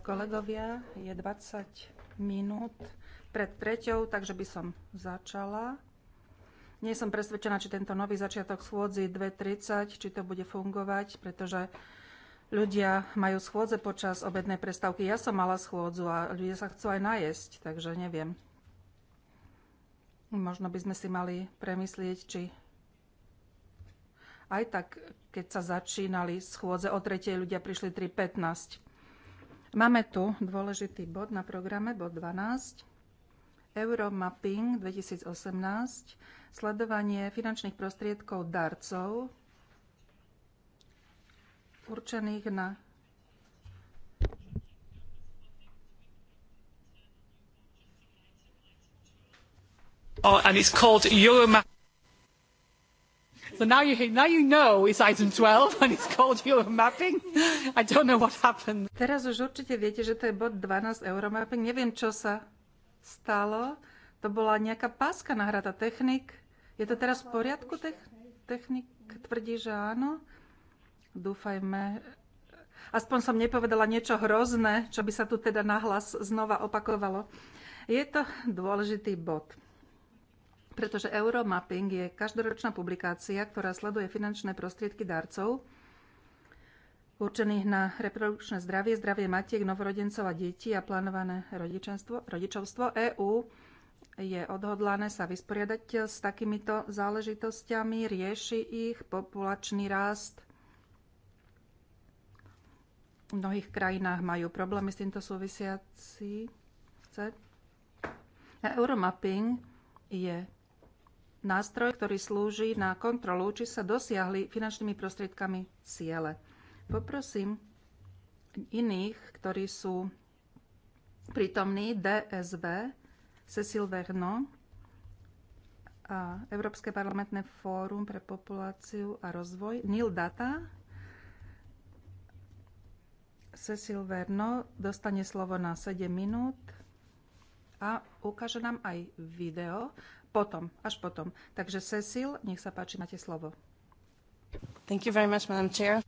Kolegovia, je 20 minút pred treťou, takže by som začala. Nie som presvedčená, či tento nový začiatok schôdzi 2.30, či to bude fungovať, pretože ľudia majú schôdze počas obednej prestávky. Ja som mala schôdzu a ľudia sa chcú aj najesť, takže neviem. Možno by sme si mali premyslieť, či aj tak, keď sa začínali schôdze o tretej, ľudia prišli 3.15. Máme tu dôležitý bod na programe, bod 12. Euromapping 2018, sledovanie finančných prostriedkov darcov určených na Oh, and it's called Euromapping. So now you, now you know it's item 12 and it's called Euromapping. I don't know what happened. Teraz už určite viete, že to je bod 12 Euromapping. Neviem, čo sa stalo. To bola nejaká páska nahrada technik. Je to teraz v poriadku? Tech, technik tvrdí, že áno. Dúfajme. Aspoň som nepovedala niečo hrozné, čo by sa tu teda nahlas znova opakovalo. Je to dôležitý bod pretože Euromapping je každoročná publikácia, ktorá sleduje finančné prostriedky darcov určených na reprodukčné zdravie, zdravie matiek, novorodencov a detí a plánované rodičovstvo. EÚ je odhodlané sa vysporiadať s takýmito záležitosťami, rieši ich populačný rast. V mnohých krajinách majú problémy s týmto súvisiaci. Euromapping je nástroj, ktorý slúži na kontrolu, či sa dosiahli finančnými prostriedkami ciele. Poprosím iných, ktorí sú prítomní DSV, Cecil Verno a Európske parlamentné fórum pre populáciu a rozvoj, Neil Data. Cecil Verno dostane slovo na 7 minút a ukáže nám aj video, potom, až potom. Takže Cecil, nech sa páči, máte slovo. Thank you very much, Madam Chair.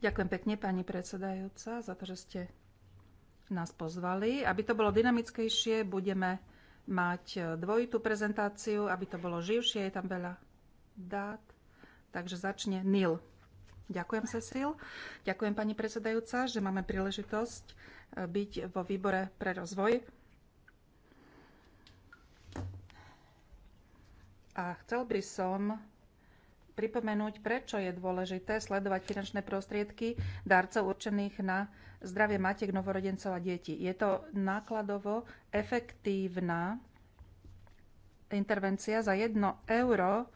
Ďakujem pekne, pani predsedajúca, za to, že ste nás pozvali. Aby to bolo dynamickejšie, budeme mať e, dvojitú prezentáciu, aby to bolo živšie, je tam veľa dát. Takže začne Nil. Ďakujem, Cecil. Ďakujem, pani predsedajúca, že máme príležitosť e, byť vo výbore pre rozvoj A chcel by som pripomenúť, prečo je dôležité sledovať finančné prostriedky darcov určených na zdravie matiek, novorodencov a detí. Je to nákladovo efektívna intervencia za 1 euro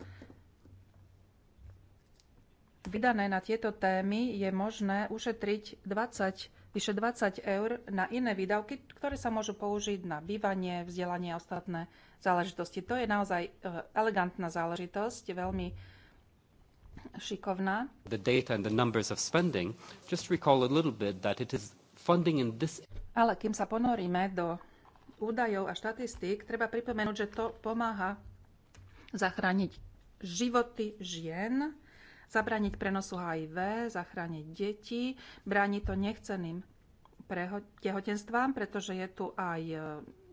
vydané na tieto témy je možné ušetriť 20 vyše 20 eur na iné výdavky, ktoré sa môžu použiť na bývanie, vzdelanie a ostatné záležitosti. To je naozaj e, elegantná záležitosť, veľmi šikovná. The data and the numbers of spending, just recall a little bit that it is funding in this... Ale kým sa ponoríme do údajov a štatistík, treba pripomenúť, že to pomáha zachrániť životy žien, zabrániť prenosu HIV, zachrániť deti, brániť to nechceným tehotenstvám, pretože je tu aj e,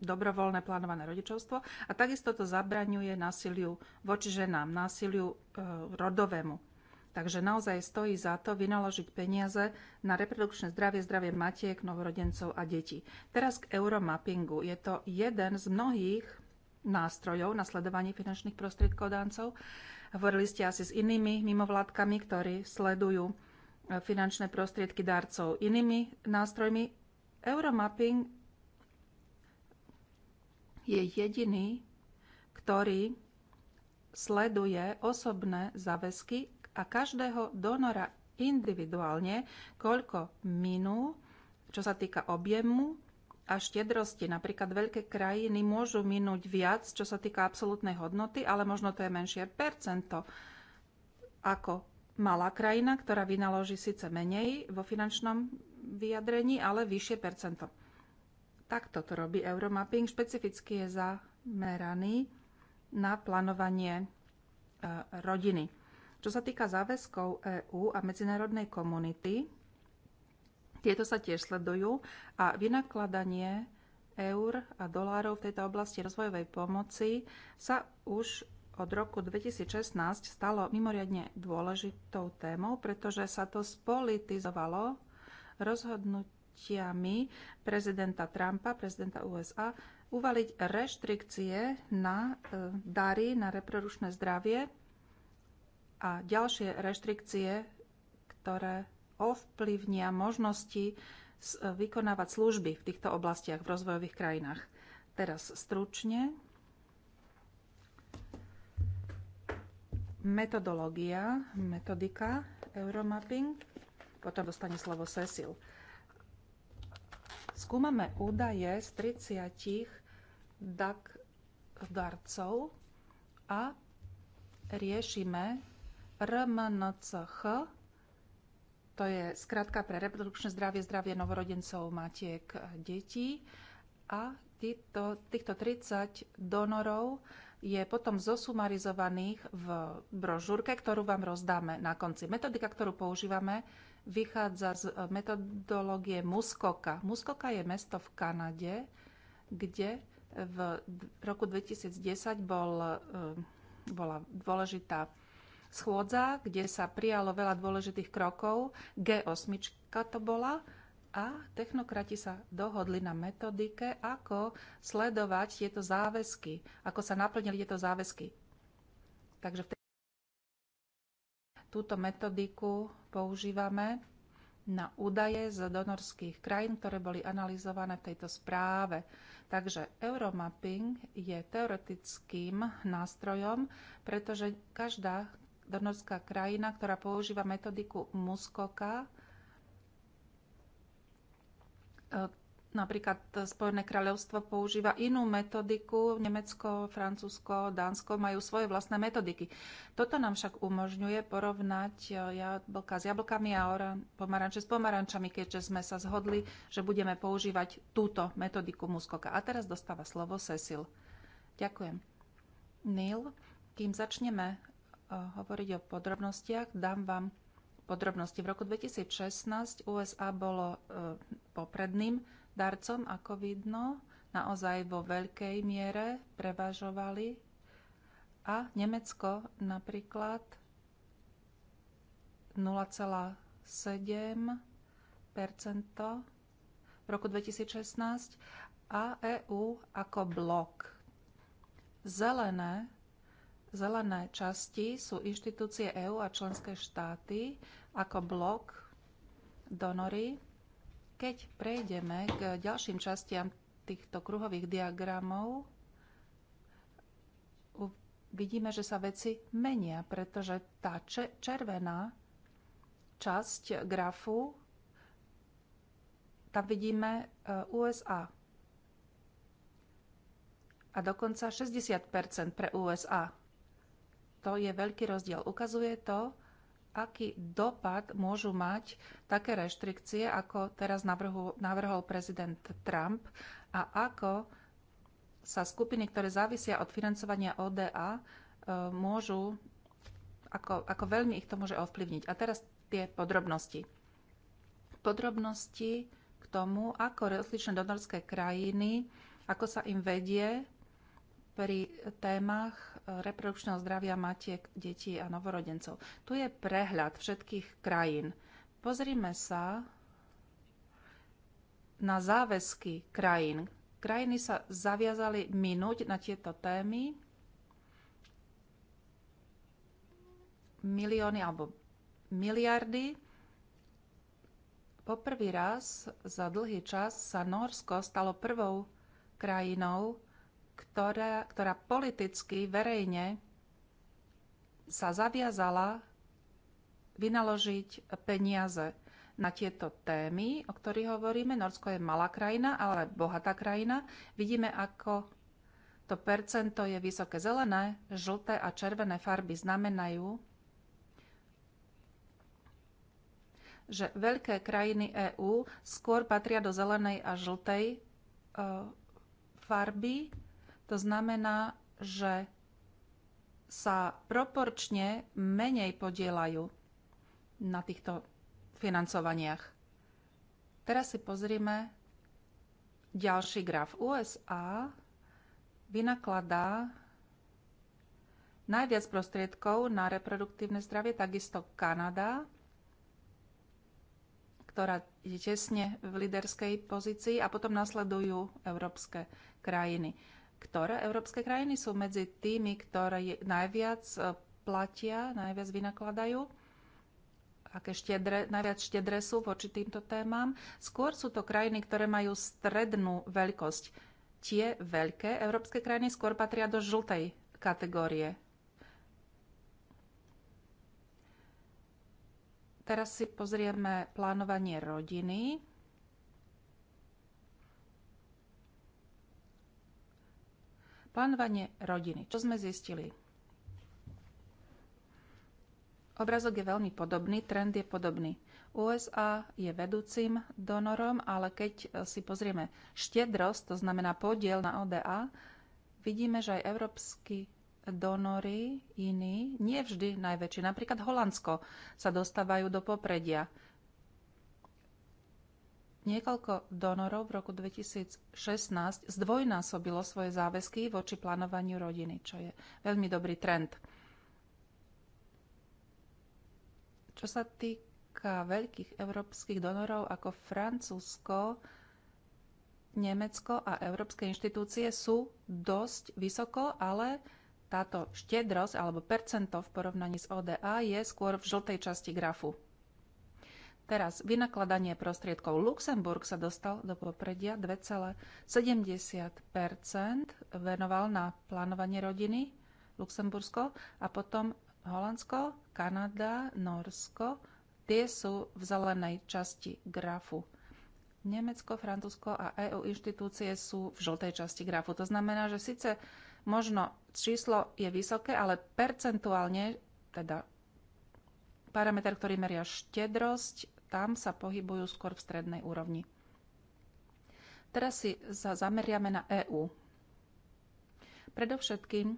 dobrovoľné plánované rodičovstvo a takisto to zabraňuje násiliu voči ženám, násiliu e, rodovému. Takže naozaj stojí za to vynaložiť peniaze na reprodukčné zdravie, zdravie matiek, novorodencov a detí. Teraz k euromappingu. Je to jeden z mnohých nástrojov na sledovanie finančných prostriedkov dáncov. Hovorili ste asi s inými mimovládkami, ktorí sledujú e, finančné prostriedky darcov inými nástrojmi. Euromapping je jediný, ktorý sleduje osobné záväzky a každého donora individuálne, koľko minú, čo sa týka objemu a štedrosti. Napríklad veľké krajiny môžu minúť viac, čo sa týka absolútnej hodnoty, ale možno to je menšie percento ako malá krajina, ktorá vynaloží síce menej vo finančnom vyjadrení, ale vyššie percento. Takto to robí Euromapping. Špecificky je zameraný na plánovanie e, rodiny. Čo sa týka záväzkov EÚ a medzinárodnej komunity, tieto sa tiež sledujú a vynakladanie eur a dolárov v tejto oblasti rozvojovej pomoci sa už od roku 2016 stalo mimoriadne dôležitou témou, pretože sa to spolitizovalo rozhodnutiami prezidenta Trumpa, prezidenta USA, uvaliť reštrikcie na e, dary, na reprodučné zdravie a ďalšie reštrikcie, ktoré ovplyvnia možnosti e, vykonávať služby v týchto oblastiach v rozvojových krajinách. Teraz stručne. Metodológia, metodika Euromapping. Potom dostane slovo Cecil. Skúmame údaje z 30 DAC darcov a riešime RMNCH to je skratka pre reprodukčné zdravie, zdravie novorodencov, matiek, detí. A týchto, týchto 30 donorov je potom zosumarizovaných v brožúrke, ktorú vám rozdáme na konci. Metodika, ktorú používame, vychádza z metodológie Muskoka. Muskoka je mesto v Kanade, kde v roku 2010 bol, e, bola dôležitá schôdza, kde sa prijalo veľa dôležitých krokov. G8 to bola a technokrati sa dohodli na metodike, ako sledovať tieto záväzky, ako sa naplnili tieto záväzky. Takže v tej... túto metodiku používame na údaje z donorských krajín, ktoré boli analyzované v tejto správe. Takže euromapping je teoretickým nástrojom, pretože každá donorská krajina, ktorá používa metodiku Muskoka. E, napríklad Spojené kráľovstvo používa inú metodiku, Nemecko, Francúzsko, Dánsko majú svoje vlastné metodiky. Toto nám však umožňuje porovnať e, jablka s jablkami a oran, pomaranče s pomarančami, keďže sme sa zhodli, že budeme používať túto metodiku muskoka. A teraz dostáva slovo Cecil. Ďakujem. Neil, kým začneme hovoriť o podrobnostiach, dám vám podrobnosti. V roku 2016 USA bolo e, popredným darcom, ako vidno, naozaj vo veľkej miere prevažovali a Nemecko napríklad 0,7 v roku 2016 a EÚ ako blok. Zelené zelené časti sú inštitúcie EÚ a členské štáty ako blok donory. Keď prejdeme k ďalším častiam týchto kruhových diagramov, vidíme, že sa veci menia, pretože tá červená časť grafu, tam vidíme e, USA. A dokonca 60 pre USA to je veľký rozdiel. Ukazuje to, aký dopad môžu mať také reštrikcie, ako teraz navrhu, navrhol prezident Trump a ako sa skupiny, ktoré závisia od financovania ODA, e, môžu, ako, ako veľmi ich to môže ovplyvniť. A teraz tie podrobnosti. Podrobnosti k tomu, ako rozličné donorské krajiny, ako sa im vedie pri témach E, reprodukčného zdravia matiek, detí a novorodencov. Tu je prehľad všetkých krajín. Pozrime sa na záväzky krajín. Krajiny sa zaviazali minúť na tieto témy. Milióny alebo miliardy. Poprvý raz za dlhý čas sa Norsko stalo prvou krajinou, ktorá, ktorá politicky, verejne sa zaviazala vynaložiť peniaze na tieto témy, o ktorých hovoríme. Norsko je malá krajina, ale bohatá krajina. Vidíme, ako to percento je vysoké. Zelené, žlté a červené farby znamenajú, že veľké krajiny EÚ skôr patria do zelenej a žltej e, farby to znamená, že sa proporčne menej podielajú na týchto financovaniach. Teraz si pozrime ďalší graf. USA vynakladá najviac prostriedkov na reproduktívne zdravie, takisto Kanada, ktorá je tesne v liderskej pozícii a potom nasledujú európske krajiny ktoré európske krajiny sú medzi tými, ktoré najviac e, platia, najviac vynakladajú, aké štiedre, najviac štedre sú voči týmto témam. Skôr sú to krajiny, ktoré majú strednú veľkosť. Tie veľké európske krajiny skôr patria do žltej kategórie. Teraz si pozrieme plánovanie rodiny. Plánovanie rodiny. Čo sme zistili? Obrazok je veľmi podobný, trend je podobný. USA je vedúcim donorom, ale keď e, si pozrieme štedrosť, to znamená podiel na ODA, vidíme, že aj európsky donory iní, nie vždy najväčší. Napríklad Holandsko sa dostávajú do popredia. Niekoľko donorov v roku 2016 zdvojnásobilo svoje záväzky voči plánovaniu rodiny, čo je veľmi dobrý trend. Čo sa týka veľkých európskych donorov ako Francúzsko, Nemecko a európske inštitúcie sú dosť vysoko, ale táto štedrosť alebo percento v porovnaní s ODA je skôr v žltej časti grafu. Teraz vynakladanie prostriedkov. Luxemburg sa dostal do popredia 2,70 venoval na plánovanie rodiny Luxembursko a potom Holandsko, Kanada, Norsko. Tie sú v zelenej časti grafu. Nemecko, Francúzsko a EU inštitúcie sú v žltej časti grafu. To znamená, že síce možno číslo je vysoké, ale percentuálne, teda parameter, ktorý meria štedrosť, tam sa pohybujú skôr v strednej úrovni. Teraz si sa zameriame na EÚ. Predovšetkým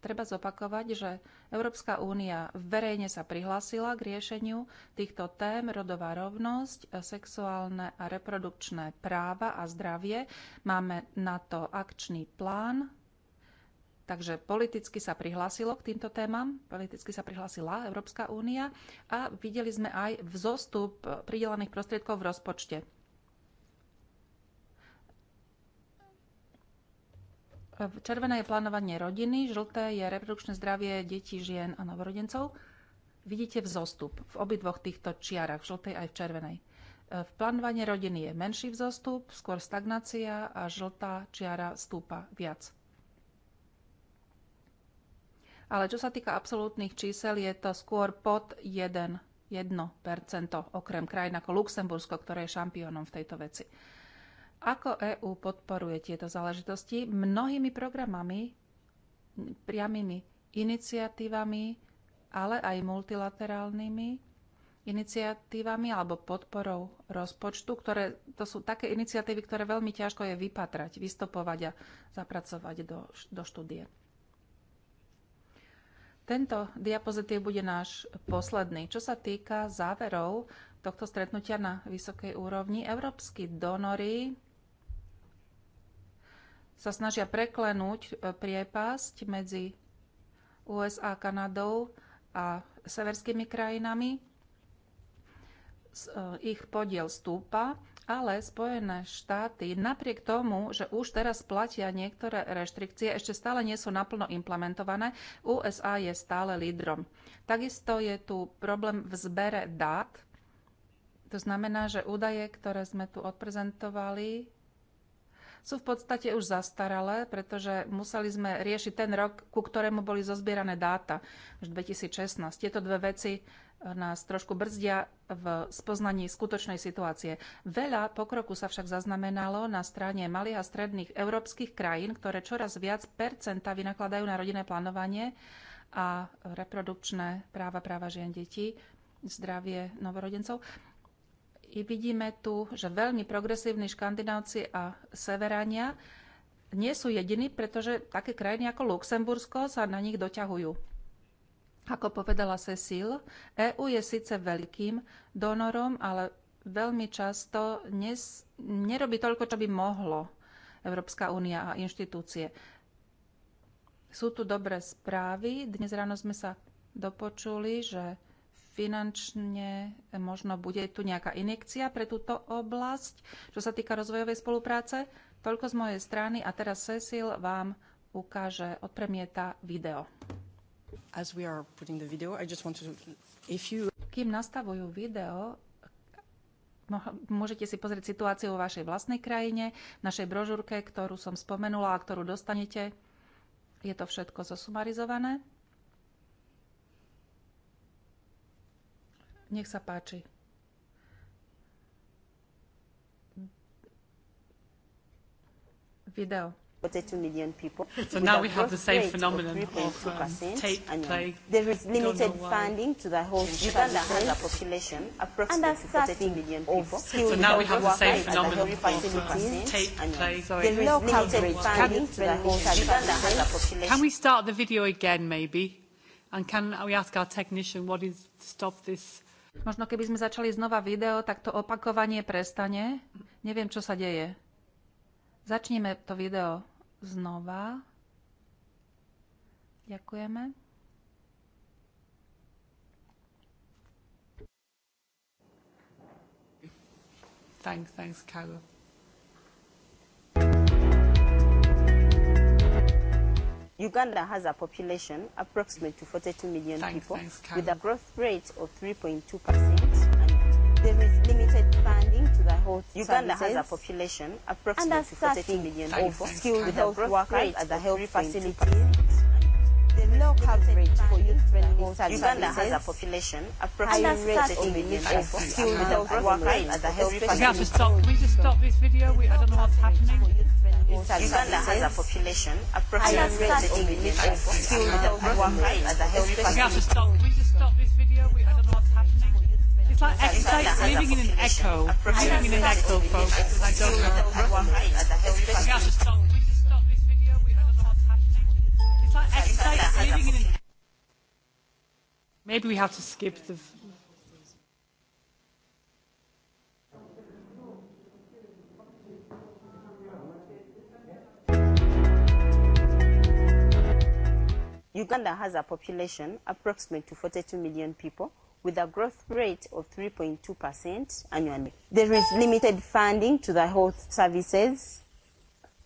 treba zopakovať, že Európska únia verejne sa prihlásila k riešeniu týchto tém rodová rovnosť, sexuálne a reprodukčné práva a zdravie. Máme na to akčný plán Takže politicky sa prihlásilo k týmto témam, politicky sa prihlásila Európska únia a videli sme aj vzostup pridelených prostriedkov v rozpočte. Červené je plánovanie rodiny, žlté je reprodukčné zdravie detí, žien a novorodencov. Vidíte vzostup v obidvoch týchto čiarach, v žltej aj v červenej. V plánovanie rodiny je menší vzostup, skôr stagnácia a žltá čiara stúpa viac ale čo sa týka absolútnych čísel, je to skôr pod 1, 1% okrem krajín ako Luxembursko, ktoré je šampiónom v tejto veci. Ako EÚ podporuje tieto záležitosti? Mnohými programami, priamými iniciatívami, ale aj multilaterálnymi iniciatívami alebo podporou rozpočtu, ktoré to sú také iniciatívy, ktoré veľmi ťažko je vypatrať, vystopovať a zapracovať do, do štúdie. Tento diapozitív bude náš posledný. Čo sa týka záverov tohto stretnutia na vysokej úrovni, európsky donory sa snažia preklenúť e, priepasť medzi USA, Kanadou a severskými krajinami. E, ich podiel stúpa ale Spojené štáty napriek tomu, že už teraz platia niektoré reštrikcie, ešte stále nie sú naplno implementované. USA je stále lídrom. Takisto je tu problém v zbere dát. To znamená, že údaje, ktoré sme tu odprezentovali, sú v podstate už zastaralé, pretože museli sme riešiť ten rok, ku ktorému boli zozbierané dáta, už 2016. Tieto dve veci nás trošku brzdia v spoznaní skutočnej situácie. Veľa pokroku sa však zaznamenalo na strane malých a stredných európskych krajín, ktoré čoraz viac percenta vynakladajú na rodinné plánovanie a reprodukčné práva, práva žien detí, zdravie novorodencov. I vidíme tu, že veľmi progresívni škandinávci a severania nie sú jediní, pretože také krajiny ako Luxembursko sa na nich doťahujú. Ako povedala Cecil, EÚ je síce veľkým donorom, ale veľmi často nes, nerobí toľko, čo by mohlo Európska únia a inštitúcie. Sú tu dobré správy. Dnes ráno sme sa dopočuli, že finančne možno bude tu nejaká injekcia pre túto oblasť, čo sa týka rozvojovej spolupráce. Toľko z mojej strany a teraz Cecil vám ukáže, odpremieta video. As we are putting the video, I just want to... If you... Kým nastavujú video, môžete si pozrieť situáciu vo vašej vlastnej krajine, v našej brožúrke, ktorú som spomenula a ktorú dostanete. Je to všetko zosumarizované. Nech sa páči. Video. 42 million people. So now we have the same phenomenon of, um, tape play. There is limited funding to the whole Uganda has a population approximately 42 million people. So now we have the same phenomenon of um, tape play. There is limited funding to the whole Uganda has a population. Can we start the video again maybe? And can we ask our technician what is to stop this? Možno keby sme začali znova video, tak to opakovanie prestane. Neviem, čo sa deje. Začnime to video znova. Ďakujeme. Thanks, thanks, Carol. Uganda has a population approximately 42 million thanks, people thanks, with a growth rate of 3.2% and there is limited to the health Uganda services. has a population approximately 30 million of skilled and health workers at the health facilities. The low coverage for youth-friendly services. Uganda has a population approximately 30 million of skilled health workers at the health facilities. We have to stop. Can we just stop this video? We, I don't know what's happening. Uganda has a population approximately 30 million of skilled health workers at the health facilities. We have to stop. Can we just stop this video? We, it's like, it's like living in an echo. living in an echo, folks, I don't know. We have to stop. We to stop this video. We, I don't It's like, it's like living in an. Maybe we have to skip the. Uganda has a population approximately 42 million people with a growth rate of 3.2% annually. There is limited funding to the health services,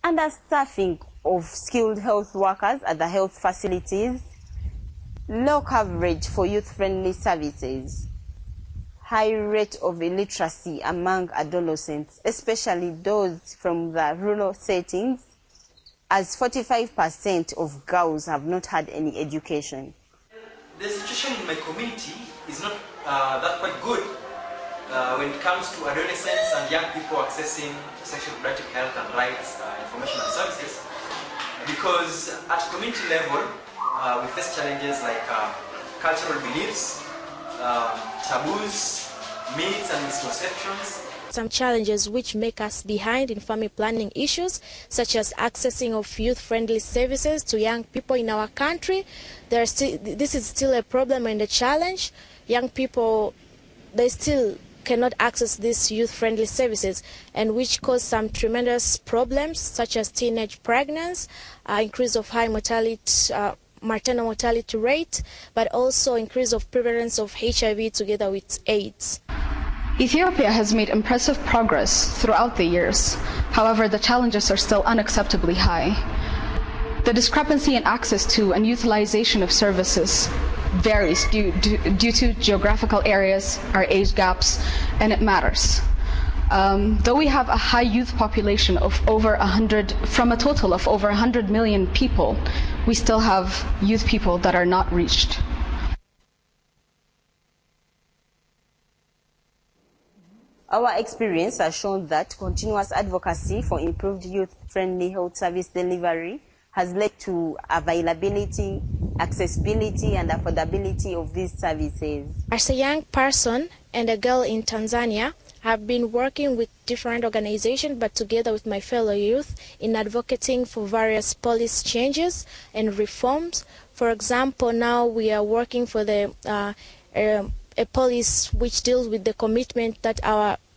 understaffing of skilled health workers at the health facilities, low coverage for youth-friendly services, high rate of illiteracy among adolescents, especially those from the rural settings, as 45% of girls have not had any education. The situation in my community is not uh, that quite good uh, when it comes to adolescents and young people accessing sexual reproductive health and rights uh, information and services. Because at community level, uh, we face challenges like uh, cultural beliefs, um, taboos, myths and misconceptions. Some challenges which make us behind in family planning issues, such as accessing of youth-friendly services to young people in our country. There are still, this is still a problem and a challenge young people, they still cannot access these youth-friendly services and which cause some tremendous problems such as teenage pregnancy, uh, increase of high mortality, uh, maternal mortality rate, but also increase of prevalence of HIV together with AIDS. Ethiopia has made impressive progress throughout the years. However, the challenges are still unacceptably high. The discrepancy in access to and utilization of services varies due, due, due to geographical areas, our age gaps, and it matters. Um, though we have a high youth population of over 100, from a total of over 100 million people, we still have youth people that are not reached. Our experience has shown that continuous advocacy for improved youth-friendly health service delivery has led to availability, accessibility, and affordability of these services. As a young person and a girl in Tanzania, I've been working with different organizations, but together with my fellow youth, in advocating for various policy changes and reforms. For example, now we are working for the uh, uh, a police which deals with the commitment that our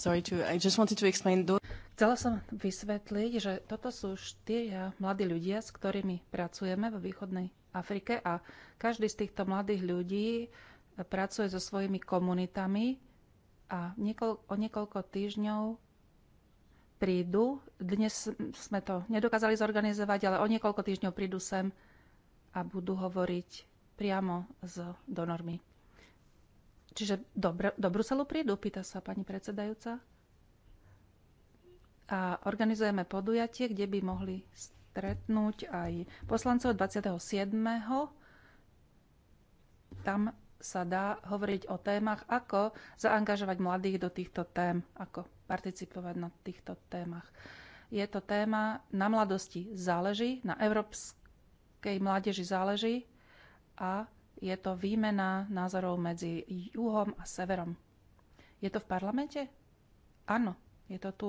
Sorry to, I just wanted to explain those... Chcela som vysvetliť, že toto sú štyria mladí ľudia, s ktorými pracujeme vo východnej Afrike a každý z týchto mladých ľudí eh, pracuje so svojimi komunitami a niekoľ, o niekoľko týždňov prídu. Dnes sme to nedokázali zorganizovať, ale o niekoľko týždňov prídu sem a budú hovoriť priamo s donormi. Čiže do, do Bruselu prídu, pýta sa pani predsedajúca. A organizujeme podujatie, kde by mohli stretnúť aj poslancov 27. Tam sa dá hovoriť o témach, ako zaangažovať mladých do týchto tém, ako participovať na týchto témach. Je to téma na mladosti záleží, na európskej mládeži záleží a je to výmena názorov medzi juhom a severom. Je to v parlamente? Áno, je to tu.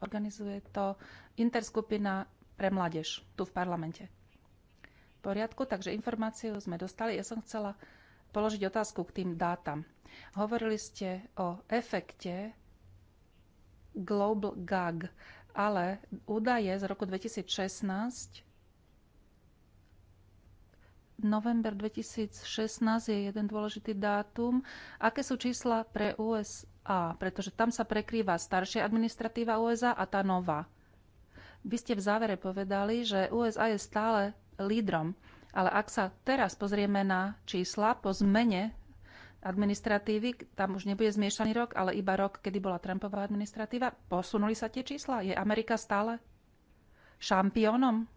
Organizuje to interskupina pre mládež tu v parlamente. V poriadku, takže informáciu sme dostali. Ja som chcela položiť otázku k tým dátam. Hovorili ste o efekte Global Gag, ale údaje z roku 2016 november 2016 je jeden dôležitý dátum. Aké sú čísla pre USA? Pretože tam sa prekrýva staršia administratíva USA a tá nová. Vy ste v závere povedali, že USA je stále lídrom, ale ak sa teraz pozrieme na čísla po zmene administratívy, tam už nebude zmiešaný rok, ale iba rok, kedy bola Trumpová administratíva, posunuli sa tie čísla? Je Amerika stále šampiónom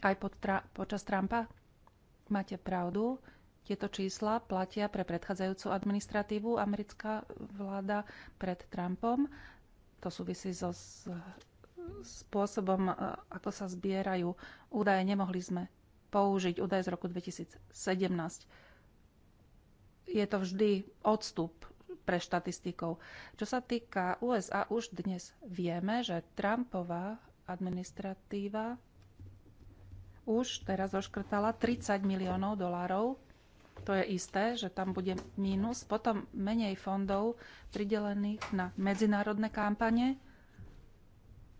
aj pod tra- počas Trumpa? Máte pravdu. Tieto čísla platia pre predchádzajúcu administratívu. Americká vláda pred Trumpom. To súvisí so s spôsobom, e, ako sa zbierajú údaje. Nemohli sme použiť údaje z roku 2017. Je to vždy odstup pre štatistikou. Čo sa týka USA, už dnes vieme, že Trumpová administratíva už teraz oškrtala 30 miliónov dolárov. To je isté, že tam bude mínus. Potom menej fondov pridelených na medzinárodné kampane.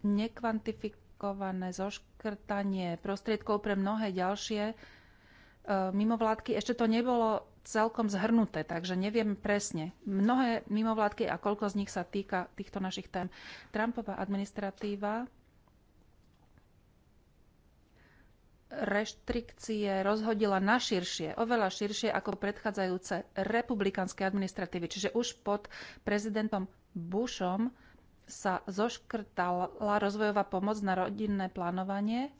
Nekvantifikované zoškrtanie prostriedkov pre mnohé ďalšie e, mimovládky. Ešte to nebolo celkom zhrnuté, takže neviem presne. Mnohé mimovládky a koľko z nich sa týka týchto našich tém. Trumpová administratíva reštrikcie rozhodila na širšie, oveľa širšie ako predchádzajúce republikánske administratívy. Čiže už pod prezidentom Bushom sa zoškrtala rozvojová pomoc na rodinné plánovanie.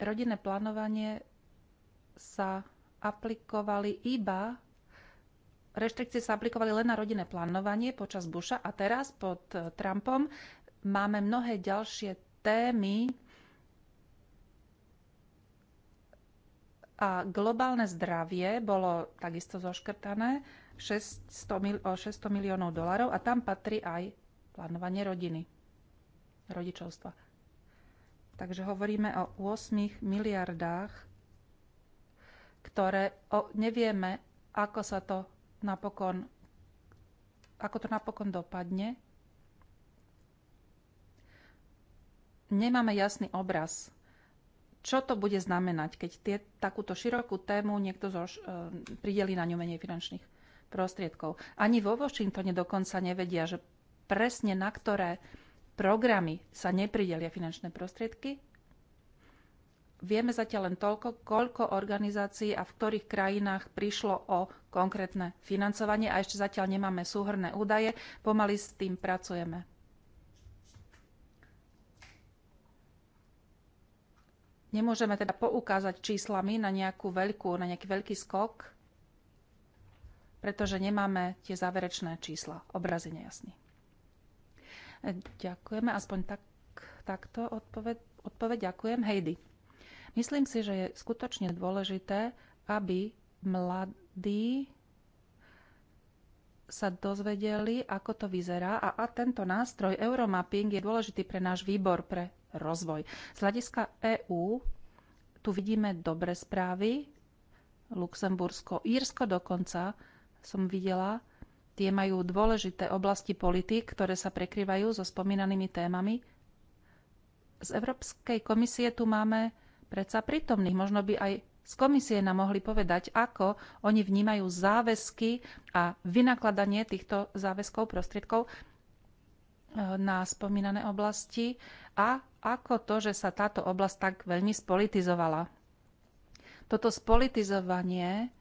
Rodinné plánovanie sa aplikovali iba reštrikcie sa aplikovali len na rodinné plánovanie počas Busha a teraz pod Trumpom máme mnohé ďalšie témy a globálne zdravie bolo takisto zoškrtané 600 mil, o 600 miliónov dolarov a tam patrí aj plánovanie rodiny, rodičovstva. Takže hovoríme o 8 miliardách, ktoré o, nevieme, ako sa to napokon, ako to napokon dopadne, nemáme jasný obraz, čo to bude znamenať, keď tie, takúto širokú tému niekto zož, uh, e, prideli na ňu menej finančných prostriedkov. Ani vo Washingtone dokonca nevedia, že presne na ktoré programy sa nepridelia finančné prostriedky. Vieme zatiaľ len toľko, koľko organizácií a v ktorých krajinách prišlo o konkrétne financovanie a ešte zatiaľ nemáme súhrné údaje. Pomaly s tým pracujeme. Nemôžeme teda poukázať číslami na nejakú veľkú, na nejaký veľký skok, pretože nemáme tie záverečné čísla. Obraz je nejasný. Ďakujeme, aspoň tak, takto odpoveď, odpoveď ďakujem. Heidi. Myslím si, že je skutočne dôležité, aby mladí sa dozvedeli, ako to vyzerá a, a tento nástroj Euromapping je dôležitý pre náš výbor pre rozvoj. Z hľadiska EÚ tu vidíme dobré správy. Luxembursko, Írsko dokonca som videla, tie majú dôležité oblasti politik, ktoré sa prekrývajú so spomínanými témami. Z Európskej komisie tu máme predsa prítomných. Možno by aj z komisie nám mohli povedať, ako oni vnímajú záväzky a vynakladanie týchto záväzkov prostriedkov na spomínané oblasti a ako to, že sa táto oblasť tak veľmi spolitizovala. Toto spolitizovanie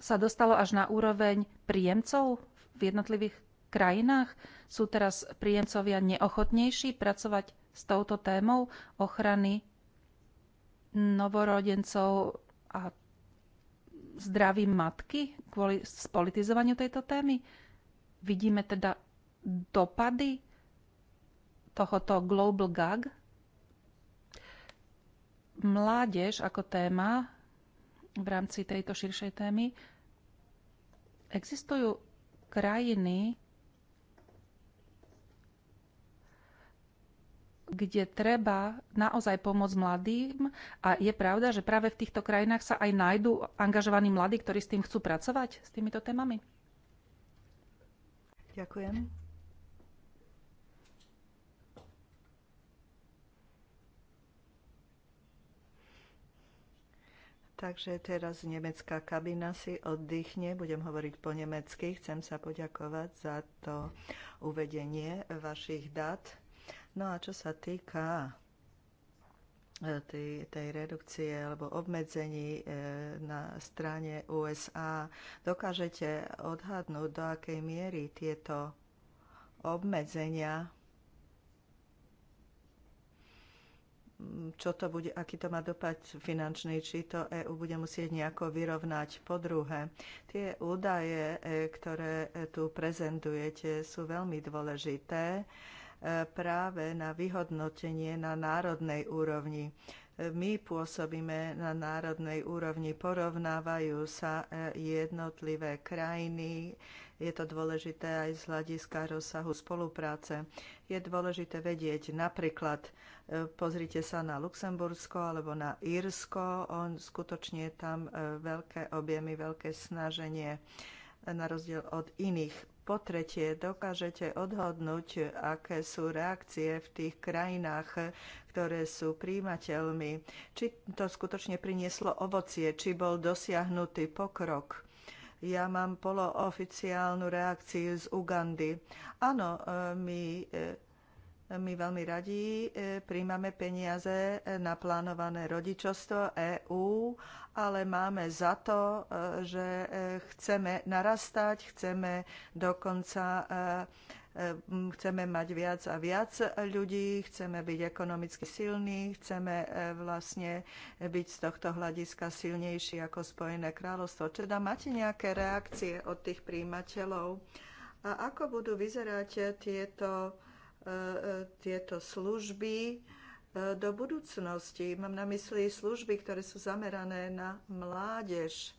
sa dostalo až na úroveň príjemcov v jednotlivých krajinách. Sú teraz príjemcovia neochotnejší pracovať s touto témou ochrany novorodencov a zdraví matky kvôli spolitizovaniu tejto témy? Vidíme teda dopady tohoto Global Gag. Mládež ako téma v rámci tejto širšej témy. Existujú krajiny, kde treba naozaj pomôcť mladým a je pravda, že práve v týchto krajinách sa aj nájdú angažovaní mladí, ktorí s tým chcú pracovať, s týmito témami? Ďakujem. Takže teraz nemecká kabina si oddychne, budem hovoriť po nemecky. Chcem sa poďakovať za to uvedenie vašich dát. No a čo sa týka tej, tej redukcie alebo obmedzení e, na strane USA. Dokážete odhadnúť, do akej miery tieto obmedzenia, čo to bude, aký to má dopad finančný, či to EU bude musieť nejako vyrovnať. Po druhé, tie údaje, e, ktoré tu prezentujete, sú veľmi dôležité E, práve na vyhodnotenie na národnej úrovni. My pôsobíme na národnej úrovni, porovnávajú sa e, jednotlivé krajiny, je to dôležité aj z hľadiska rozsahu spolupráce. Je dôležité vedieť napríklad, e, pozrite sa na Luxembursko alebo na Írsko, on skutočne tam veľké objemy, veľké snaženie na rozdiel od iných po tretie, dokážete odhodnúť, aké sú reakcie v tých krajinách, ktoré sú príjimateľmi. Či to skutočne prinieslo ovocie, či bol dosiahnutý pokrok. Ja mám polooficiálnu reakciu z Ugandy. Áno, e, my e, my veľmi radi e, príjmame peniaze e, na plánované rodičovstvo EÚ, ale máme za to, e, že chceme narastať, chceme dokonca chceme mať viac a viac ľudí, chceme byť ekonomicky silní, chceme vlastne byť z tohto hľadiska silnejší ako Spojené kráľovstvo. Teda máte nejaké reakcie od tých príjimateľov? A ako budú vyzerať tieto tieto služby e, do budúcnosti. Mám na mysli služby, ktoré sú zamerané na mládež.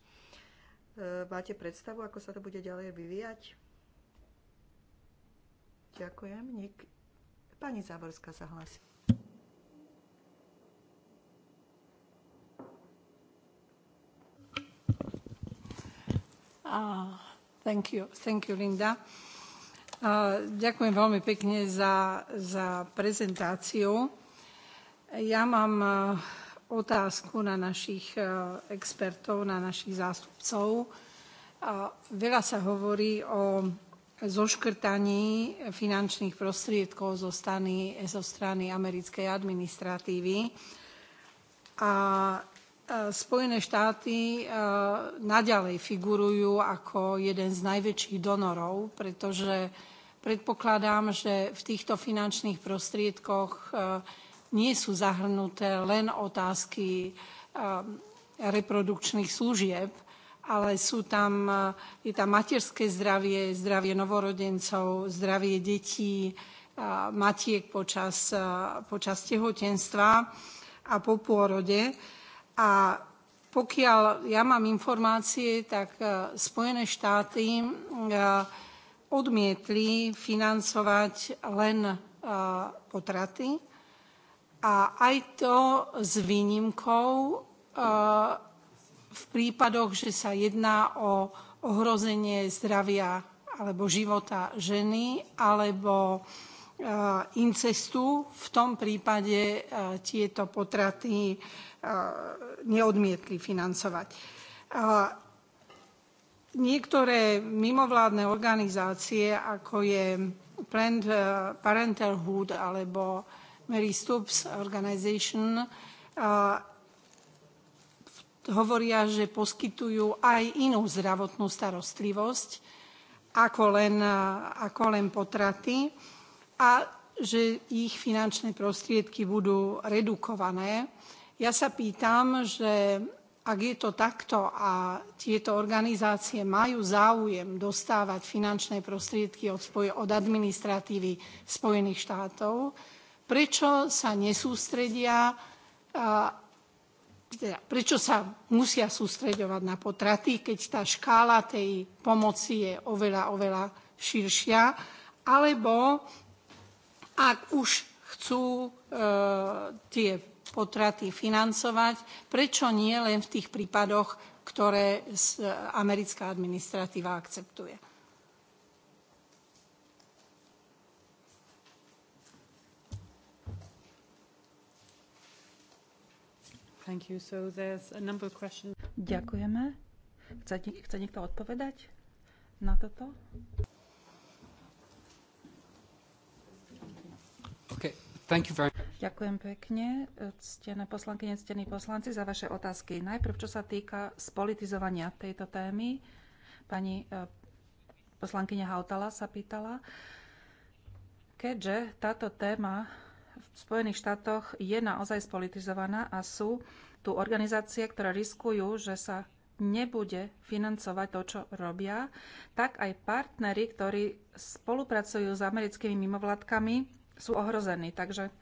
E, máte predstavu, ako sa to bude ďalej vyvíjať? Ďakujem. Nik- Pani Záborská sa hlási. Ah, thank you, thank you, Linda. Ďakujem veľmi pekne za, za prezentáciu. Ja mám e, otázku na našich e, expertov, na našich zástupcov. Veľa sa hovorí o zoškrtaní finančných prostriedkov zo strany, zo strany americkej administratívy. A E, Spojené štáty e, naďalej figurujú ako jeden z najväčších donorov, pretože predpokladám, že v týchto finančných prostriedkoch e, nie sú zahrnuté len otázky reprodukčných služieb, ale sú tam, je tam materské zdravie, zdravie novorodencov, zdravie detí, matiek počas, počas tehotenstva a po pôrode a pokiaľ ja mám informácie, tak e, Spojené štáty e, odmietli financovať len e, potraty. A aj to s výnimkou v prípadoch, že sa jedná o ohrozenie zdravia alebo života ženy alebo Eh, incestu. V tom prípade eh, tieto potraty eh, neodmietli financovať. Niektoré mimovládne organizácie, ako je Planned Parenthood alebo Mary Stoops Organization, hovoria, že poskytujú aj inú zdravotnú starostlivosť ako len, ako len potraty a že ich finančné prostriedky budú redukované. Ja sa pýtam, že ak je to takto a tieto organizácie majú záujem dostávať finančné prostriedky od, od administratívy Spojených štátov, prečo sa nesústredia, teda, prečo sa musia sústreďovať na potraty, keď tá škála tej pomoci je oveľa, oveľa širšia, alebo ak už chcú e, tie potraty financovať, prečo nie len v tých prípadoch, ktoré e, americká administratíva akceptuje. So Ďakujeme. Chce, chce niekto odpovedať na toto? Ďakujem pekne, ctené poslanky, ctení poslanci, za vaše otázky. Najprv, čo sa týka spolitizovania tejto témy, pani e, poslankyňa Hautala sa pýtala, keďže táto téma v Spojených štátoch je naozaj spolitizovaná a sú tu organizácie, ktoré riskujú, že sa nebude financovať to, čo robia, tak aj partnery, ktorí spolupracujú s americkými mimovládkami, sú ohrození. Takže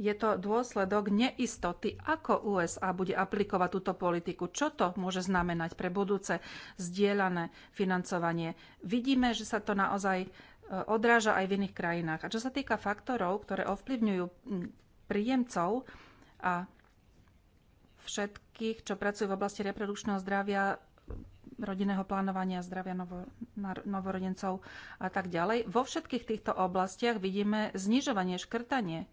je to dôsledok neistoty, ako USA bude aplikovať túto politiku. Čo to môže znamenať pre budúce zdieľané financovanie? Vidíme, že sa to naozaj e, odráža aj v iných krajinách. A čo sa týka faktorov, ktoré ovplyvňujú príjemcov a všetkých, čo pracujú v oblasti reprodukčného zdravia, rodinného plánovania zdravia novo, novorodencov a tak ďalej. Vo všetkých týchto oblastiach vidíme znižovanie, škrtanie.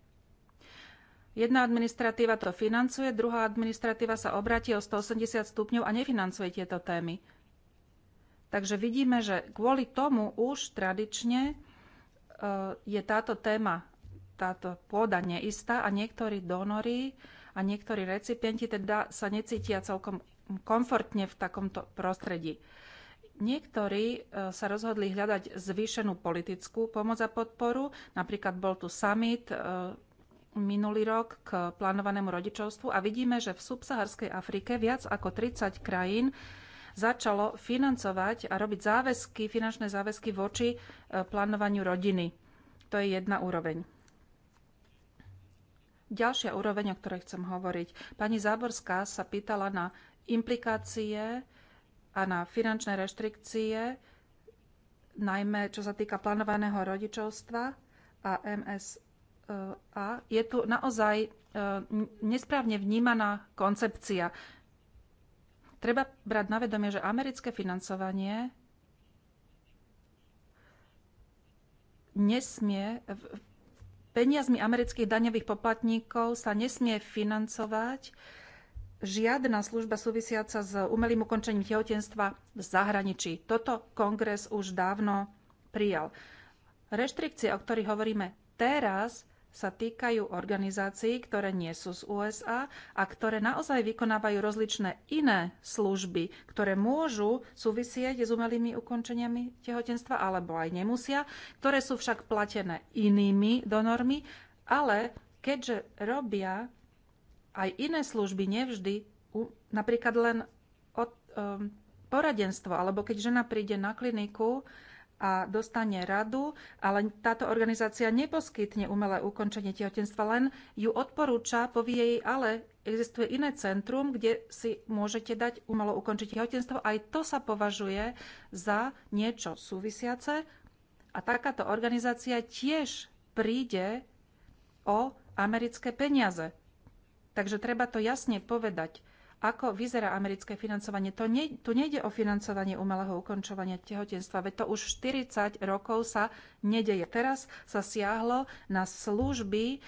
Jedna administratíva to financuje, druhá administratíva sa obratí o 180 stupňov a nefinancuje tieto témy. Takže vidíme, že kvôli tomu už tradične e, je táto téma, táto pôda neistá a niektorí donory a niektorí recipienti teda sa necítia celkom komfortne v takomto prostredí. Niektorí e, sa rozhodli hľadať zvýšenú politickú pomoc a podporu. Napríklad bol tu summit e, minulý rok k plánovanému rodičovstvu a vidíme, že v subsaharskej Afrike viac ako 30 krajín začalo financovať a robiť záväzky, finančné záväzky voči e, plánovaniu rodiny. To je jedna úroveň. Ďalšia úroveň, o ktorej chcem hovoriť. Pani Záborská sa pýtala na implikácie a na finančné reštrikcie, najmä čo sa týka plánovaného rodičovstva a MSA, je tu naozaj e, nesprávne vnímaná koncepcia. Treba brať na vedomie, že americké financovanie nesmie, peniazmi amerických daňových poplatníkov sa nesmie financovať žiadna služba súvisiaca s umelým ukončením tehotenstva v zahraničí. Toto kongres už dávno prijal. Reštrikcie, o ktorých hovoríme teraz, sa týkajú organizácií, ktoré nie sú z USA a ktoré naozaj vykonávajú rozličné iné služby, ktoré môžu súvisieť s umelými ukončeniami tehotenstva alebo aj nemusia, ktoré sú však platené inými donormi, ale keďže robia aj iné služby nevždy, napríklad len od, um, poradenstvo, alebo keď žena príde na kliniku a dostane radu, ale táto organizácia neposkytne umelé ukončenie tehotenstva, len ju odporúča, povie jej, ale existuje iné centrum, kde si môžete dať umelo ukončiť tehotenstvo. Aj to sa považuje za niečo súvisiace a takáto organizácia tiež príde o americké peniaze. Takže treba to jasne povedať, ako vyzerá americké financovanie. To ne, tu nejde o financovanie umelého ukončovania tehotenstva, veď to už 40 rokov sa nedeje. Teraz sa siahlo na služby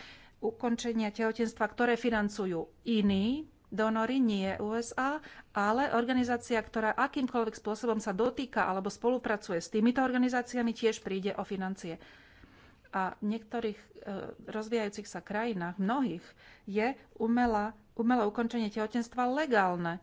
ukončenia tehotenstva, ktoré financujú iní donory, nie USA, ale organizácia, ktorá akýmkoľvek spôsobom sa dotýka alebo spolupracuje s týmito organizáciami, tiež príde o financie. A v niektorých e, rozvíjajúcich sa krajinách, mnohých, je umelá, umelé ukončenie tehotenstva legálne.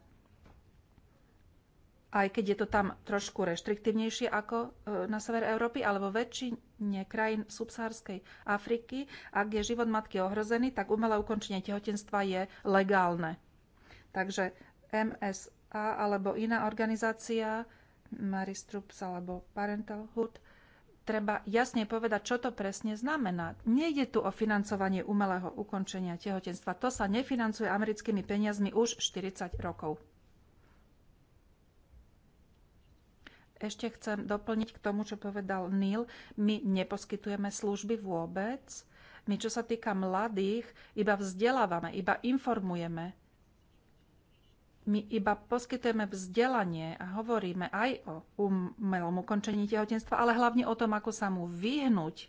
Aj keď je to tam trošku reštriktívnejšie ako e, na sever Európy, alebo väčšine krajín subsahárskej Afriky, ak je život matky ohrozený, tak umelé ukončenie tehotenstva je legálne. Takže MSA alebo iná organizácia, Strups alebo Parentalhood – treba jasne povedať, čo to presne znamená. Nejde tu o financovanie umelého ukončenia tehotenstva. To sa nefinancuje americkými peniazmi už 40 rokov. Ešte chcem doplniť k tomu, čo povedal Neil. My neposkytujeme služby vôbec. My, čo sa týka mladých, iba vzdelávame, iba informujeme. My iba poskytujeme vzdelanie a hovoríme aj o umelom ukončení tehotenstva, ale hlavne o tom, ako sa mu vyhnúť.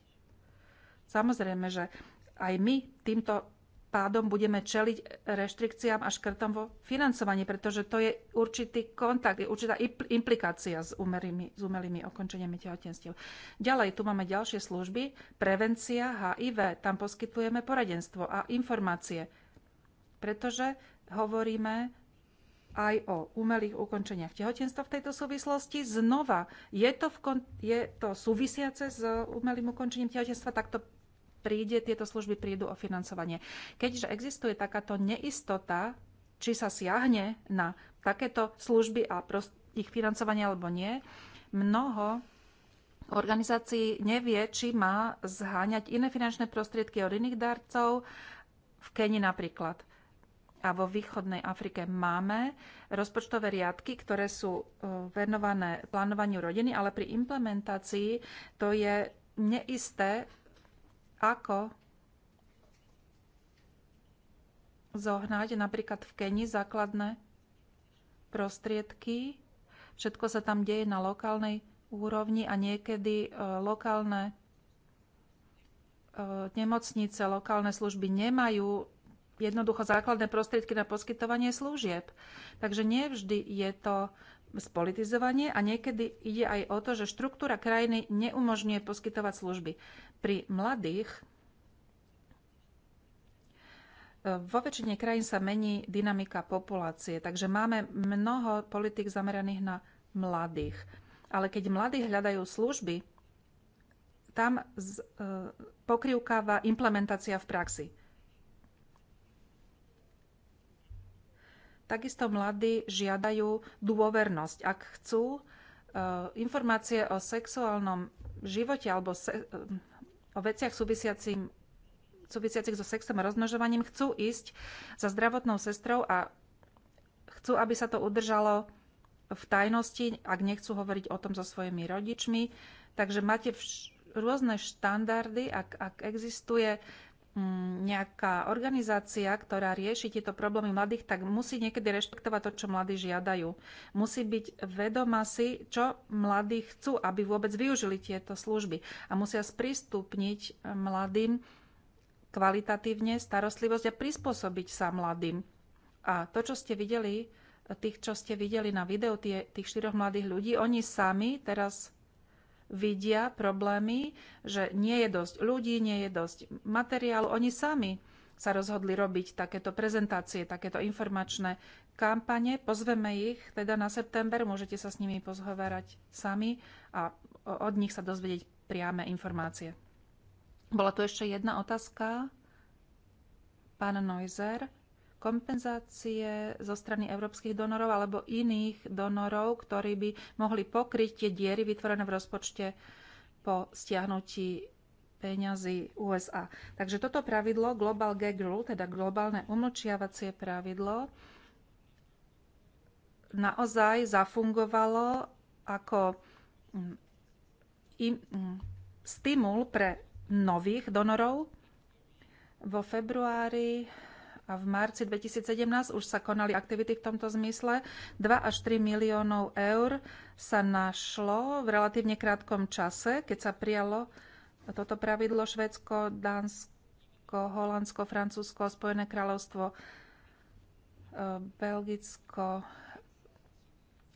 Samozrejme, že aj my týmto pádom budeme čeliť reštrikciám a škrtom vo financovaní, pretože to je určitý kontakt, je určitá implikácia s umelými, s umelými okončeniami tehotenstiev. Ďalej, tu máme ďalšie služby, prevencia HIV, tam poskytujeme poradenstvo a informácie, pretože hovoríme aj o umelých ukončeniach tehotenstva v tejto súvislosti. Znova, je to, v kon- je to súvisiace s umelým ukončením tehotenstva, tak to príde, tieto služby prídu o financovanie. Keďže existuje takáto neistota, či sa siahne na takéto služby a ich financovanie alebo nie, mnoho organizácií nevie, či má zháňať iné finančné prostriedky od iných darcov, v Keni napríklad a vo východnej Afrike máme rozpočtové riadky, ktoré sú e, venované plánovaniu rodiny, ale pri implementácii to je neisté, ako zohnať napríklad v Keni základné prostriedky. Všetko sa tam deje na lokálnej úrovni a niekedy e, lokálne e, nemocnice, lokálne služby nemajú jednoducho základné prostriedky na poskytovanie služieb. Takže nevždy je to spolitizovanie a niekedy ide aj o to, že štruktúra krajiny neumožňuje poskytovať služby. Pri mladých e, vo väčšine krajín sa mení dynamika populácie, takže máme mnoho politik zameraných na mladých. Ale keď mladí hľadajú služby, tam e, pokrývkáva pokrivkáva implementácia v praxi. Takisto mladí žiadajú dôvernosť. Ak chcú e, informácie o sexuálnom živote alebo se, e, o veciach súvisiacich, súvisiacich so sexom a rozmnožovaním, chcú ísť za zdravotnou sestrou a chcú, aby sa to udržalo v tajnosti, ak nechcú hovoriť o tom so svojimi rodičmi. Takže máte vš- rôzne štandardy, ak, ak existuje Mm, nejaká organizácia, ktorá rieši tieto problémy mladých, tak musí niekedy rešpektovať to, čo mladí žiadajú. Musí byť vedomá si, čo mladí chcú, aby vôbec využili tieto služby. A musia sprístupniť mladým kvalitatívne starostlivosť a prispôsobiť sa mladým. A to, čo ste videli, tých, čo ste videli na videu, tie, tých štyroch mladých ľudí, oni sami teraz vidia problémy, že nie je dosť ľudí, nie je dosť materiálu. Oni sami sa rozhodli robiť takéto prezentácie, takéto informačné kampane. Pozveme ich teda na september, môžete sa s nimi pozhovárať sami a od nich sa dozvedieť priame informácie. Bola tu ešte jedna otázka. Pán Neuser kompenzácie zo strany európskych donorov alebo iných donorov, ktorí by mohli pokryť tie diery vytvorené v rozpočte po stiahnutí peňazí USA. Takže toto pravidlo, Global Gag Rule, teda globálne umlčiavacie pravidlo, naozaj zafungovalo ako mm, mm, stimul pre nových donorov. Vo februári a v marci 2017 už sa konali aktivity v tomto zmysle. 2 až 3 miliónov eur sa našlo v relatívne krátkom čase, keď sa prijalo toto pravidlo Švedsko, Dánsko, Holandsko, Francúzsko, Spojené kráľovstvo, e, Belgicko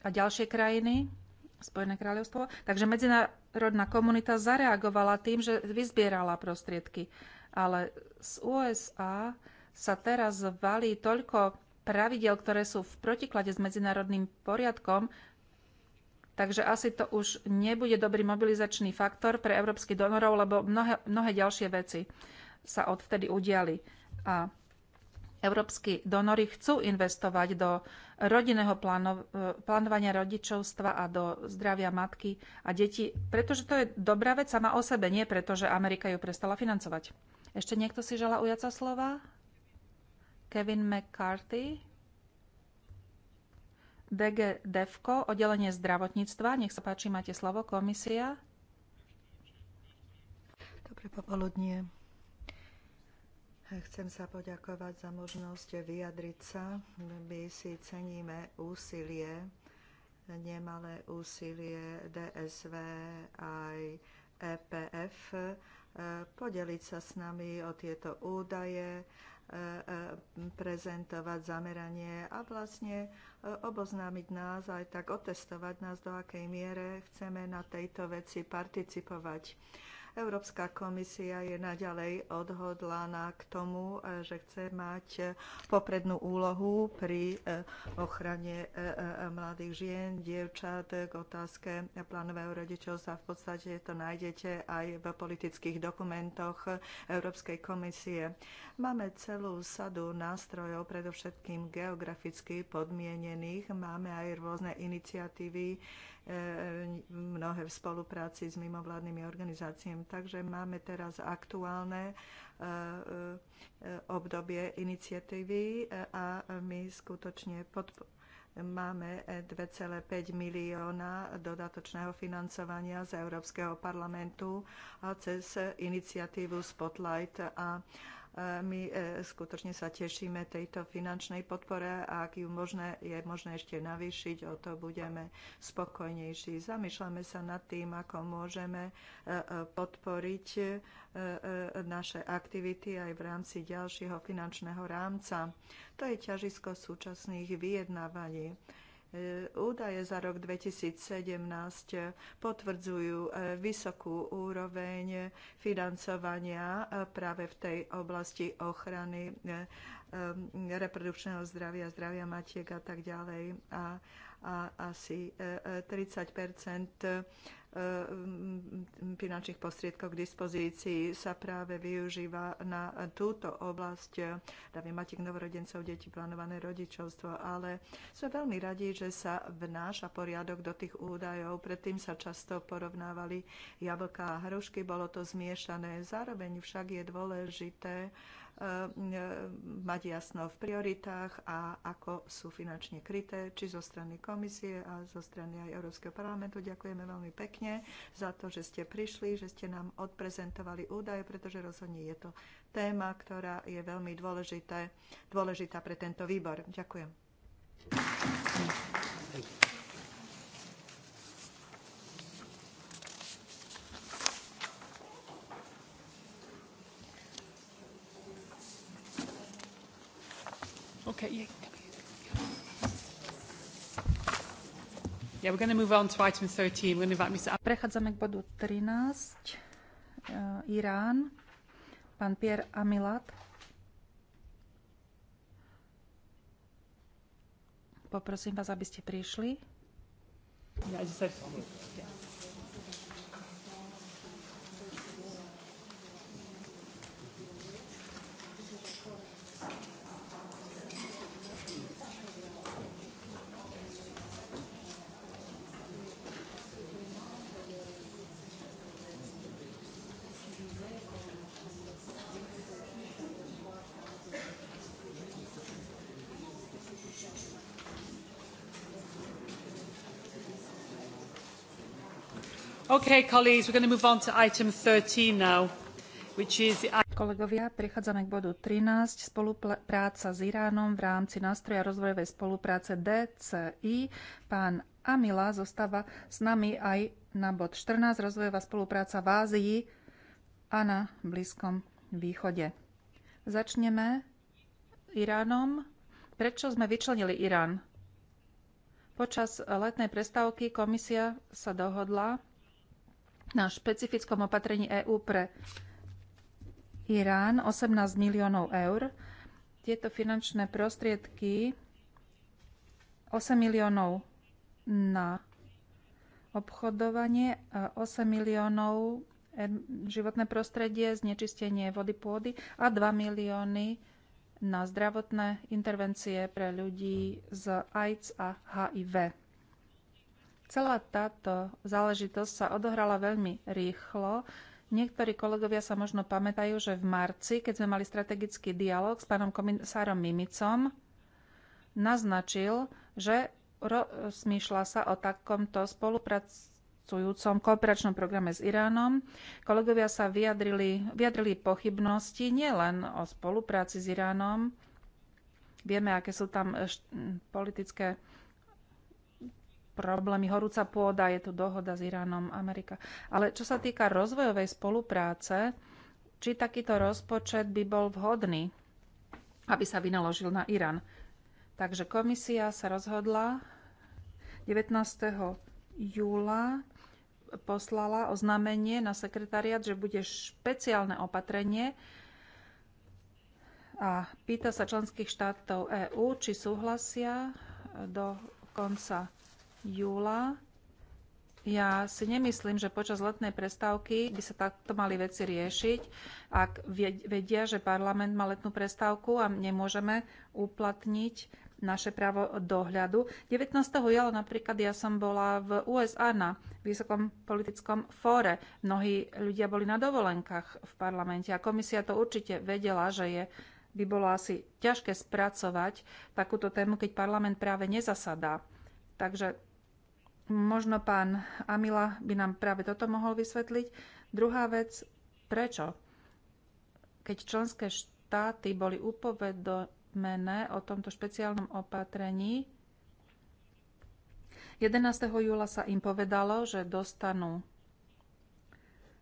a ďalšie krajiny, Spojené kráľovstvo. Takže medzinárodná komunita zareagovala tým, že vyzbierala prostriedky. Ale z USA sa teraz valí toľko pravidel, ktoré sú v protiklade s medzinárodným poriadkom, takže asi to už nebude dobrý mobilizačný faktor pre európskych donorov, lebo mnohé, mnohé ďalšie veci sa odvtedy udiali. A európsky donory chcú investovať do rodinného e, plánovania rodičovstva a do zdravia matky a detí, pretože to je dobrá vec sama o sebe, nie preto, že Amerika ju prestala financovať. Ešte niekto si žela ujaca slova? Kevin McCarthy, DG DEVKO, oddelenie zdravotníctva. Nech sa páči, máte slovo, komisia. Dobré popoludnie. Chcem sa poďakovať za možnosť vyjadriť sa. My si ceníme úsilie, nemalé úsilie DSV aj EPF eh, podeliť sa s nami o tieto údaje, E, e, prezentovať zameranie a vlastne e, oboznámiť nás aj tak otestovať nás, do akej miere chceme na tejto veci participovať Európska komisia je naďalej odhodlaná k tomu, e, že chce mať e, poprednú úlohu pri e, ochrane mladých žien, dievčat k otázke plánového rodičovstva. V podstate to nájdete aj v politických dokumentoch Európskej komisie. Máme celú sadu nástrojov, predovšetkým geograficky podmienených. Máme aj rôzne iniciatívy, E, mnohé v spolupráci s mimovládnymi organizáciami. Takže máme teraz aktuálne e, e, obdobie iniciatívy a my skutočne podporujeme máme 2,5 milióna dodatočného financovania z Európskeho parlamentu a cez iniciatívu Spotlight a my e, skutočne sa tešíme tejto finančnej podpore a ak ju možné, je možné ešte navýšiť, o to budeme spokojnejší. Zamýšľame sa nad tým, ako môžeme e, e, podporiť naše aktivity aj v rámci ďalšieho finančného rámca. To je ťažisko súčasných vyjednávaní. Údaje za rok 2017 potvrdzujú e, vysokú úroveň financovania e, práve v tej oblasti ochrany e, reprodukčného zdravia, zdravia matiek a tak ďalej. A, a asi 30 E, finančných prostriedkov k dispozícii sa práve využíva na túto oblasť davy matik novorodencov, deti, plánované rodičovstvo, ale sme veľmi radi, že sa vnáša poriadok do tých údajov. Predtým sa často porovnávali jablka a hrušky, bolo to zmiešané. Zároveň však je dôležité, E, e, mať jasno v prioritách a ako sú finančne kryté, či zo strany komisie a zo strany aj Európskeho parlamentu. Ďakujeme veľmi pekne za to, že ste prišli, že ste nám odprezentovali údaje, pretože rozhodne je to téma, ktorá je veľmi dôležité, dôležitá pre tento výbor. Ďakujem. Thank you. Prechádzame k bodu 13. Eh, Irán. Pán Pierre Amilat. Poprosím vás, aby ste prišli. Ja, Okay, colleagues, we're going to move on to item 13 now, Kolegovia, prechádzame k bodu 13, spolupráca s Iránom v rámci nástroja rozvojovej spolupráce DCI. Pán Amila zostáva s nami aj na bod 14, rozvojová spolupráca v Ázii a na Blízkom východe. Začneme Iránom. Prečo sme vyčlenili Irán? Počas letnej prestávky komisia sa dohodla, na špecifickom opatrení EÚ pre Irán 18 miliónov eur. Tieto finančné prostriedky 8 miliónov na obchodovanie, 8 miliónov životné prostredie, znečistenie vody pôdy a 2 milióny na zdravotné intervencie pre ľudí z AIDS a HIV. Celá táto záležitosť sa odohrala veľmi rýchlo. Niektorí kolegovia sa možno pamätajú, že v marci, keď sme mali strategický dialog s pánom komisárom Mimicom, naznačil, že rozmýšľa sa o takomto spolupracujúcom kooperačnom programe s Iránom. Kolegovia sa vyjadrili, vyjadrili pochybnosti nielen o spolupráci s Iránom, vieme, aké sú tam politické problémy. Horúca pôda, je tu dohoda s Iránom, Amerika. Ale čo sa týka rozvojovej spolupráce, či takýto rozpočet by bol vhodný, aby sa vynaložil na Irán. Takže komisia sa rozhodla 19. júla poslala oznámenie na sekretariat, že bude špeciálne opatrenie a pýta sa členských štátov EÚ, či súhlasia do konca júla. Ja si nemyslím, že počas letnej prestávky by sa takto mali veci riešiť, ak vedia, že parlament má letnú prestávku a nemôžeme uplatniť naše právo dohľadu. 19. júla napríklad ja som bola v USA na vysokom politickom fóre. Mnohí ľudia boli na dovolenkách v parlamente a komisia to určite vedela, že je by bolo asi ťažké spracovať takúto tému, keď parlament práve nezasadá. Takže Možno pán Amila by nám práve toto mohol vysvetliť. Druhá vec, prečo? Keď členské štáty boli upovedomené o tomto špeciálnom opatrení, 11. júla sa im povedalo, že dostanú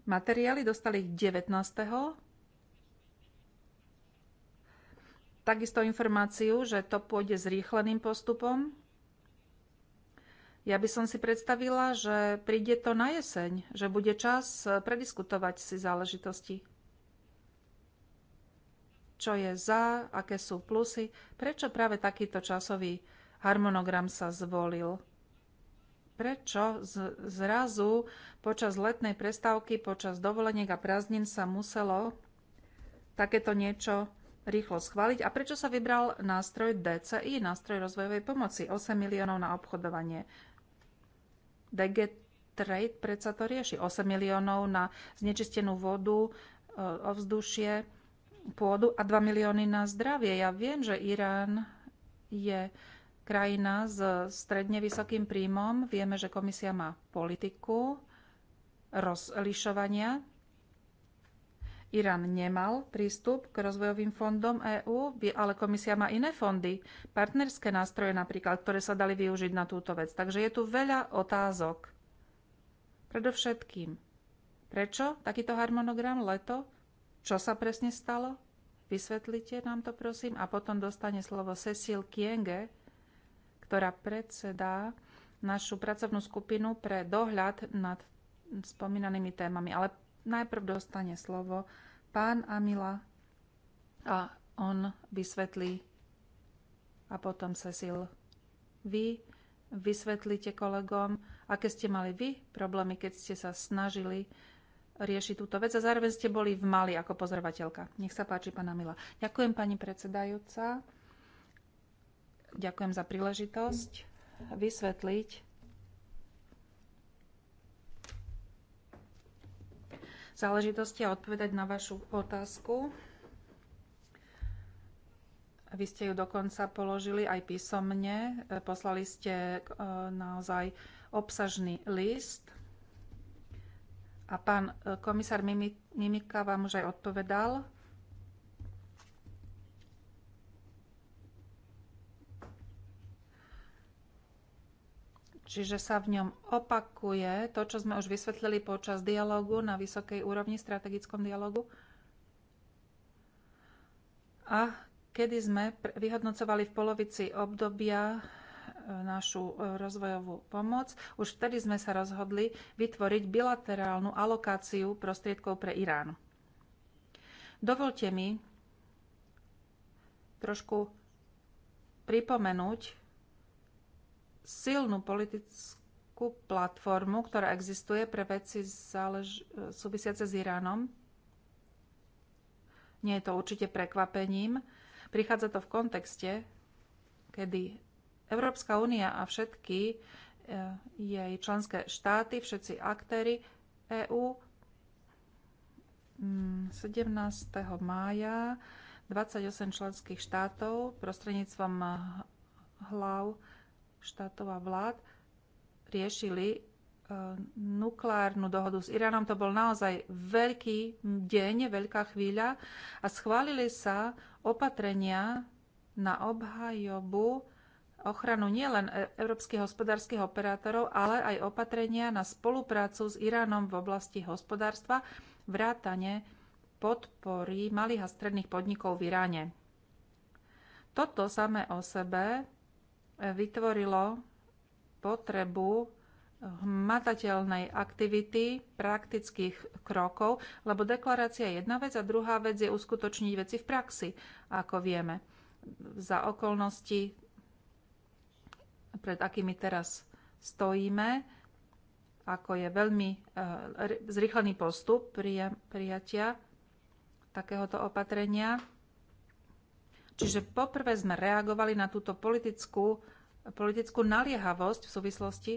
materiály, dostali ich 19. Takisto informáciu, že to pôjde s rýchleným postupom, ja by som si predstavila, že príde to na jeseň, že bude čas eh, prediskutovať si záležitosti. Čo je za, aké sú plusy, prečo práve takýto časový harmonogram sa zvolil. Prečo zrazu počas letnej prestávky, počas dovoleniek a prázdnin sa muselo takéto niečo rýchlo schváliť a prečo sa vybral nástroj DCI, nástroj rozvojovej pomoci, 8 miliónov na obchodovanie DG Trade predsa to rieši. 8 miliónov na znečistenú vodu, e, ovzdušie, pôdu a 2 milióny na zdravie. Ja viem, že Irán je krajina s stredne vysokým príjmom. Vieme, že komisia má politiku rozlišovania Irán nemal prístup k rozvojovým fondom EÚ, ale komisia má iné fondy, partnerské nástroje napríklad, ktoré sa dali využiť na túto vec. Takže je tu veľa otázok. Predovšetkým, prečo takýto harmonogram leto? Čo sa presne stalo? Vysvetlite nám to, prosím. A potom dostane slovo Cecil Kienge, ktorá predsedá našu pracovnú skupinu pre dohľad nad spomínanými témami. Ale najprv dostane slovo pán Amila a on vysvetlí a potom Cecil. Vy vysvetlíte kolegom, aké ste mali vy problémy, keď ste sa snažili riešiť túto vec a zároveň ste boli v Mali ako pozorovateľka. Nech sa páči, pána Mila. Ďakujem, pani predsedajúca. Ďakujem za príležitosť vysvetliť záležitosti a odpovedať na vašu otázku. Vy ste ju dokonca položili aj písomne. Poslali ste e, naozaj obsažný list. A pán e, komisár Mimika vám už aj odpovedal Čiže sa v ňom opakuje to, čo sme už vysvetlili počas dialogu na vysokej úrovni, strategickom dialogu. A kedy sme vyhodnocovali v polovici obdobia e, našu e, rozvojovú pomoc. Už vtedy sme sa rozhodli vytvoriť bilaterálnu alokáciu prostriedkov pre Irán. Dovolte mi trošku pripomenúť silnú politickú platformu, ktorá existuje pre veci zálež- súvisiace s Iránom. Nie je to určite prekvapením. Prichádza to v kontexte, kedy Európska únia a všetky e, jej členské štáty, všetci aktéry EÚ 17. Mm, mája 28 členských štátov prostredníctvom hlav štátov a vlád riešili e, nukleárnu dohodu s Iránom. To bol naozaj veľký deň, veľká chvíľa a schválili sa opatrenia na obhajobu ochranu nielen e, európskych hospodárskych operátorov, ale aj opatrenia na spoluprácu s Iránom v oblasti hospodárstva, vrátane podpory malých a stredných podnikov v Iráne. Toto samé o sebe vytvorilo potrebu hmatateľnej aktivity, praktických krokov, lebo deklarácia je jedna vec a druhá vec je uskutočniť veci v praxi, ako vieme. Za okolnosti, pred akými teraz stojíme, ako je veľmi eh, zrýchlený postup prijatia takéhoto opatrenia, Čiže poprvé sme reagovali na túto politickú, politickú naliehavosť v súvislosti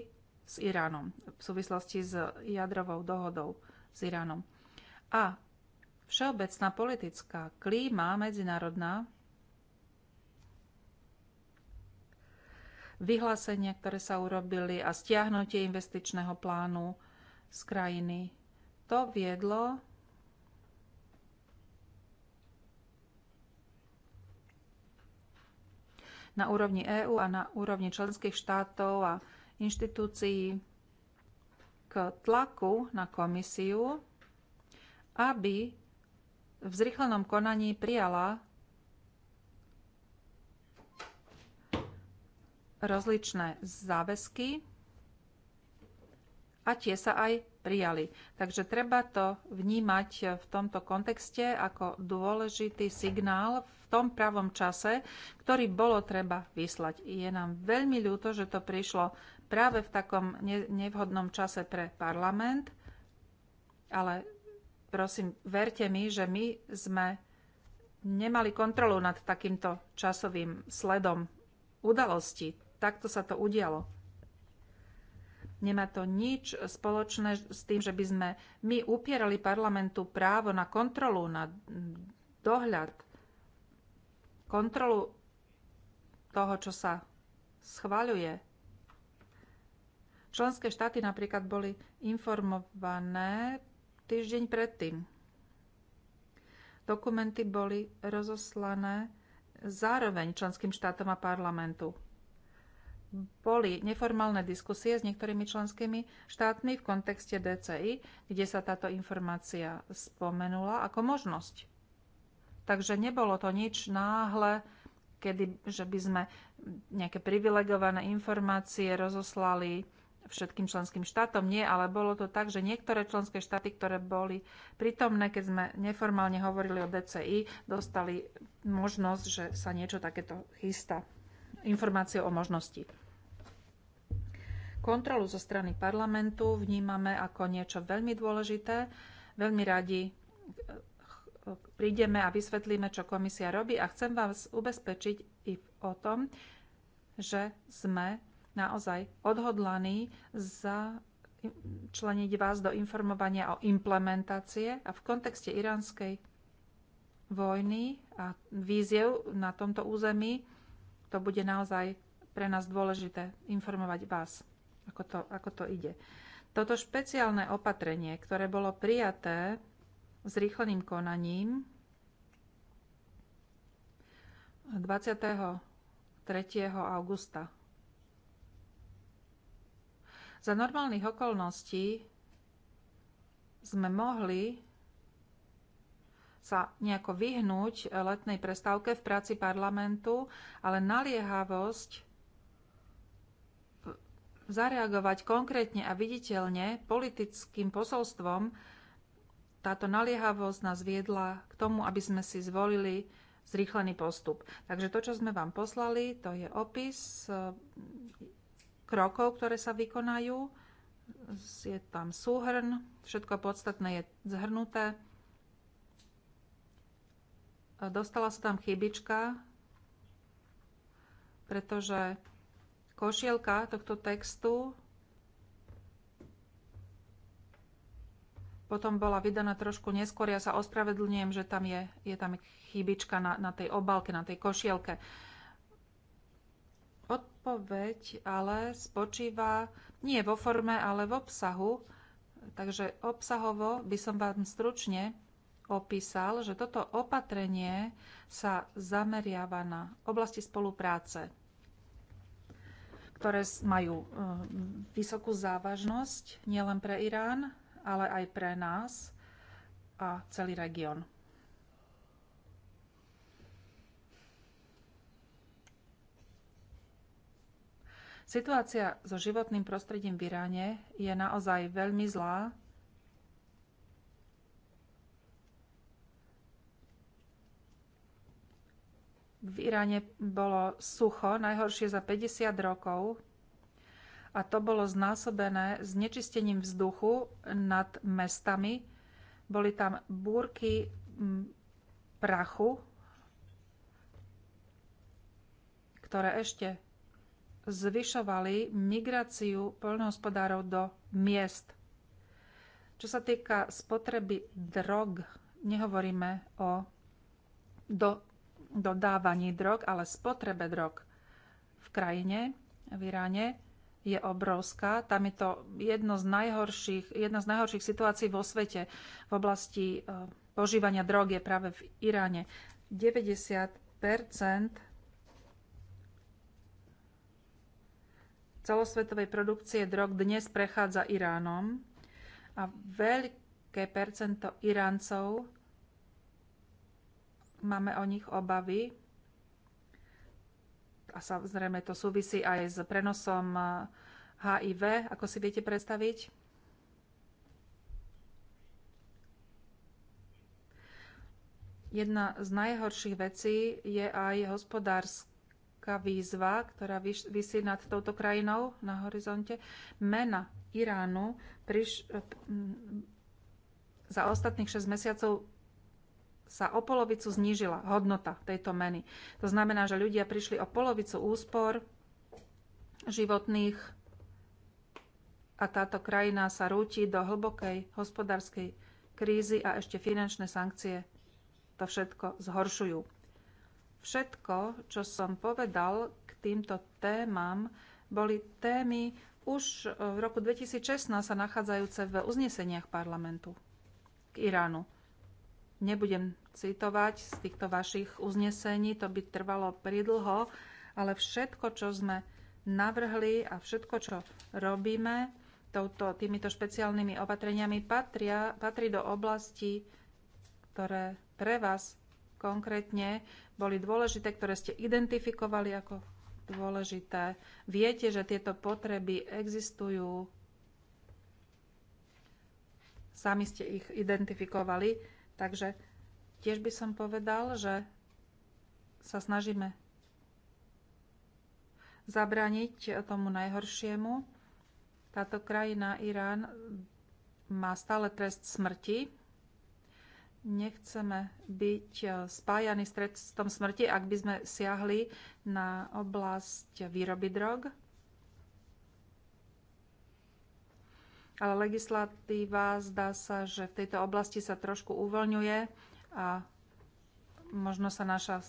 s Iránom, v súvislosti s jadrovou dohodou s Iránom. A všeobecná politická klíma medzinárodná, vyhlásenia, ktoré sa urobili a stiahnutie investičného plánu z krajiny, to viedlo na úrovni EÚ a na úrovni členských štátov a inštitúcií k tlaku na komisiu, aby v zrychlenom konaní prijala rozličné záväzky a tie sa aj prijali. Takže treba to vnímať v tomto kontexte ako dôležitý signál v tom pravom čase, ktorý bolo treba vyslať. Je nám veľmi ľúto, že to prišlo práve v takom nevhodnom čase pre parlament, ale prosím, verte mi, že my sme nemali kontrolu nad takýmto časovým sledom udalostí. Takto sa to udialo. Nemá to nič spoločné s tým, že by sme my upierali parlamentu právo na kontrolu, na dohľad, kontrolu toho, čo sa schvaľuje. Členské štáty napríklad boli informované týždeň predtým. Dokumenty boli rozoslané zároveň členským štátom a parlamentu boli neformálne diskusie s niektorými členskými štátmi v kontexte DCI, kde sa táto informácia spomenula ako možnosť. Takže nebolo to nič náhle, kedy, že by sme nejaké privilegované informácie rozoslali všetkým členským štátom. Nie, ale bolo to tak, že niektoré členské štáty, ktoré boli pritomné, keď sme neformálne hovorili o DCI, dostali možnosť, že sa niečo takéto chystá. Informácie o možnosti kontrolu zo strany parlamentu vnímame ako niečo veľmi dôležité. Veľmi radi eh, prídeme a vysvetlíme, čo komisia robí a chcem vás ubezpečiť i o tom, že sme naozaj odhodlaní za členiť vás do informovania o implementácie a v kontexte iránskej vojny a víziev na tomto území to bude naozaj pre nás dôležité informovať vás ako to, ako to ide. Toto špeciálne opatrenie, ktoré bolo prijaté s rýchleným konaním 23. augusta. Za normálnych okolností sme mohli sa nejako vyhnúť letnej prestávke v práci parlamentu, ale naliehavosť zareagovať konkrétne a viditeľne politickým posolstvom, táto naliehavosť nás viedla k tomu, aby sme si zvolili zrýchlený postup. Takže to, čo sme vám poslali, to je opis eh, krokov, ktoré sa vykonajú. Je tam súhrn, všetko podstatné je zhrnuté. Dostala sa tam chybička, pretože košielka tohto textu potom bola vydaná trošku neskôr. Ja sa ospravedlňujem, že tam je, je tam chybička na, na tej obálke, na tej košielke. Odpoveď ale spočíva nie vo forme, ale v obsahu. Takže obsahovo by som vám stručne opísal, že toto opatrenie sa zameriava na oblasti spolupráce ktoré majú eh, vysokú závažnosť nielen pre Irán, ale aj pre nás a celý región. Situácia so životným prostredím v Iráne je naozaj veľmi zlá v Iráne bolo sucho, najhoršie za 50 rokov, a to bolo znásobené znečistením vzduchu nad mestami. Boli tam búrky prachu, ktoré ešte zvyšovali migráciu poľnohospodárov do miest. Čo sa týka spotreby drog, nehovoríme o do dodávaní drog, ale spotrebe drog v krajine, v Iráne, je obrovská. Tam je to jedno z najhorších, jedna z najhorších situácií vo svete v oblasti eh, požívania drog je práve v Iráne. 90 celosvetovej produkcie drog dnes prechádza Iránom a veľké percento Iráncov Máme o nich obavy a samozrejme to súvisí aj s prenosom HIV, eh, ako si viete predstaviť. Jedna z najhorších vecí je aj hospodárska výzva, ktorá vysí nad touto krajinou na horizonte. Mena Iránu priš- za ostatných 6 mesiacov sa o polovicu znížila hodnota tejto meny. To znamená, že ľudia prišli o polovicu úspor životných a táto krajina sa rúti do hlbokej hospodárskej krízy a ešte finančné sankcie to všetko zhoršujú. Všetko, čo som povedal k týmto témam, boli témy už v roku 2016 sa nachádzajúce v uzneseniach parlamentu k Iránu. Nebudem citovať z týchto vašich uznesení, to by trvalo pridlho, ale všetko, čo sme navrhli a všetko, čo robíme touto, týmito špeciálnymi opatreniami, patria, patrí do oblasti, ktoré pre vás konkrétne boli dôležité, ktoré ste identifikovali ako dôležité. Viete, že tieto potreby existujú. Sami ste ich identifikovali Takže tiež by som povedal, že sa snažíme zabraniť tomu najhoršiemu. Táto krajina, Irán, má stále trest smrti. Nechceme byť spájani s trestom smrti, ak by sme siahli na oblasť výroby drog ale legislatíva zdá sa, že v tejto oblasti sa trošku uvoľňuje a možno sa naša,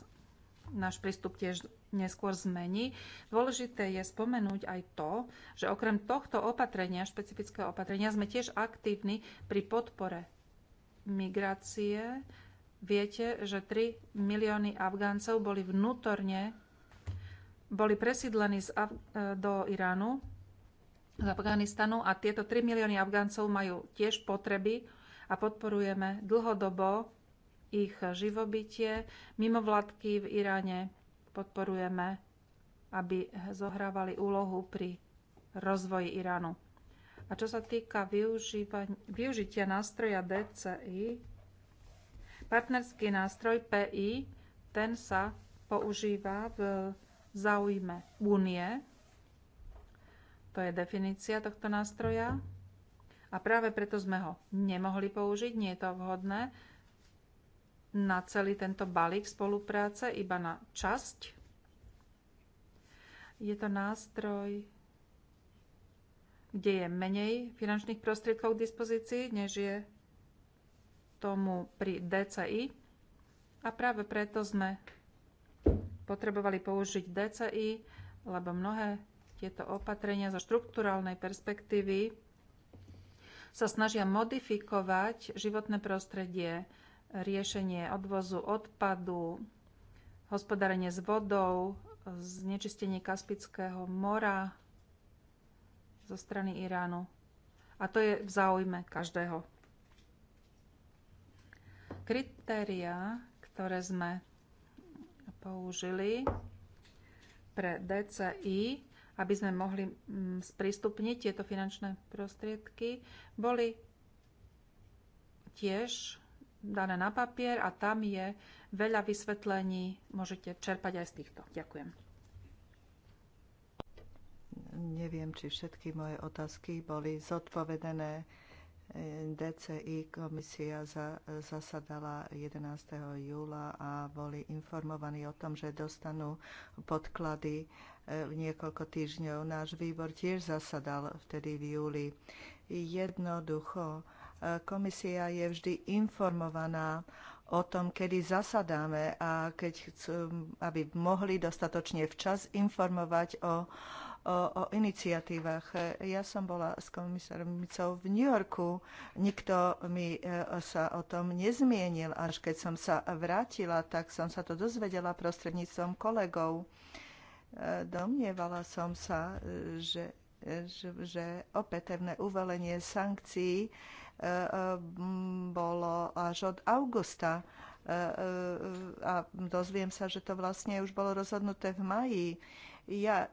náš prístup tiež neskôr zmení. Dôležité je spomenúť aj to, že okrem tohto opatrenia, špecifického opatrenia, sme tiež aktívni pri podpore migrácie. Viete, že 3 milióny Afgáncov boli vnútorne boli presídlení z Af- e, do Iránu z Afganistanu a tieto 3 milióny Afgáncov majú tiež potreby a podporujeme dlhodobo ich živobytie. Mimovládky v Iráne podporujeme, aby zohrávali úlohu pri rozvoji Iránu. A čo sa týka využitia nástroja DCI, partnerský nástroj PI, ten sa používa v záujme únie to je definícia tohto nástroja. A práve preto sme ho nemohli použiť, nie je to vhodné na celý tento balík spolupráce, iba na časť. Je to nástroj, kde je menej finančných prostriedkov k dispozícii, než je tomu pri DCI. A práve preto sme potrebovali použiť DCI, lebo mnohé tieto opatrenia zo štruktúralnej perspektívy sa snažia modifikovať životné prostredie, riešenie odvozu odpadu, hospodárenie s vodou, znečistenie Kaspického mora zo strany Iránu. A to je v záujme každého. Kritéria, ktoré sme použili pre DCI, aby sme mohli mm, sprístupniť tieto finančné prostriedky, boli tiež dané na papier a tam je veľa vysvetlení. Môžete čerpať aj z týchto. Ďakujem. Neviem, či všetky moje otázky boli zodpovedené. DCI komisia za, zasadala 11. júla a boli informovaní o tom, že dostanú podklady e, v niekoľko týždňov. Náš výbor tiež zasadal vtedy v júli. Jednoducho, e, komisia je vždy informovaná o tom, kedy zasadáme a keď chcú, aby mohli dostatočne včas informovať o, o iniciatívach. Ja som bola s komisárom Micov v New Yorku. Nikto mi e, sa o tom nezmienil. Až keď som sa vrátila, tak som sa to dozvedela prostredníctvom kolegov. E, domnievala som sa, e, že, že, že opätovné uvalenie sankcií bolo až od augusta a dozviem sa, že to vlastne už bolo rozhodnuté v maji. Ja,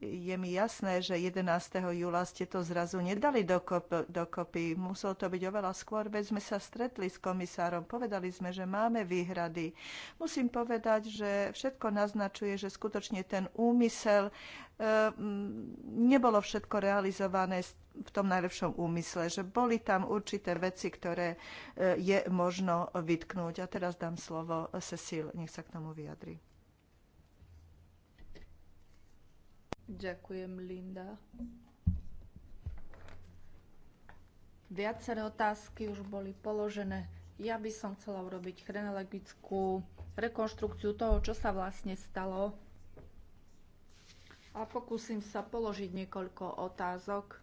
je mi jasné, že 11. júla ste to zrazu nedali dokop, dokopy. Muselo to byť oveľa skôr, veď sme sa stretli s komisárom. Povedali sme, že máme výhrady. Musím povedať, že všetko naznačuje, že skutočne ten úmysel e, nebolo všetko realizované v tom najlepšom úmysle, že boli tam určité veci, ktoré e, je možno vytknúť. A teraz dám slovo Cecil, nech sa k tomu vyjadri. Ďakujem, Linda. Viaceré otázky už boli položené. Ja by som chcela urobiť chronologickú rekonštrukciu toho, čo sa vlastne stalo. A pokúsim sa položiť niekoľko otázok,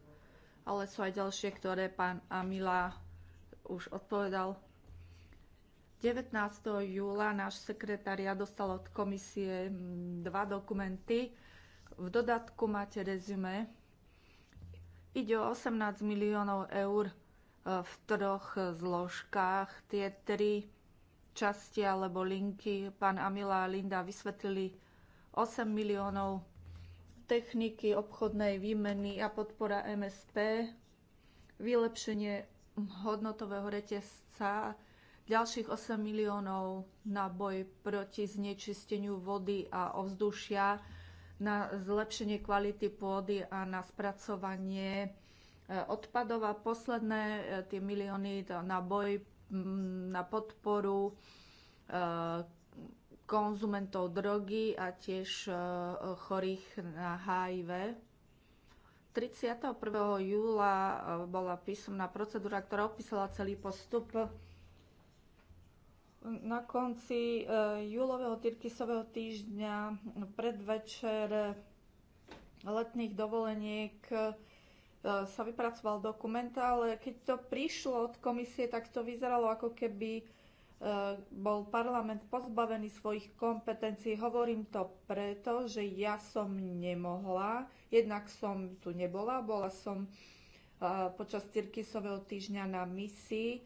ale sú aj ďalšie, ktoré pán Amila už odpovedal. 19. júla náš sekretariat dostal od komisie dva dokumenty v dodatku máte rezume. Ide o 18 miliónov eur e, v troch zložkách. Tie tri časti alebo linky pán Amila a Linda vysvetlili 8 miliónov techniky obchodnej výmeny a podpora MSP, vylepšenie hodnotového reťazca, ďalších 8 miliónov na boj proti znečisteniu vody a ovzdušia na zlepšenie kvality pôdy a na spracovanie e, odpadov a posledné e, tie milióny na boj, na podporu e, konzumentov drogy a tiež chorých na HIV. 31. júla bola písomná procedúra, ktorá opísala celý postup na konci e, júlového Tyrkisového týždňa no, predvečer e, letných dovoleniek e, sa vypracoval dokument, ale keď to prišlo od komisie, tak to vyzeralo ako keby bol parlament pozbavený svojich kompetencií. Hovorím to preto, že ja som nemohla, jednak som tu nebola, bola som počas Tyrkisového týždňa na misii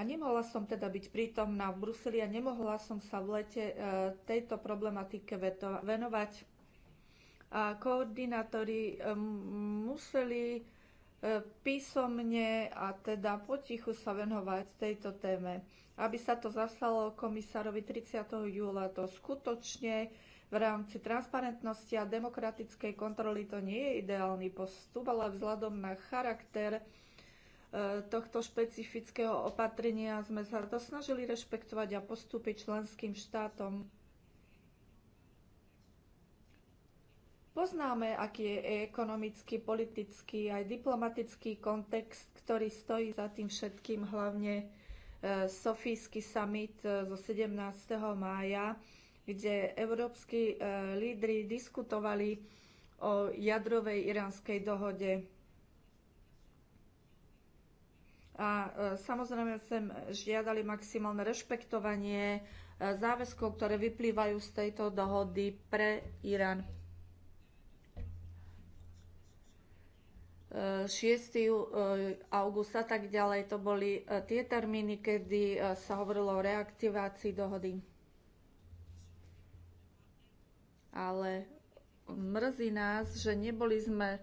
a nemohla som teda byť prítomná v Bruseli a nemohla som sa v lete e, tejto problematike venovať. A koordinátori e, museli e, písomne a teda potichu sa venovať tejto téme. Aby sa to zaslalo komisárovi 30. júla, to skutočne v rámci transparentnosti a demokratickej kontroly to nie je ideálny postup, ale vzhľadom na charakter tohto špecifického opatrenia sme sa to snažili rešpektovať a postúpiť členským štátom. Poznáme, aký je ekonomický, politický aj diplomatický kontext, ktorý stojí za tým všetkým, hlavne e, Sofijský summit e, zo 17. mája, kde európsky e, lídry diskutovali o jadrovej iránskej dohode. A e, samozrejme sem žiadali maximálne rešpektovanie e, záväzkov, ktoré vyplývajú z tejto dohody pre Irán. 6. E, august a tak ďalej, to boli tie termíny, kedy sa hovorilo o reaktivácii dohody. Ale mrzí nás, že neboli sme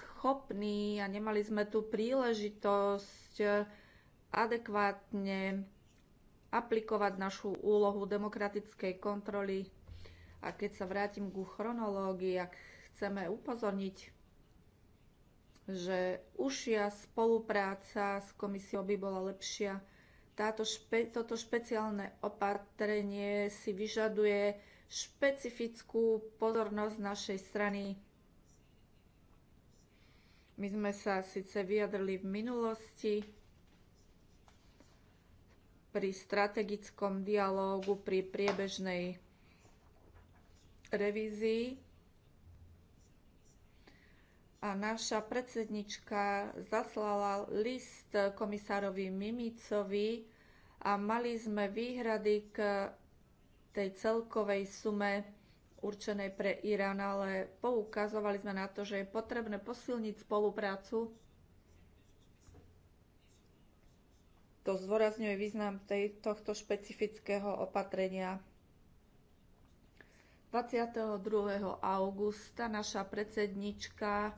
schopní a nemali sme tú príležitosť schopnosť eh, adekvátne aplikovať našu úlohu demokratickej kontroly. A keď sa vrátim ku chronológii, ak chceme upozorniť, že užšia spolupráca s komisiou by bola lepšia, táto špe, toto špeciálne opatrenie si vyžaduje špecifickú pozornosť našej strany my sme sa síce vyjadrili v minulosti pri strategickom dialógu, pri priebežnej revízii a naša predsednička zaslala list komisárovi Mimicovi a mali sme výhrady k tej celkovej sume určenej pre Irán, ale poukazovali sme na to, že je potrebné posilniť spoluprácu. To zdôrazňuje význam tej, tohto špecifického opatrenia. 22. augusta naša predsednička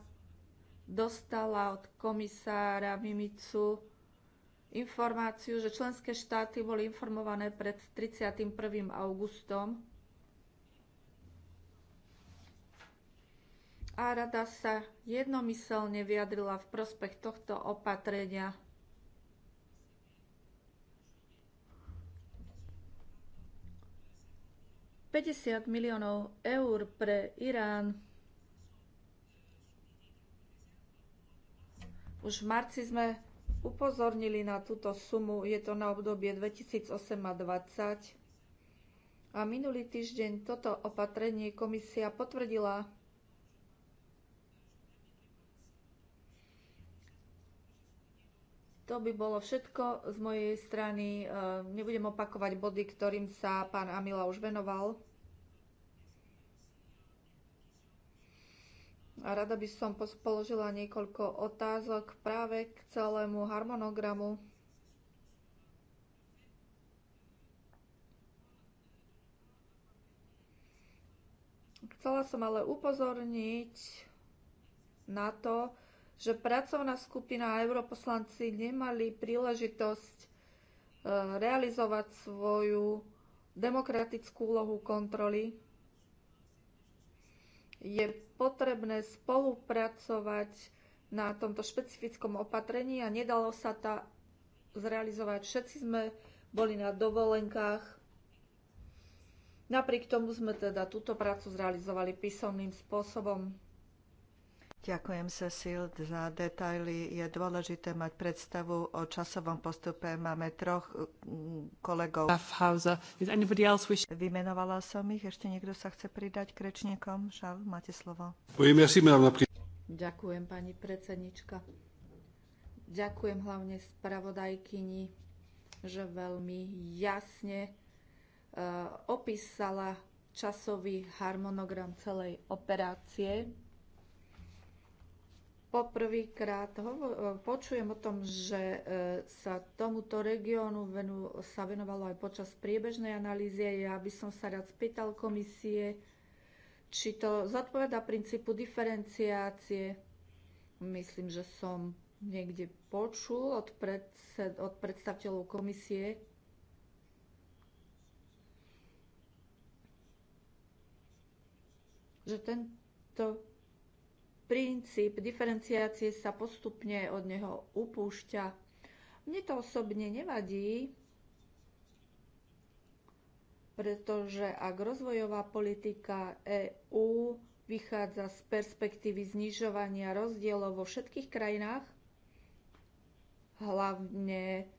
dostala od komisára Mimicu informáciu, že členské štáty boli informované pred 31. augustom a rada sa jednomyselne vyjadrila v prospech tohto opatrenia. Päťdesiat miliónov eur pre Irán. Už v marci sme upozornili na túto sumu, je to na obdobie 2008 a 2020. A minulý týždeň toto opatrenie komisia potvrdila To by bolo všetko z mojej strany. E, nebudem opakovať body, ktorým sa pán Amila už venoval. A rada by som položila niekoľko otázok práve k celému harmonogramu. Chcela som ale upozorniť na to, že pracovná skupina a europoslanci nemali príležitosť e, realizovať svoju demokratickú úlohu kontroly. Je potrebné spolupracovať na tomto špecifickom opatrení a nedalo sa to zrealizovať. Všetci sme boli na dovolenkách. Napriek tomu sme teda túto prácu zrealizovali písomným spôsobom. Ďakujem, Cecil, za detaily. Je dôležité mať predstavu o časovom postupe. Máme troch kolegov. Vymenovala som ich. Ešte niekto sa chce pridať k rečníkom? Žal, máte slovo. Ďakujem, pani predsednička. Ďakujem hlavne spravodajkyni, že veľmi jasne e, opísala časový harmonogram celej operácie poprvýkrát počujem o tom, že e, sa tomuto regiónu venu, sa venovalo aj počas priebežnej analýzy. Ja by som sa rád spýtal komisie, či to zodpoveda princípu diferenciácie. Myslím, že som niekde počul od, predsed, od predstaviteľov komisie, že tento princíp diferenciácie sa postupne od neho upúšťa. Mne to osobne nevadí, pretože ak rozvojová politika EÚ vychádza z perspektívy znižovania rozdielov vo všetkých krajinách, hlavne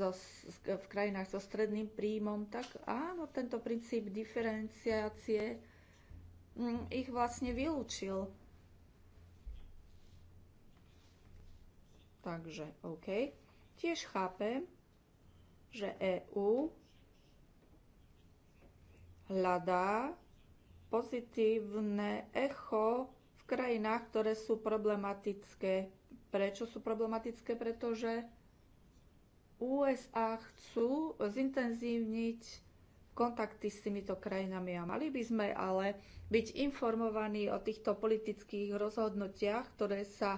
zo, v krajinách so stredným príjmom, tak áno, tento princíp diferenciácie mm, ich vlastne vylúčil. takže OK. Tiež chápem, že EÚ hľadá pozitívne echo v krajinách, ktoré sú problematické. Prečo sú problematické? Pretože USA chcú zintenzívniť kontakty s týmito krajinami a mali by sme ale byť informovaní o týchto politických rozhodnutiach, ktoré sa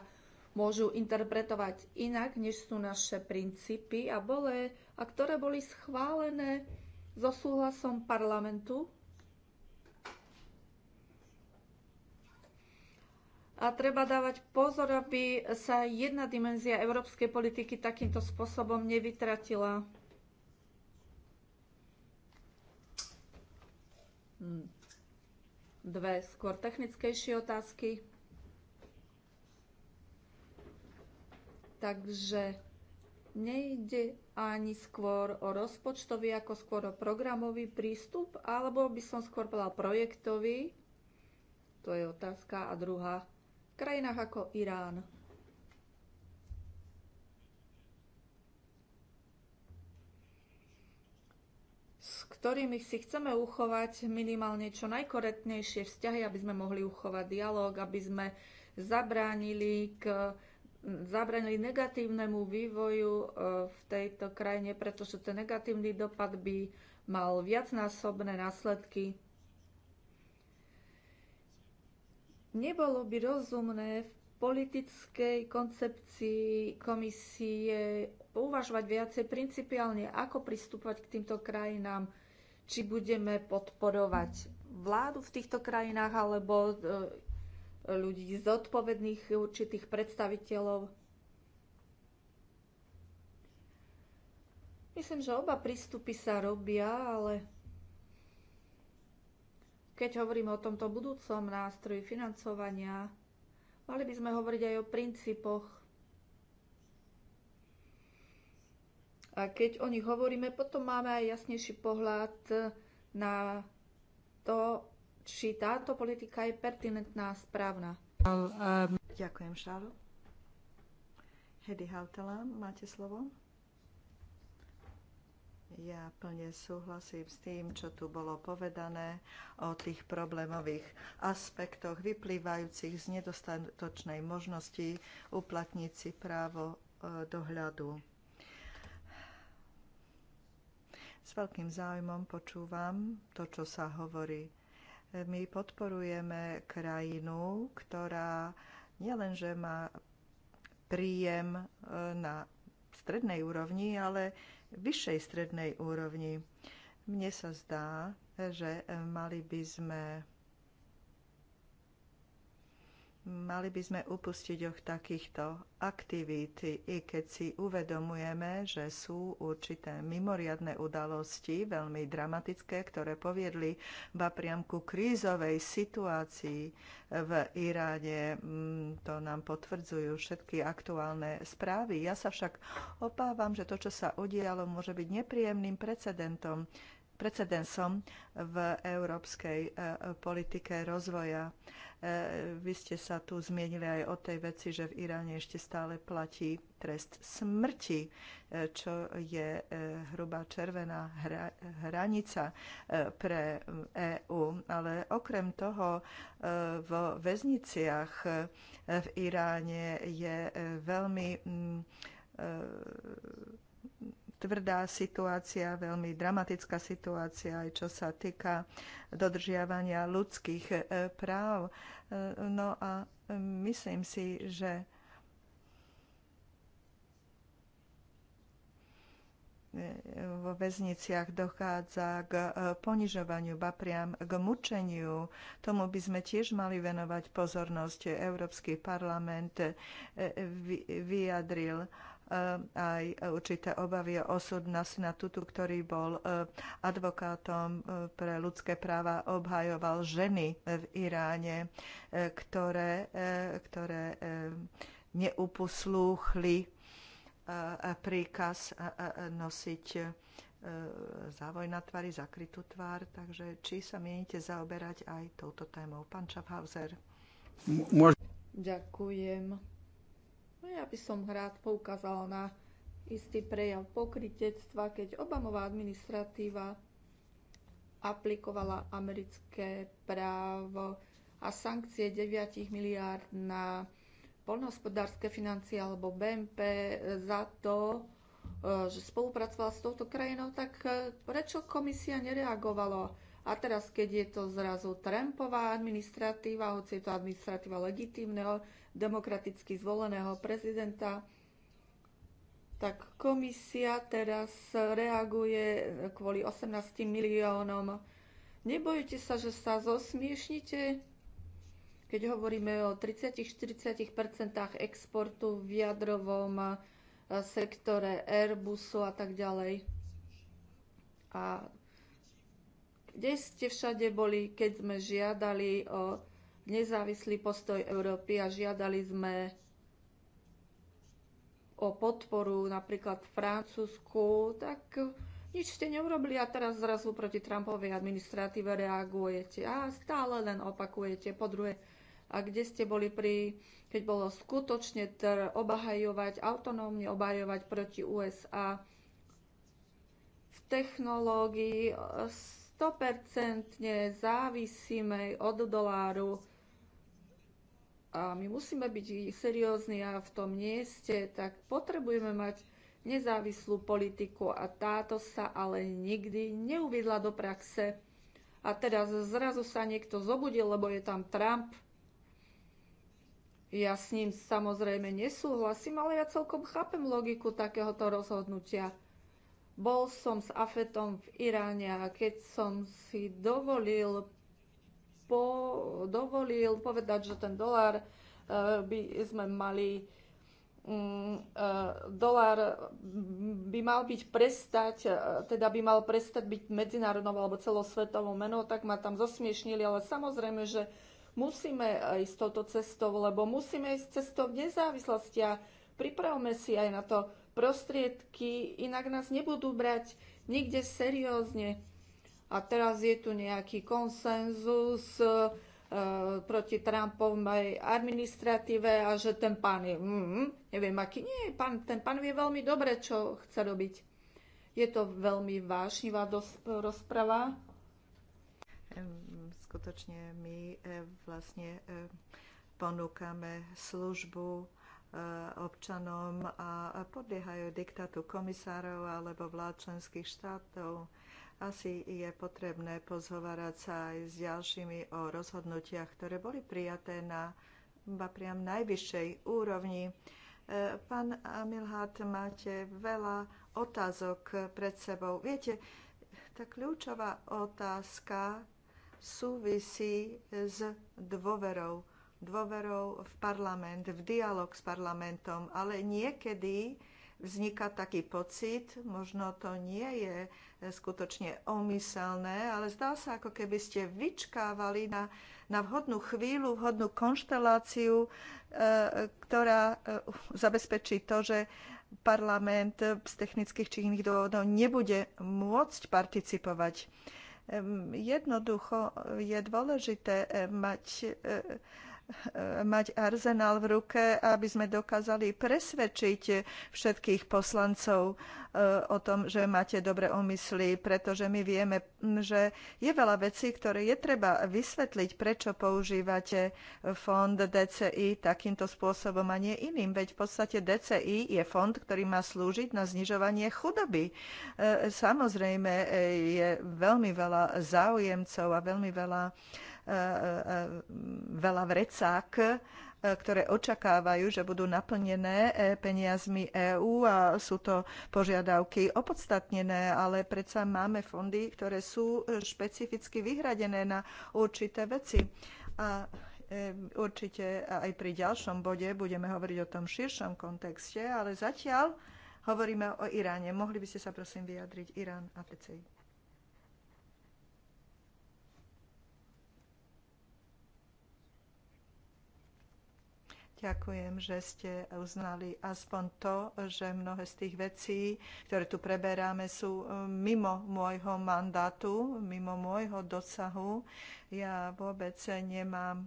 môžu interpretovať inak, než sú naše princípy a, bole, a ktoré boli schválené so súhlasom parlamentu. A treba dávať pozor, aby sa jedna dimenzia európskej politiky takýmto spôsobom nevytratila. Hm. Dve skôr technickejšie otázky. Takže nejde ani skôr o rozpočtový, ako skôr o programový prístup, alebo by som skôr bola projektový. To je otázka. A druhá, v krajinách ako Irán. S ktorými si chceme uchovať minimálne čo najkorektnejšie vzťahy, aby sme mohli uchovať dialog, aby sme zabránili k zabranili negatívnemu vývoju e, v tejto krajine, pretože ten negatívny dopad by mal viacnásobné následky. Nebolo by rozumné v politickej koncepcii komisie uvažovať viacej principiálne, ako pristúpať k týmto krajinám, či budeme podporovať vládu v týchto krajinách alebo e, ľudí zodpovedných, určitých predstaviteľov. Myslím, že oba prístupy sa robia, ale keď hovoríme o tomto budúcom nástroji financovania, mali by sme hovoriť aj o princípoch. A keď o nich hovoríme, potom máme aj jasnejší pohľad na to, či táto politika je pertinentná a správna. Ďakujem, Šáro. Hedy Hautala, máte slovo? Ja plne súhlasím s tým, čo tu bolo povedané o tých problémových aspektoch vyplývajúcich z nedostatočnej možnosti uplatniť si právo e, dohľadu. S veľkým záujmom počúvam to, čo sa hovorí my podporujeme krajinu, ktorá nielenže má príjem e, na strednej úrovni, ale vyššej strednej úrovni. Mne sa zdá, že mali by sme Mali by sme upustiť od takýchto aktivít, i keď si uvedomujeme, že sú určité mimoriadne udalosti, veľmi dramatické, ktoré poviedli ba priam ku krízovej situácii v Iráne. Mm, to nám potvrdzujú všetky aktuálne správy. Ja sa však obávam, že to, čo sa udialo, môže byť nepríjemným precedentom precedensom v európskej eh, politike rozvoja. E, vy ste sa tu zmienili aj o tej veci, že v Iráne ešte stále platí trest smrti, e, čo je e, hrubá červená hra, hranica pre EÚ. Ale okrem toho v väzniciach v Iráne je veľmi mm, tvrdá situácia, veľmi dramatická situácia, aj čo sa týka dodržiavania ľudských e, práv. E, no a e, myslím si, že vo väzniciach dochádza k ponižovaniu, ba priam k mučeniu. Tomu by sme tiež mali venovať pozornosť. Európsky parlament vyjadril Eh, aj určité obavy o osud Tutu, ktorý bol eh, advokátom eh, pre ľudské práva, obhajoval ženy v Iráne, ktoré, ktoré neuposlúchli príkaz nosiť závoj na tvári, zakrytú tvár. Takže či sa mienite zaoberať aj touto témou? Pán Schaffhauser. Ďakujem. No ja by som rád poukázala na istý prejav pokritectva, keď Obamová administratíva aplikovala americké právo a sankcie 9 miliárd na poľnohospodárske financie alebo BMP za to, e, že spolupracovala s touto krajinou, tak e, prečo komisia nereagovala? A teraz, keď je to zrazu Trumpová administratíva, hoci je to administratíva legitímneho demokraticky zvoleného prezidenta, tak komisia teraz reaguje kvôli 18 miliónom. Nebojte sa, že sa zosmiešnite, keď hovoríme o 30-40 exportu v jadrovom eh, sektore Airbusu a tak ďalej. A kde ste všade boli, keď sme žiadali o nezávislý postoj Európy a žiadali sme o podporu napríklad v Francúzsku, tak nič ste neurobili a teraz zrazu proti Trumpovej administratíve reagujete a stále len opakujete. Po druhé, a kde ste boli pri, keď bolo skutočne tr- autonómne obhajovať proti USA v technológii 100% e, závisíme od doláru, a my musíme byť seriózni a v tom nie ste, tak potrebujeme mať nezávislú politiku a táto sa ale nikdy neuvidla do praxe. A teraz zrazu sa niekto zobudil, lebo je tam Trump. Ja s ním samozrejme nesúhlasím, ale ja celkom chápem logiku takéhoto rozhodnutia. Bol som s Afetom v Iráne a keď som si dovolil po, dovolil povedať, že ten dolár eh, by sme mali mm, eh, dolár by mal byť prestať, eh, teda by mal prestať byť medzinárodnou alebo celosvetovou menou, tak ma tam zosmiešnili, ale samozrejme, že musíme ísť touto cestou, lebo musíme ísť cestou v nezávislosti a pripravme si aj na to prostriedky, inak nás nebudú brať nikde seriózne a teraz je tu nejaký konsenzus e, proti Trumpovej administratíve a že ten pán je, mm, neviem aký, nie, pán, ten pán vie veľmi dobre, čo chce robiť. Je to veľmi vášnivá rozprava. Skutočne my e, vlastne e, ponúkame službu občanom a podliehajú diktatu komisárov alebo vlád členských štátov asi je potrebné pozhovárať sa aj s ďalšími o rozhodnutiach, ktoré boli prijaté na ba priam najvyššej úrovni. E, pán Milhát, máte veľa otázok pred sebou. Viete, tá kľúčová otázka súvisí s dôverou. Dôverou v parlament, v dialog s parlamentom, ale niekedy vzniká taký pocit, možno to nie je e, skutočne omyselné, ale zdá sa, ako keby ste vyčkávali na, na vhodnú chvíľu, vhodnú konšteláciu, e, ktorá e, zabezpečí to, že parlament z technických či iných dôvodov nebude môcť participovať. Jednoducho je dôležité mať E, mať arzenál v ruke, aby sme dokázali presvedčiť všetkých poslancov e, o tom, že máte dobré úmysly, pretože my vieme, že je veľa vecí, ktoré je treba vysvetliť, prečo používate fond DCI takýmto spôsobom a nie iným. Veď v podstate DCI je fond, ktorý má slúžiť na znižovanie chudoby. E, samozrejme, je veľmi veľa záujemcov a veľmi veľa veľa vrecák, e, ktoré očakávajú, že budú naplnené e, peniazmi EÚ a sú to požiadavky opodstatnené, ale predsa máme fondy, ktoré sú e, špecificky vyhradené na určité veci. A určite aj pri ďalšom bode budeme hovoriť o tom širšom kontexte, ale zatiaľ hovoríme o Iráne. Mohli by ste sa prosím vyjadriť Irán a PCI? Ďakujem, že ste uznali aspoň to, že mnohé z tých vecí, ktoré tu preberáme, sú e, mimo môjho mandátu, mimo môjho dosahu. Ja vôbec nemám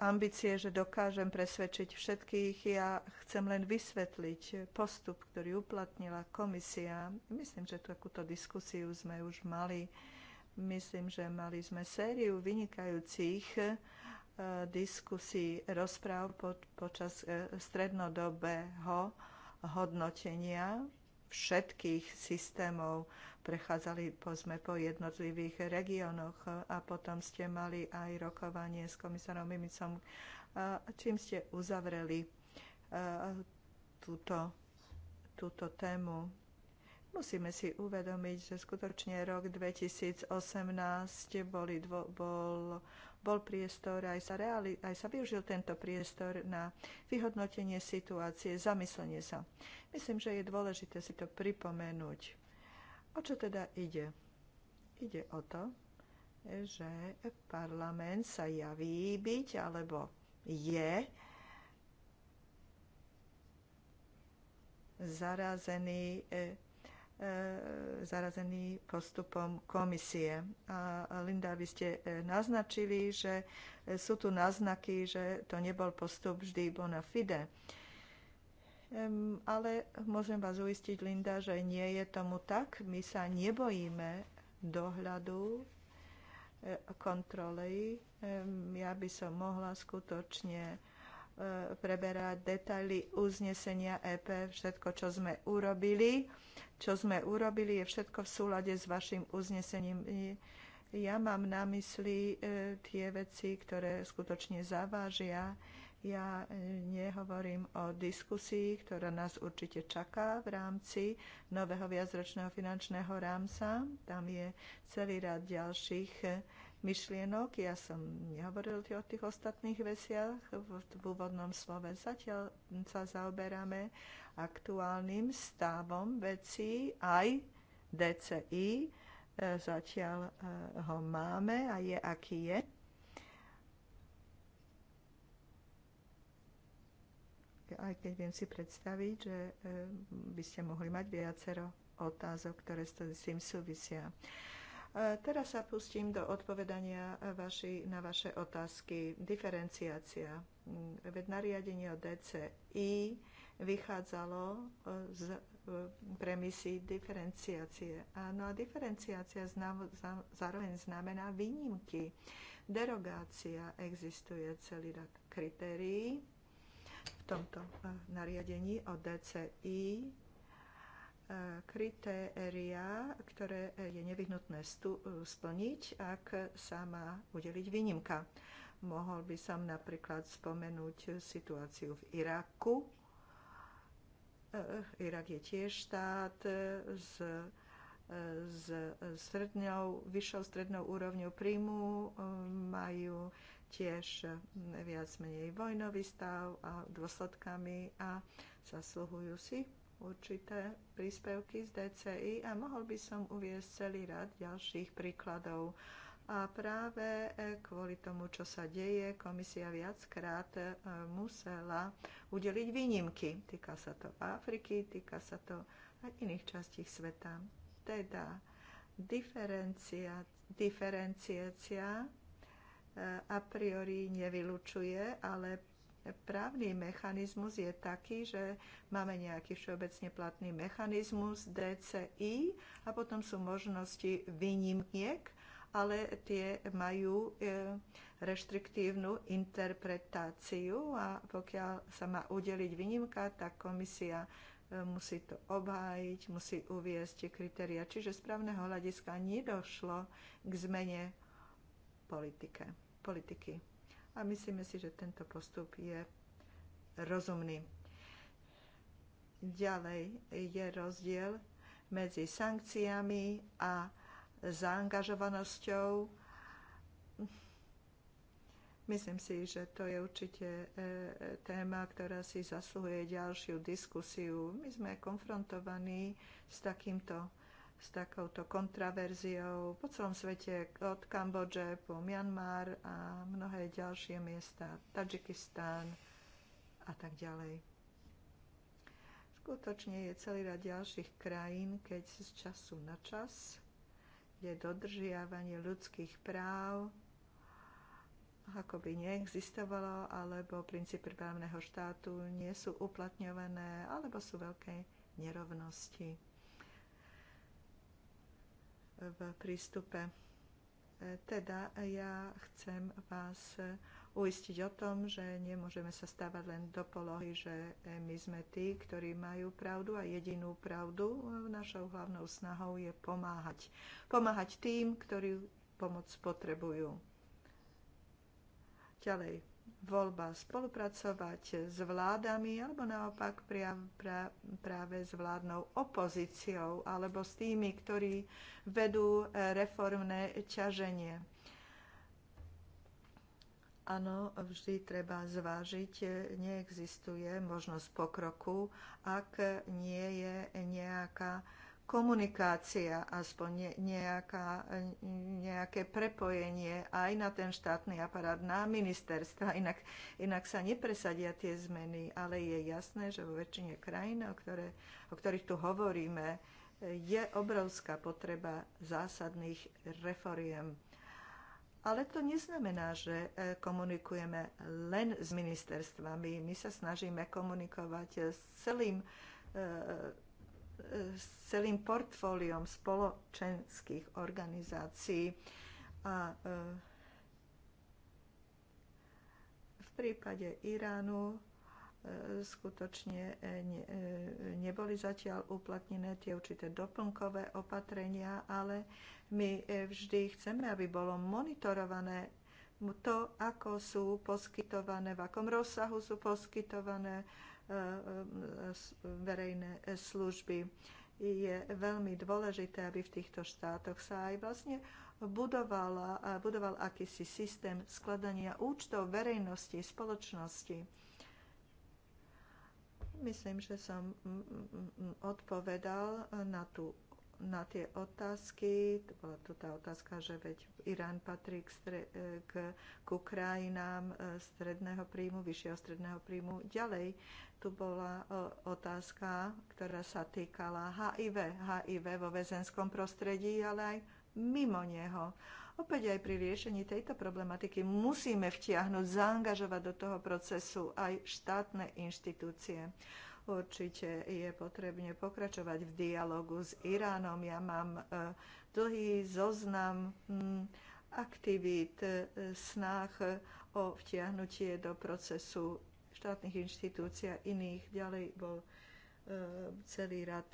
ambície, že dokážem presvedčiť všetkých. Ja chcem len vysvetliť postup, ktorý uplatnila komisia. Myslím, že takúto diskusiu sme už mali. Myslím, že mali sme sériu vynikajúcich diskusí, rozpráv pod, počas e, strednodobého hodnotenia všetkých systémov. Prechádzali po, sme po jednotlivých regiónoch a potom ste mali aj rokovanie s komisárom Mimicom, e, čím ste uzavreli e, túto, túto tému Musíme si uvedomiť, že skutočne rok 2018 boli dvo, bol, bol priestor, aj sa, reali, aj sa využil tento priestor na vyhodnotenie situácie, zamyslenie sa. Myslím, že je dôležité si to pripomenúť. O čo teda ide? Ide o to, že parlament sa javí byť, alebo je zarazený e, E, zarazený postupom komisie. A Linda, vy ste e, naznačili, že e, sú tu náznaky, že to nebol postup vždy bona fide. Ale môžem vás uistiť, Linda, že nie je tomu tak. My sa nebojíme dohľadu, kontroly. Ja by som mohla skutočne E, preberať detaily uznesenia EP, všetko, čo sme urobili. Čo sme urobili, je všetko v súlade s vašim uznesením. Ja mám na mysli e, tie veci, ktoré skutočne zavážia. Ja e, nehovorím o diskusii, ktorá nás určite čaká v rámci nového viacročného finančného rámca. Tam je celý rad ďalších myšlienok. Ja som nehovoril o tých ostatných veciach v úvodnom slove. Zatiaľ sa zaoberáme aktuálnym stavom vecí aj DCI. E, zatiaľ e, ho máme a je aký je. Aj keď viem si predstaviť, že e, by ste mohli mať viacero otázok, ktoré s tým súvisia. E, teraz sa pustím do odpovedania vaši, na vaše otázky. Diferenciácia. Mm, veď nariadenie o DCI vychádzalo e, z e, premisy diferenciácie. Áno, a diferenciácia zároveň znamená výnimky. Derogácia existuje celý rad kritérií v tomto nariadení o DCI E, kritéria, ktoré e, je nevyhnutné e, splniť, ak sa má udeliť výnimka. Mohol by som napríklad spomenúť situáciu v Iraku. Irak je tiež štát s, s strednou, vyššou strednou úrovňou príjmu, majú tiež viac menej vojnový stav a dôsledkami a zasluhujú si určité príspevky z DCI a mohol by som uviezť celý rad ďalších príkladov. A práve e, kvôli tomu, čo sa deje, komisia viackrát e, musela udeliť výnimky. Týka sa to Afriky, týka sa to aj iných častí sveta. Teda diferenciácia e, a priori nevylučuje, ale právny mechanizmus je taký, že máme nejaký všeobecne platný mechanizmus DCI a potom sú možnosti výnimiek, ale tie majú e, reštriktívnu interpretáciu a pokiaľ sa má udeliť výnimka, tak komisia e, musí to obhájiť, musí uviesť kritéria. Čiže z právneho hľadiska nedošlo k zmene politike, politiky a myslíme si, že tento postup je rozumný. Ďalej je rozdiel medzi sankciami a zaangažovanosťou. Myslím si, že to je určite e, téma, ktorá si zasluhuje ďalšiu diskusiu. My sme konfrontovaní s takýmto s takouto kontraverziou po celom svete od Kambodže po Myanmar a mnohé ďalšie miesta, Tadžikistán a tak ďalej. Skutočne je celý rad ďalších krajín, keď z času na čas je dodržiavanie ľudských práv ako by neexistovalo, alebo princípy právneho štátu nie sú uplatňované, alebo sú veľké nerovnosti v prístupe. E, teda ja chcem vás e, uistiť o tom, že nemôžeme sa stávať len do polohy, že e, my sme tí, ktorí majú pravdu a jedinú pravdu. Našou hlavnou snahou je pomáhať. Pomáhať tým, ktorí pomoc potrebujú. Ďalej voľba spolupracovať s vládami alebo naopak pria, pra, práve s vládnou opozíciou alebo s tými, ktorí vedú e, reformné ťaženie. Áno, vždy treba zvážiť, e, neexistuje možnosť pokroku, ak nie je nejaká komunikácia, aspoň nejaká, nejaké prepojenie aj na ten štátny aparát, na ministerstva. Inak, inak sa nepresadia tie zmeny, ale je jasné, že vo väčšine krajín, o, ktoré, o ktorých tu hovoríme, je obrovská potreba zásadných reforiem. Ale to neznamená, že e, komunikujeme len s ministerstvami. My sa snažíme komunikovať s celým e, s celým portfóliom spoločenských organizácií a e, v prípade Iránu e, skutočne e, neboli zatiaľ uplatnené tie určité doplnkové opatrenia, ale my vždy chceme, aby bolo monitorované to, ako sú poskytované, v akom rozsahu sú poskytované e, e, e, verejné služby. Je veľmi dôležité, aby v týchto štátoch sa aj vlastne budovala, budoval akýsi systém skladania účtov verejnosti, spoločnosti. Myslím, že som odpovedal na tú na tie otázky. To bola tu tá otázka, že veď Irán patrí k, stre, e, k, k krajinám e, stredného príjmu, vyššieho stredného príjmu. Ďalej tu bola e, otázka, ktorá sa týkala HIV. HIV vo väzenskom prostredí, ale aj mimo neho. Opäť aj pri riešení tejto problematiky musíme vtiahnuť, zaangažovať do toho procesu aj štátne inštitúcie. Určite je potrebne pokračovať v dialogu s Iránom. Ja mám e, dlhý zoznam hm, aktivít, e, snah o vtiahnutie do procesu štátnych inštitúcií a iných. Ďalej bol e, celý rad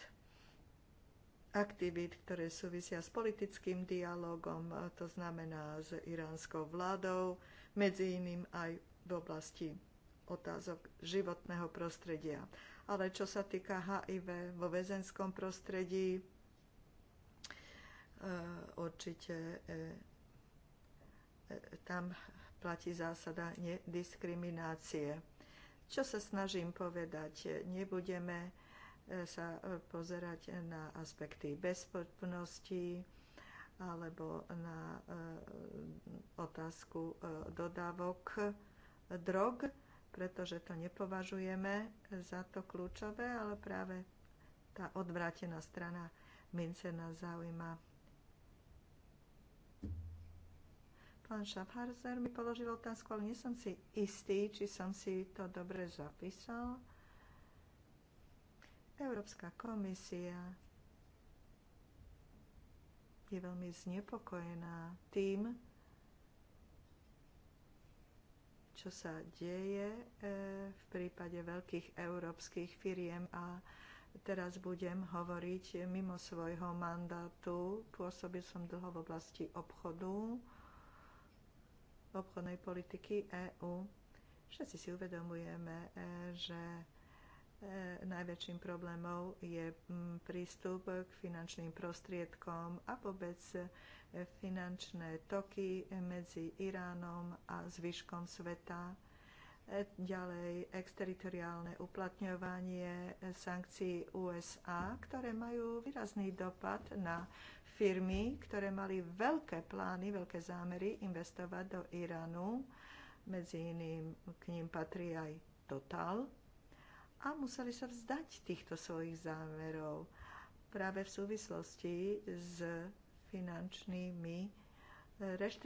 aktivít, ktoré súvisia s politickým dialogom, to znamená s iránskou vládou, medzi iným aj v oblasti otázok životného prostredia ale čo sa týka HIV vo väzenskom prostredí, e, určite e, e, tam platí zásada nediskriminácie. Čo sa snažím povedať? Nebudeme sa pozerať na aspekty bezpečnosti alebo na otázku dodávok drog, pretože to nepovažujeme za to kľúčové, ale práve tá odvrátená strana mince nás zaujíma. Pán Schaffharzer mi položil otázku, ale nie som si istý, či som si to dobre zapísal. Európska komisia je veľmi znepokojená tým, čo sa deje e, v prípade veľkých európskych firiem a teraz budem hovoriť mimo svojho mandátu. Pôsobil som dlho v oblasti obchodu, obchodnej politiky EÚ. Všetci si uvedomujeme, e, že e, najväčším problémom je prístup k finančným prostriedkom a vôbec finančné toky medzi Iránom a zvyškom sveta. Ďalej exteritoriálne uplatňovanie sankcií USA, ktoré majú výrazný dopad na firmy, ktoré mali veľké plány, veľké zámery investovať do Iránu. Medzi iným k ním patrí aj Total. A museli sa vzdať týchto svojich zámerov práve v súvislosti s finančnými eh,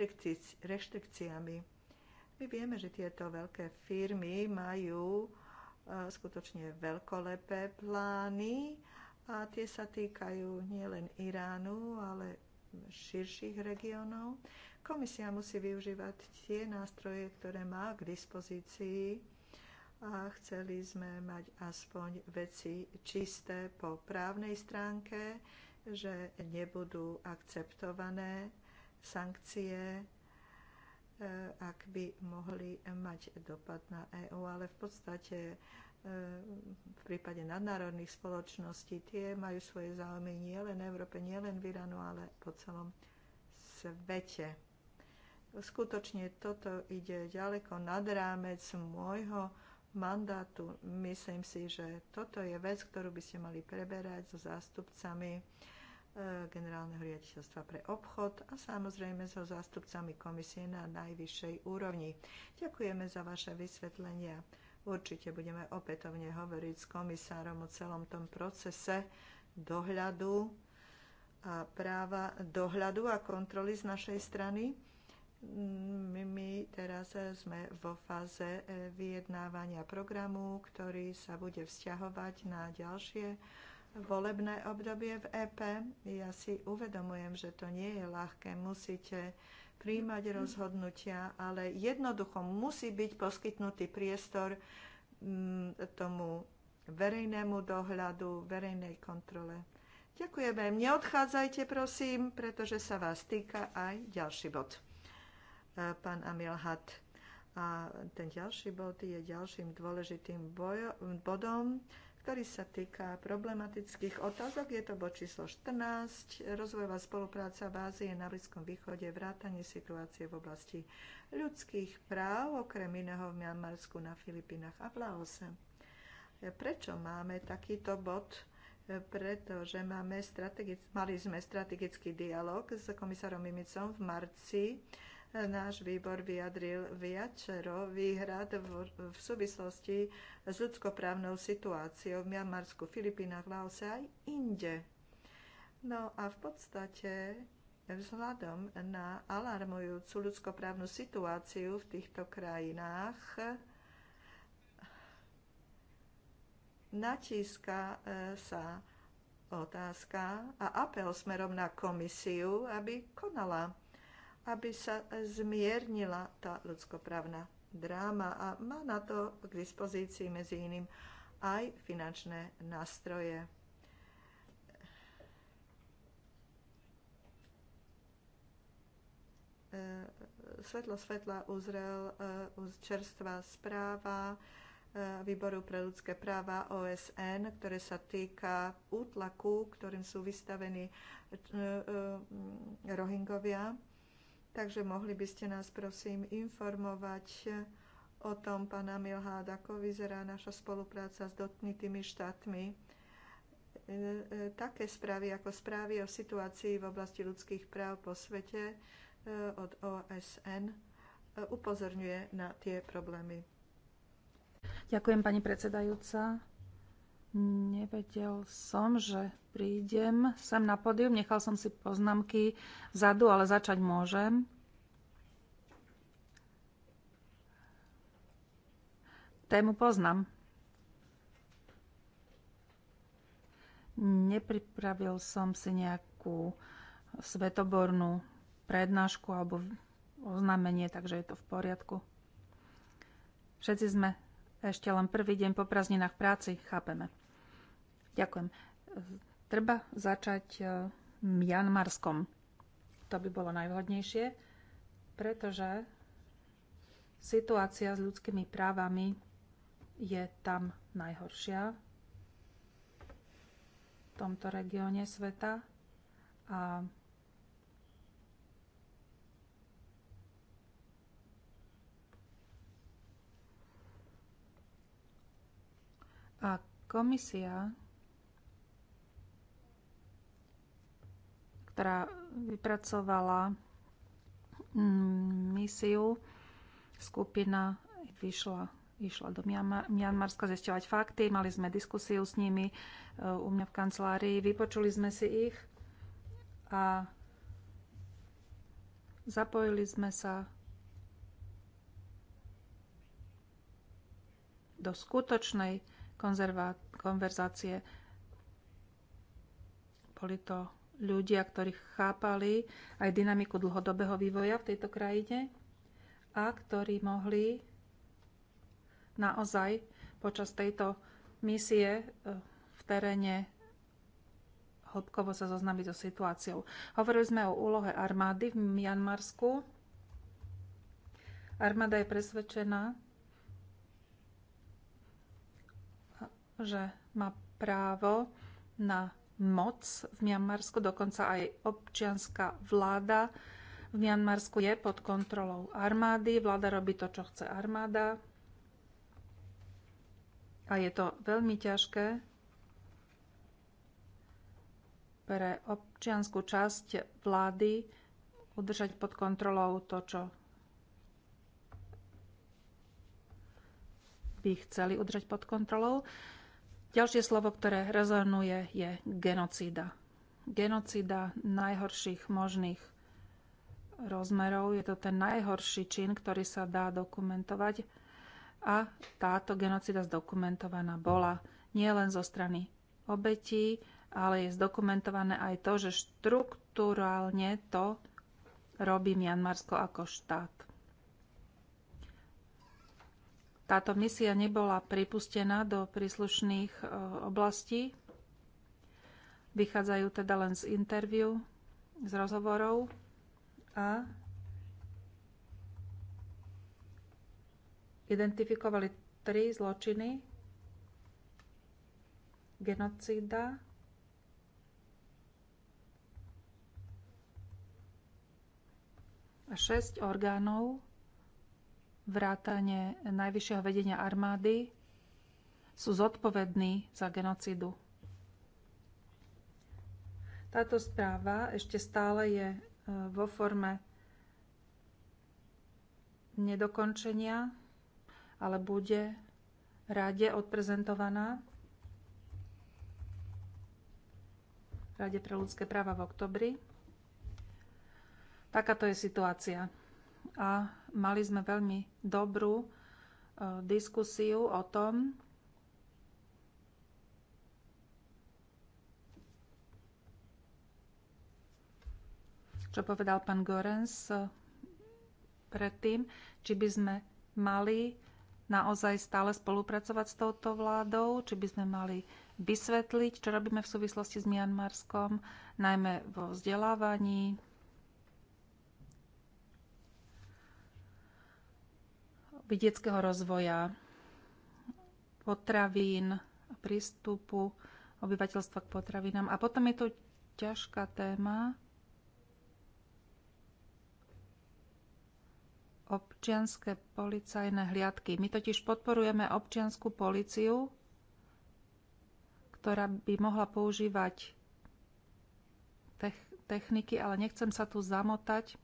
reštrikciami. My vieme, že tieto veľké firmy majú eh, skutočne veľkolepé plány a tie sa týkajú nielen Iránu, ale širších regiónov. Komisia musí využívať tie nástroje, ktoré má k dispozícii a chceli sme mať aspoň veci čisté po právnej stránke, že nebudú akceptované sankcie, e, ak by mohli mať dopad na EÚ, ale v podstate e, v prípade nadnárodných spoločností tie majú svoje záujmy nielen v Európe, nielen v Iránu, ale po celom svete. Skutočne toto ide ďaleko nad rámec môjho mandátu. Myslím si, že toto je vec, ktorú by ste mali preberať so zástupcami E, generálneho riaditeľstva pre obchod a samozrejme so zástupcami komisie na najvyššej úrovni. Ďakujeme za vaše vysvetlenia. Určite budeme opätovne hovoriť s komisárom o celom tom procese dohľadu a práva dohľadu a kontroly z našej strany. My teraz sme vo fáze e, vyjednávania programu, ktorý sa bude vzťahovať na ďalšie volebné obdobie v EP. Ja si uvedomujem, že to nie je ľahké. Musíte príjmať rozhodnutia, ale jednoducho musí byť poskytnutý priestor mm, tomu verejnému dohľadu, verejnej kontrole. Ďakujeme. Neodchádzajte, prosím, pretože sa vás týka aj ďalší bod. E, pán Amil Hat. A ten ďalší bod je ďalším dôležitým bojo, bodom ktorý sa týka problematických otázok. Je to bod číslo 14, rozvojová spolupráca v Ázii na Blízkom východe, vrátanie situácie v oblasti ľudských práv, okrem iného v Mianmarsku, na Filipínach a v Laose. Prečo máme takýto bod? Pretože máme mali sme strategický dialog s komisárom Mimicom v marci náš výbor vyjadril viacero výhrad v, v súvislosti s ľudskoprávnou situáciou v Mianmarsku, Filipínach, Laose aj inde. No a v podstate vzhľadom na alarmujúcu ľudskoprávnu situáciu v týchto krajinách natíska e, sa otázka a apel smerom na komisiu, aby konala aby sa zmiernila tá ľudskoprávna dráma a má na to k dispozícii medzi iným aj finančné nástroje. E, svetlo svetla uzrel e, čerstvá správa e, Výboru pre ľudské práva OSN, ktoré sa týka útlaku, ktorým sú vystavení Rohingovia Takže mohli by ste nás prosím informovať eh, o tom, pána Milháda, ako vyzerá naša spolupráca s dotknutými štátmi. Eh, eh, také správy ako správy o situácii v oblasti ľudských práv po svete od OSN upozorňuje na tie problémy. Ďakujem, pani predsedajúca. Nevedel som, že prídem sem na pódium. Nechal som si poznámky vzadu, ale začať môžem. Tému poznám. Nepripravil som si nejakú svetobornú prednášku alebo oznámenie, takže je to v poriadku. Všetci sme ešte len prvý deň po prázdninách práci, chápeme. Ďakujem. Treba začať e, Mianmarskom. To by bolo najvhodnejšie, pretože situácia s ľudskými právami je tam najhoršia v tomto regióne sveta a a komisia ktorá vypracovala mm, misiu. Skupina vyšla, išla do Mianmarska zistiovať fakty, mali sme diskusiu s nimi e, u mňa v kancelárii, vypočuli sme si ich a zapojili sme sa do skutočnej konverzácie. Boli to ľudia, ktorí chápali aj dynamiku dlhodobého vývoja v tejto krajine a ktorí mohli naozaj počas tejto misie e, v teréne hĺbkovo sa zoznámiť so situáciou. Hovorili sme o úlohe armády v Mianmarsku. Armáda je presvedčená, že má právo na moc v Mianmarsku, dokonca aj občianská vláda v Mianmarsku je pod kontrolou armády. Vláda robí to, čo chce armáda. A je to veľmi ťažké pre občianskú časť vlády udržať pod kontrolou to, čo by chceli udržať pod kontrolou. Ďalšie slovo, ktoré rezonuje, je genocída. Genocída najhorších možných rozmerov. Je to ten najhorší čin, ktorý sa dá dokumentovať. A táto genocida zdokumentovaná bola nie len zo strany obetí, ale je zdokumentované aj to, že štruktúrálne to robí Mianmarsko ako štát táto misia nebola pripustená do príslušných e, oblastí. Vychádzajú teda len z interviu, z rozhovorov a identifikovali tri zločiny. Genocída, a šesť orgánov vrátane najvyššieho vedenia armády, sú zodpovední za genocídu. Táto správa ešte stále je e, vo forme nedokončenia, ale bude rade odprezentovaná Rade pre ľudské práva v oktobri. Takáto je situácia a mali sme veľmi dobrú e, diskusiu o tom, čo povedal pán Gorens e, predtým, či by sme mali naozaj stále spolupracovať s touto vládou, či by sme mali vysvetliť, čo robíme v súvislosti s Mianmarskom, najmä vo vzdelávaní, vidieckého rozvoja, potravín, prístupu obyvateľstva k potravinám. A potom je to ťažká téma občianské policajné hliadky. My totiž podporujeme občianskú policiu, ktorá by mohla používať techniky, ale nechcem sa tu zamotať.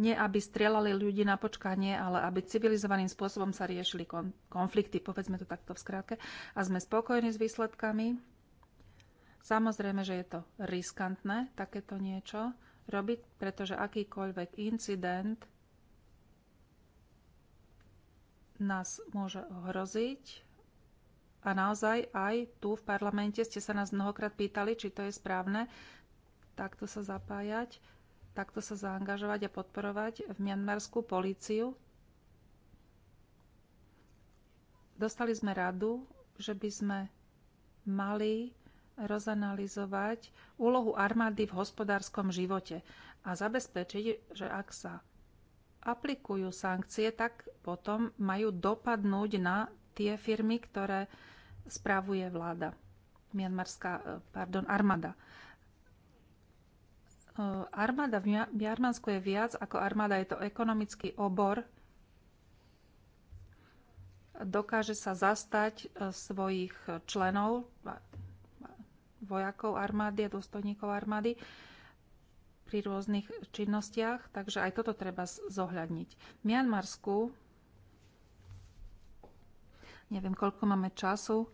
nie aby strieľali ľudí na počkanie, ale aby civilizovaným spôsobom sa riešili konflikty, povedzme to takto v skrátke. a sme spokojní s výsledkami. Samozrejme, že je to riskantné takéto niečo robiť, pretože akýkoľvek incident nás môže ohroziť. A naozaj aj tu v parlamente ste sa nás mnohokrát pýtali, či to je správne takto sa zapájať takto sa zaangažovať a podporovať v mianmarskú políciu. Dostali sme radu, že by sme mali rozanalizovať úlohu armády v hospodárskom živote a zabezpečiť, že ak sa aplikujú sankcie, tak potom majú dopadnúť na tie firmy, ktoré spravuje vláda, mianmarská, eh, pardon, armáda armáda v Jarmansku je viac ako armáda, je to ekonomický obor. Dokáže sa zastať e, svojich členov, vojakov armády a dôstojníkov armády pri rôznych činnostiach, takže aj toto treba zohľadniť. V Mianmarsku, neviem koľko máme času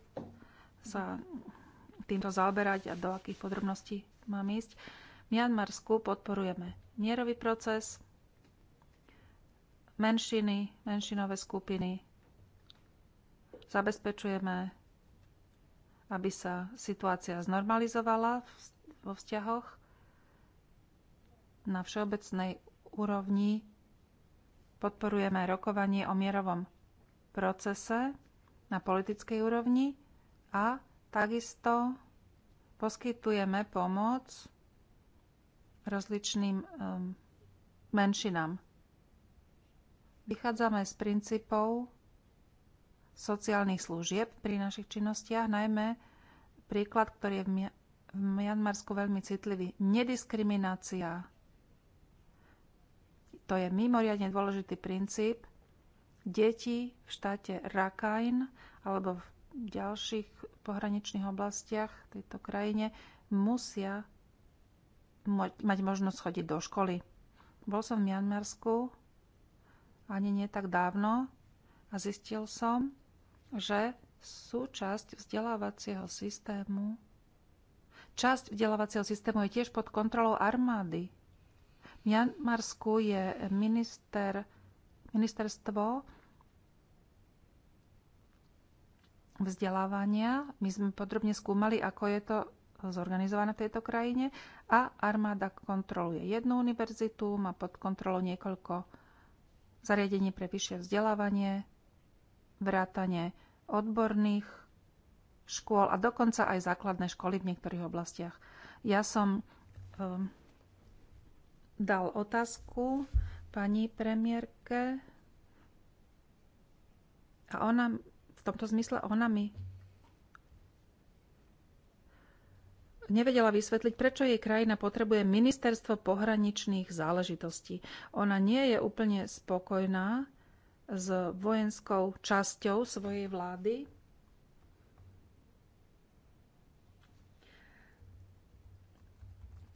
sa týmto zaoberať a do akých podrobností mám ísť, Mianmarsku podporujeme mierový proces, menšiny, menšinové skupiny. Zabezpečujeme, aby sa situácia znormalizovala vo vzťahoch na všeobecnej úrovni. Podporujeme rokovanie o mierovom procese na politickej úrovni a takisto poskytujeme pomoc rozličným um, menšinám. Vychádzame z princípov sociálnych služieb pri našich činnostiach, najmä príklad, ktorý je v, v Mianmarsku veľmi citlivý. Nediskriminácia. To je mimoriadne dôležitý princíp. Deti v štáte Rakhine alebo v ďalších pohraničných oblastiach tejto krajine musia mať možnosť chodiť do školy. Bol som v Mianmarsku ani nie tak dávno a zistil som, že súčasť vzdelávacieho systému časť vzdelávacieho systému je tiež pod kontrolou armády. V Mianmarsku je minister, ministerstvo vzdelávania. My sme podrobne skúmali, ako je to zorganizované v tejto krajine a armáda kontroluje jednu univerzitu, má pod kontrolou niekoľko zariadení pre vyššie vzdelávanie, vrátanie odborných škôl a dokonca aj základné školy v niektorých oblastiach. Ja som um, dal otázku pani premiérke a ona v tomto zmysle ona mi nevedela vysvetliť, prečo jej krajina potrebuje ministerstvo pohraničných záležitostí. Ona nie je úplne spokojná s vojenskou časťou svojej vlády.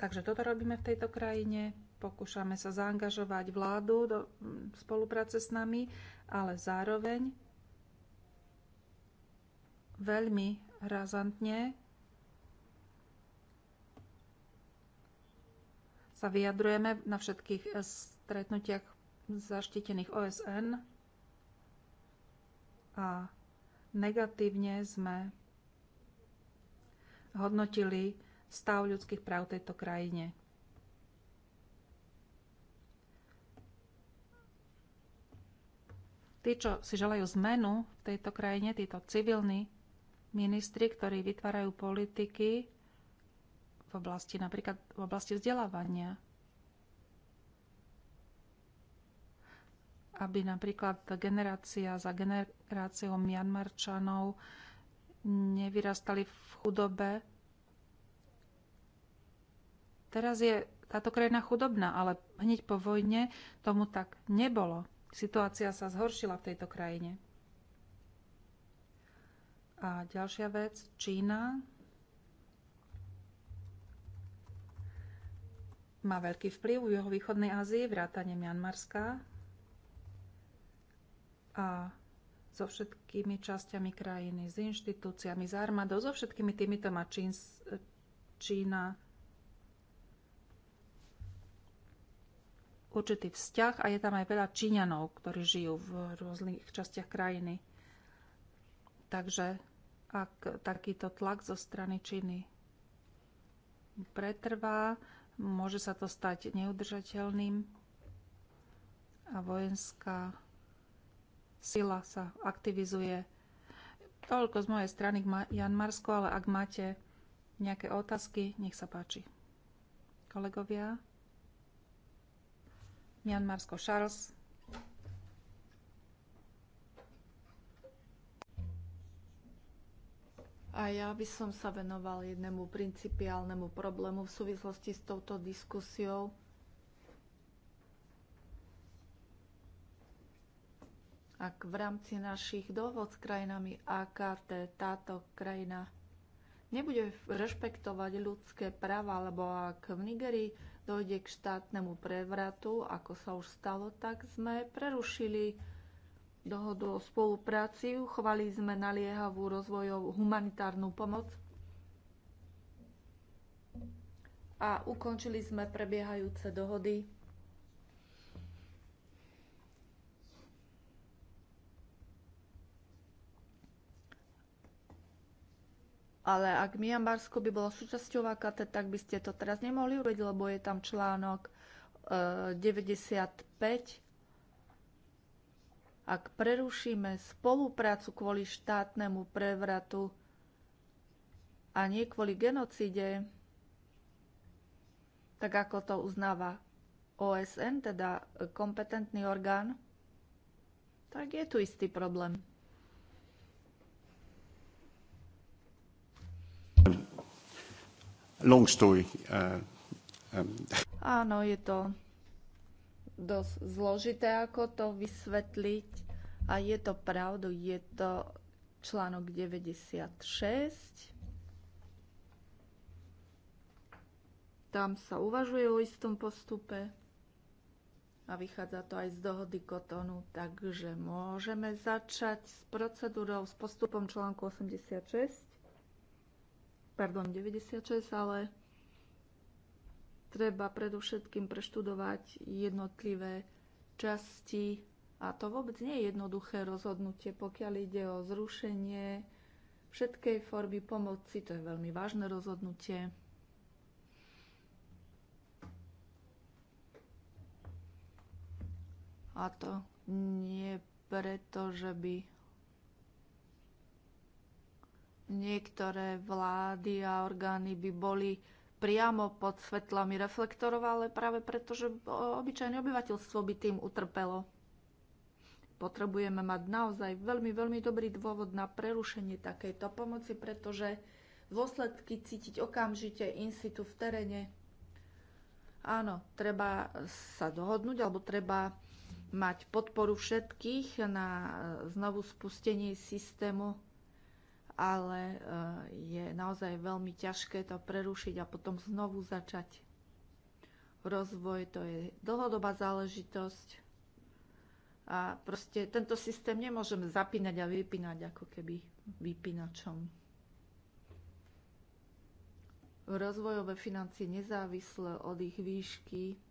Takže toto robíme v tejto krajine. Pokúšame sa zaangažovať vládu do spolupráce s nami, ale zároveň veľmi razantne sa vyjadrujeme na všetkých eh, stretnutiach zaštitených OSN a negatívne sme hodnotili stav ľudských práv tejto krajine. Tí, čo si želajú zmenu v tejto krajine, títo civilní ministri, ktorí vytvárajú politiky, v oblasti, napríklad v oblasti vzdelávania. Aby napríklad generácia za generáciou Mianmarčanov nevyrastali v chudobe. Teraz je táto krajina chudobná, ale hneď po vojne tomu tak nebolo. Situácia sa zhoršila v tejto krajine. A ďalšia vec, Čína má veľký vplyv v juhovýchodnej Ázii, vrátane Mianmarska a so všetkými časťami krajiny, s inštitúciami, s armádou, so všetkými týmito má Čín, Čína určitý vzťah a je tam aj veľa Číňanov, ktorí žijú v rôznych častiach krajiny. Takže ak takýto tlak zo strany Číny pretrvá, Môže sa to stať neudržateľným a vojenská sila sa aktivizuje. Toľko z mojej strany k Janmarsku, ale ak máte nejaké otázky, nech sa páči. Kolegovia, Janmarsko Charles. A ja by som sa venoval jednému principiálnemu problému v súvislosti s touto diskusiou. Ak v rámci našich dohod s krajinami AKT táto krajina nebude rešpektovať ľudské práva, alebo ak v Nigerii dojde k štátnemu prevratu, ako sa už stalo, tak sme prerušili dohodu o spolupráci. Uchovali sme naliehavú rozvojovú humanitárnu pomoc a ukončili sme prebiehajúce dohody. Ale ak Mianbarsko by bolo súčasťou AKT, tak by ste to teraz nemohli urobiť, lebo je tam článok 95 eh, ak prerušíme spoluprácu kvôli štátnemu prevratu a nie kvôli genocíde, tak ako to uznáva OSN, teda kompetentný orgán, tak je tu istý problém. Long story. Uh, um. Áno, je to dosť zložité, ako to vysvetliť. A je to pravdu, je to článok 96. Tam sa uvažuje o istom postupe a vychádza to aj z dohody Kotonu, takže môžeme začať s procedúrou, s postupom článku 86, pardon, 96, ale Treba predovšetkým preštudovať jednotlivé časti a to vôbec nie je jednoduché rozhodnutie, pokiaľ ide o zrušenie všetkej formy pomoci. To je veľmi vážne rozhodnutie. A to nie preto, že by niektoré vlády a orgány by boli priamo pod svetlami reflektorov, ale práve preto, že obyčajné obyvateľstvo by tým utrpelo. Potrebujeme mať naozaj veľmi, veľmi dobrý dôvod na prerušenie takejto pomoci, pretože dôsledky cítiť okamžite in situ v teréne. Áno, treba sa dohodnúť, alebo treba mať podporu všetkých na e, znovu spustenie systému ale e, je naozaj veľmi ťažké to prerušiť a potom znovu začať. Rozvoj to je dlhodobá záležitosť a proste tento systém nemôžeme zapínať a vypínať ako keby vypínačom. Rozvojové financie nezávisle od ich výšky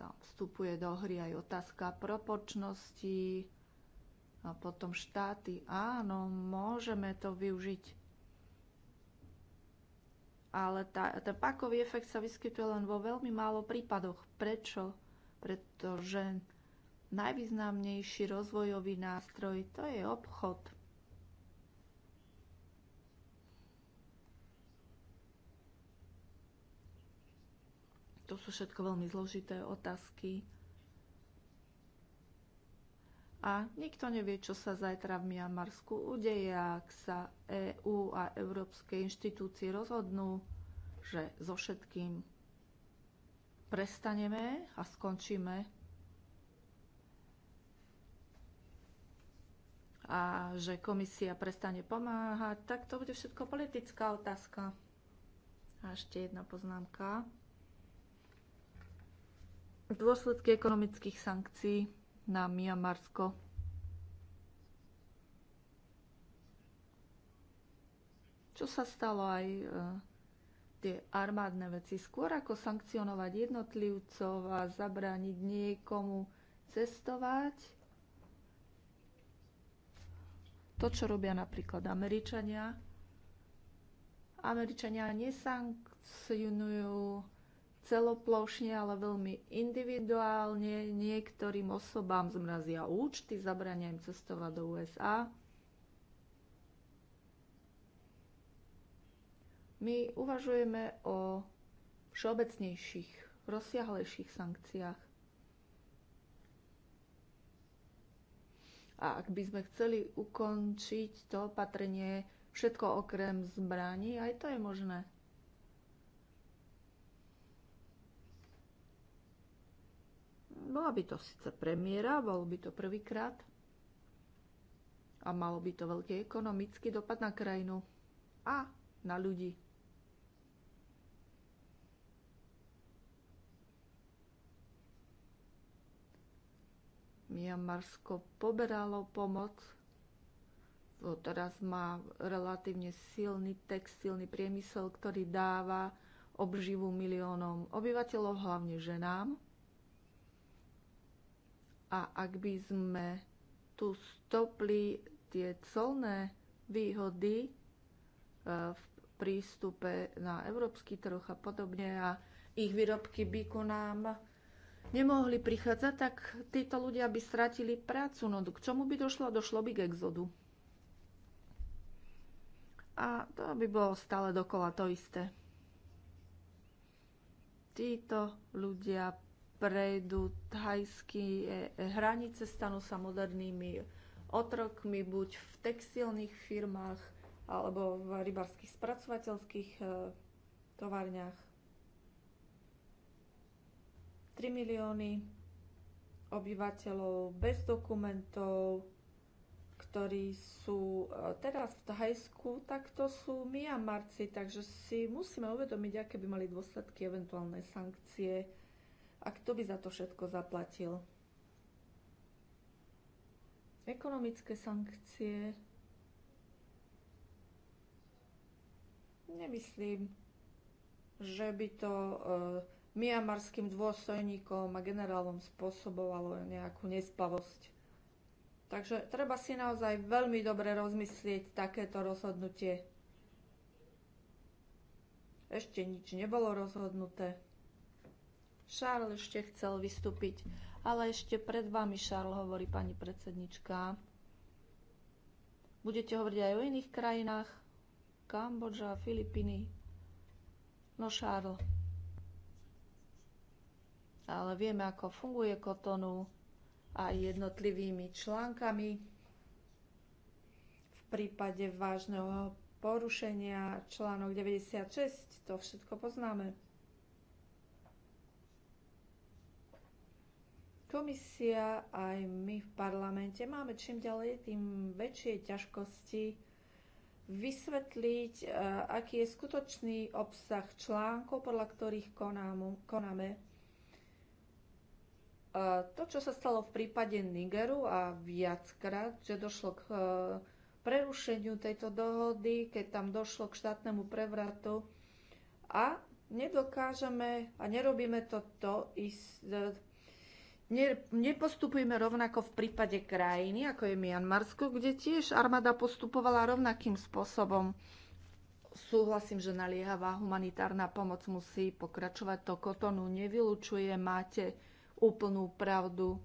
tam vstupuje do hry aj otázka proporčnosti, a potom štáty, áno, môžeme to využiť. Ale tá, ten pakový efekt sa vyskytuje len vo veľmi málo prípadoch. Prečo? Pretože najvýznamnejší rozvojový nástroj to je obchod. To sú všetko veľmi zložité otázky a nikto nevie, čo sa zajtra v Mianmarsku udeje, ak sa EÚ a európske inštitúcie rozhodnú, že so všetkým prestaneme a skončíme. A že komisia prestane pomáhať, tak to bude všetko politická otázka. A ešte jedna poznámka. Dôsledky ekonomických sankcií na Miamarsko. Čo sa stalo aj e, tie armádne veci. Skôr ako sankcionovať jednotlivcov a zabrániť niekomu cestovať, to, čo robia napríklad Američania, Američania nesankcionujú celoplošne, ale veľmi individuálne. Niektorým osobám zmrazia účty, zabrania im cestovať do USA. My uvažujeme o všeobecnejších, rozsiahlejších sankciách. A ak by sme chceli ukončiť to opatrenie všetko okrem zbraní, aj to je možné. bola by to síce premiéra, bol by to prvýkrát a malo by to veľký ekonomický dopad na krajinu a na ľudí. Mianmarsko poberalo pomoc. Teraz má relatívne silný textilný priemysel, ktorý dáva obživu miliónom obyvateľov, hlavne ženám. A ak by sme tu stopli tie colné výhody e, v prístupe na európsky trh a podobne a ich výrobky by ku nám nemohli prichádzať, tak títo ľudia by stratili prácu. No k čomu by došlo? Došlo by k exodu. A to by bolo stále dokola to isté. Títo ľudia prejdú thajské e, e, hranice, stanú sa modernými otrokmi buď v textilných firmách alebo v rybarských spracovateľských e, továrniach. 3 milióny obyvateľov bez dokumentov, ktorí sú teraz v Thajsku, tak to sú Myanmarci, takže si musíme uvedomiť, aké by mali dôsledky eventuálne sankcie a kto by za to všetko zaplatil? Ekonomické sankcie. Nemyslím, že by to e, miamarským dôstojníkom a generálom spôsobovalo nejakú nespavosť. Takže treba si naozaj veľmi dobre rozmyslieť takéto rozhodnutie. Ešte nič nebolo rozhodnuté. Šarl ešte chcel vystúpiť, ale ešte pred vami, Charles, hovorí pani predsednička. Budete hovoriť aj o iných krajinách? Kambodža, Filipíny. No, Charles. Ale vieme, ako funguje kotonu aj jednotlivými článkami. V prípade vážneho porušenia článok 96, to všetko poznáme. Komisia aj my v parlamente máme čím ďalej tým väčšie ťažkosti vysvetliť, eh, aký je skutočný obsah článkov, podľa ktorých konáme. Eh, to, čo sa stalo v prípade Nigeru a viackrát, že došlo k eh, prerušeniu tejto dohody, keď tam došlo k štátnemu prevratu a nedokážeme a nerobíme to, to isté Nepostupujeme rovnako v prípade krajiny, ako je Mianmarsko, kde tiež armáda postupovala rovnakým spôsobom. Súhlasím, že naliehavá humanitárna pomoc musí pokračovať. To kotonu nevylučuje, máte úplnú pravdu,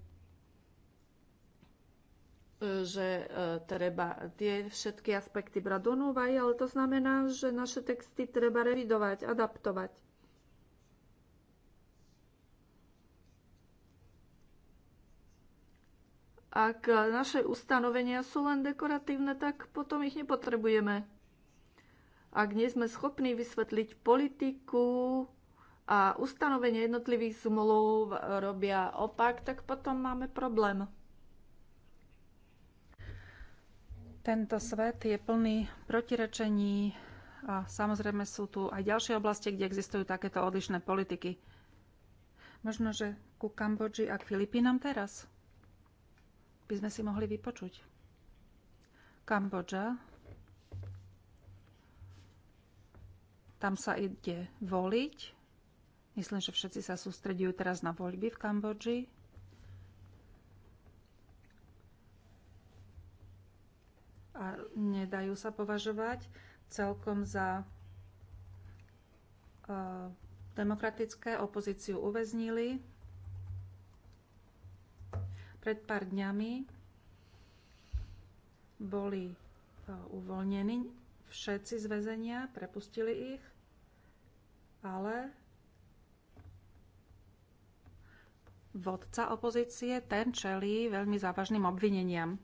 že e, treba tie všetky aspekty brať do ale to znamená, že naše texty treba revidovať, adaptovať. Ak e, naše ustanovenia sú len dekoratívne, tak potom ich nepotrebujeme. Ak nie sme schopní vysvetliť politiku a ustanovenie jednotlivých zmluv e, robia opak, tak potom máme problém. Tento svet je plný protirečení a samozrejme sú tu aj ďalšie oblasti, kde existujú takéto odlišné politiky. Možno, že ku Kambodži a k Filipínam teraz by sme si mohli vypočuť. Kambodža. Tam sa ide voliť. Myslím, že všetci sa sústredujú teraz na voľby v Kambodži. A nedajú sa považovať celkom za eh, demokratické. Opozíciu uväznili pred pár dňami boli e, uvoľnení všetci z väzenia, prepustili ich, ale vodca opozície, ten čelí veľmi závažným obvineniam.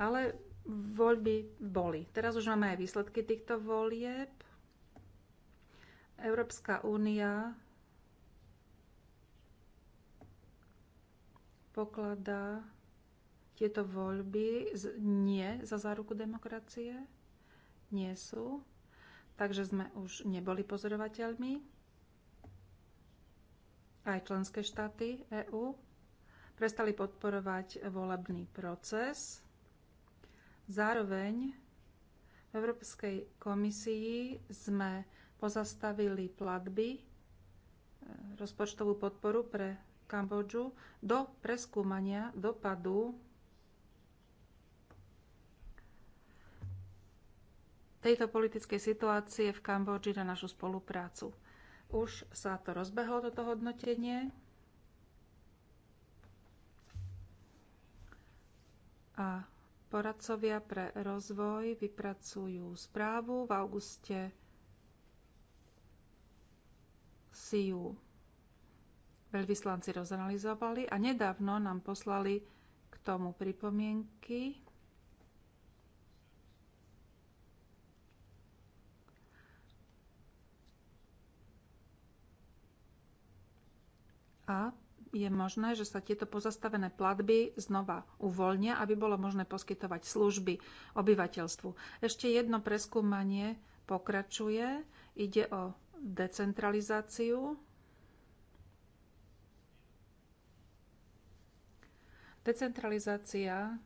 Ale voľby boli. Teraz už máme aj výsledky týchto volieb. Európska únia pokladá tieto voľby nie za záruku demokracie, nie sú, takže sme už neboli pozorovateľmi. Aj členské štáty EÚ prestali podporovať volebný proces. Zároveň v Európskej komisii sme pozastavili platby, e, rozpočtovú podporu pre Kambodžu do preskúmania dopadu tejto politickej situácie v Kambodži na našu spoluprácu. Už sa to rozbehlo, toto hodnotenie. A poradcovia pre rozvoj vypracujú správu v auguste si ju veľvyslanci rozanalizovali a nedávno nám poslali k tomu pripomienky. A je možné, že sa tieto pozastavené platby znova uvoľnia, aby bolo možné poskytovať služby obyvateľstvu. Ešte jedno preskúmanie pokračuje. Ide o decentralizáciu Decentralizácia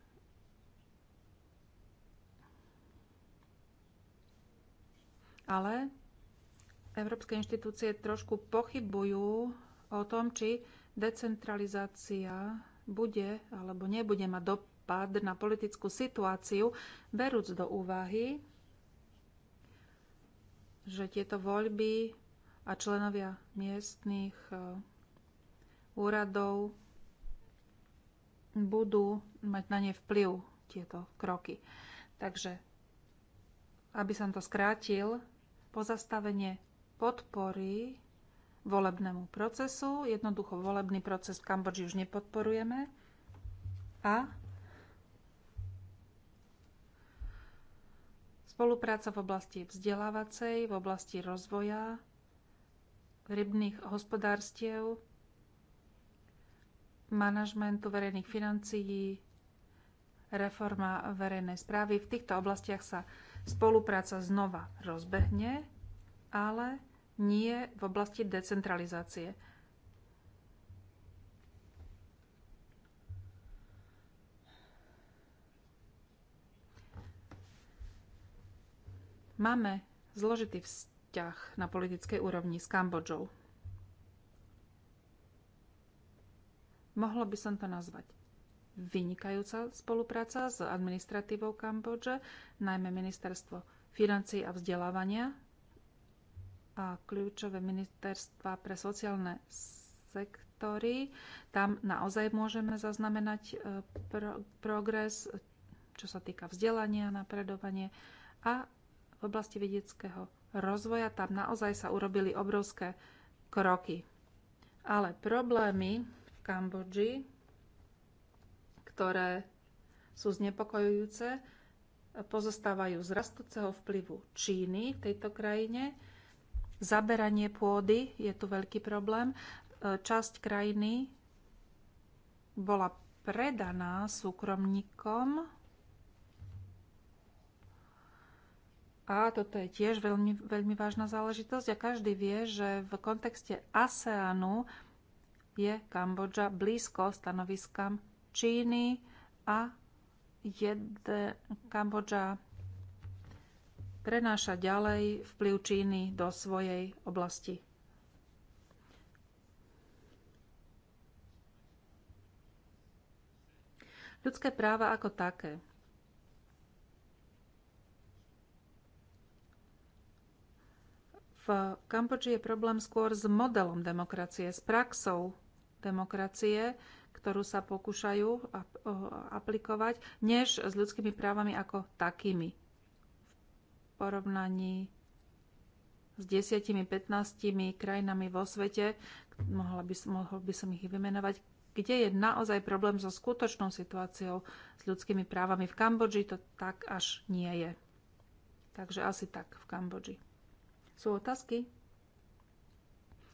ale európske inštitúcie trošku pochybujú o tom, či decentralizácia bude alebo nebude mať dopad na politickú situáciu, berúc do úvahy, že tieto voľby a členovia miestných eh, úradov budú mať na ne vplyv tieto kroky. Takže, aby som to skrátil, pozastavenie podpory volebnému procesu. Jednoducho volebný proces v Kambodži už nepodporujeme. A spolupráca v oblasti vzdelávacej, v oblasti rozvoja rybných hospodárstiev, manažmentu verejných financií, reforma verejnej správy. V týchto oblastiach sa spolupráca znova rozbehne, ale nie v oblasti decentralizácie. Máme zložitý vzťah na politickej úrovni s Kambodžou. Mohlo by som to nazvať vynikajúca spolupráca s administratívou Kambodže, najmä ministerstvo financií a vzdelávania a kľúčové ministerstva pre sociálne sektory. Tam naozaj môžeme zaznamenať e, pro progres, čo sa týka vzdelania, napredovanie a v oblasti vedeckého rozvoja. Tam naozaj sa urobili obrovské kroky. Ale problémy Kambodži, ktoré sú znepokojujúce, pozostávajú z rastúceho vplyvu Číny v tejto krajine. Zaberanie pôdy je tu veľký problém. Časť krajiny bola predaná súkromníkom a toto je tiež veľmi, veľmi vážna záležitosť a každý vie, že v kontexte ASEANu je Kambodža blízko stanoviskám Číny a jedne, Kambodža prenáša ďalej vplyv Číny do svojej oblasti. Ľudské práva ako také. V Kambodži je problém skôr s modelom demokracie, s praxou demokracie, ktorú sa pokúšajú aplikovať, než s ľudskými právami ako takými. V porovnaní s 10-15 krajinami vo svete, mohol by, mohol by som ich vymenovať, kde je naozaj problém so skutočnou situáciou s ľudskými právami. V Kambodži to tak až nie je. Takže asi tak v Kambodži. Sú otázky?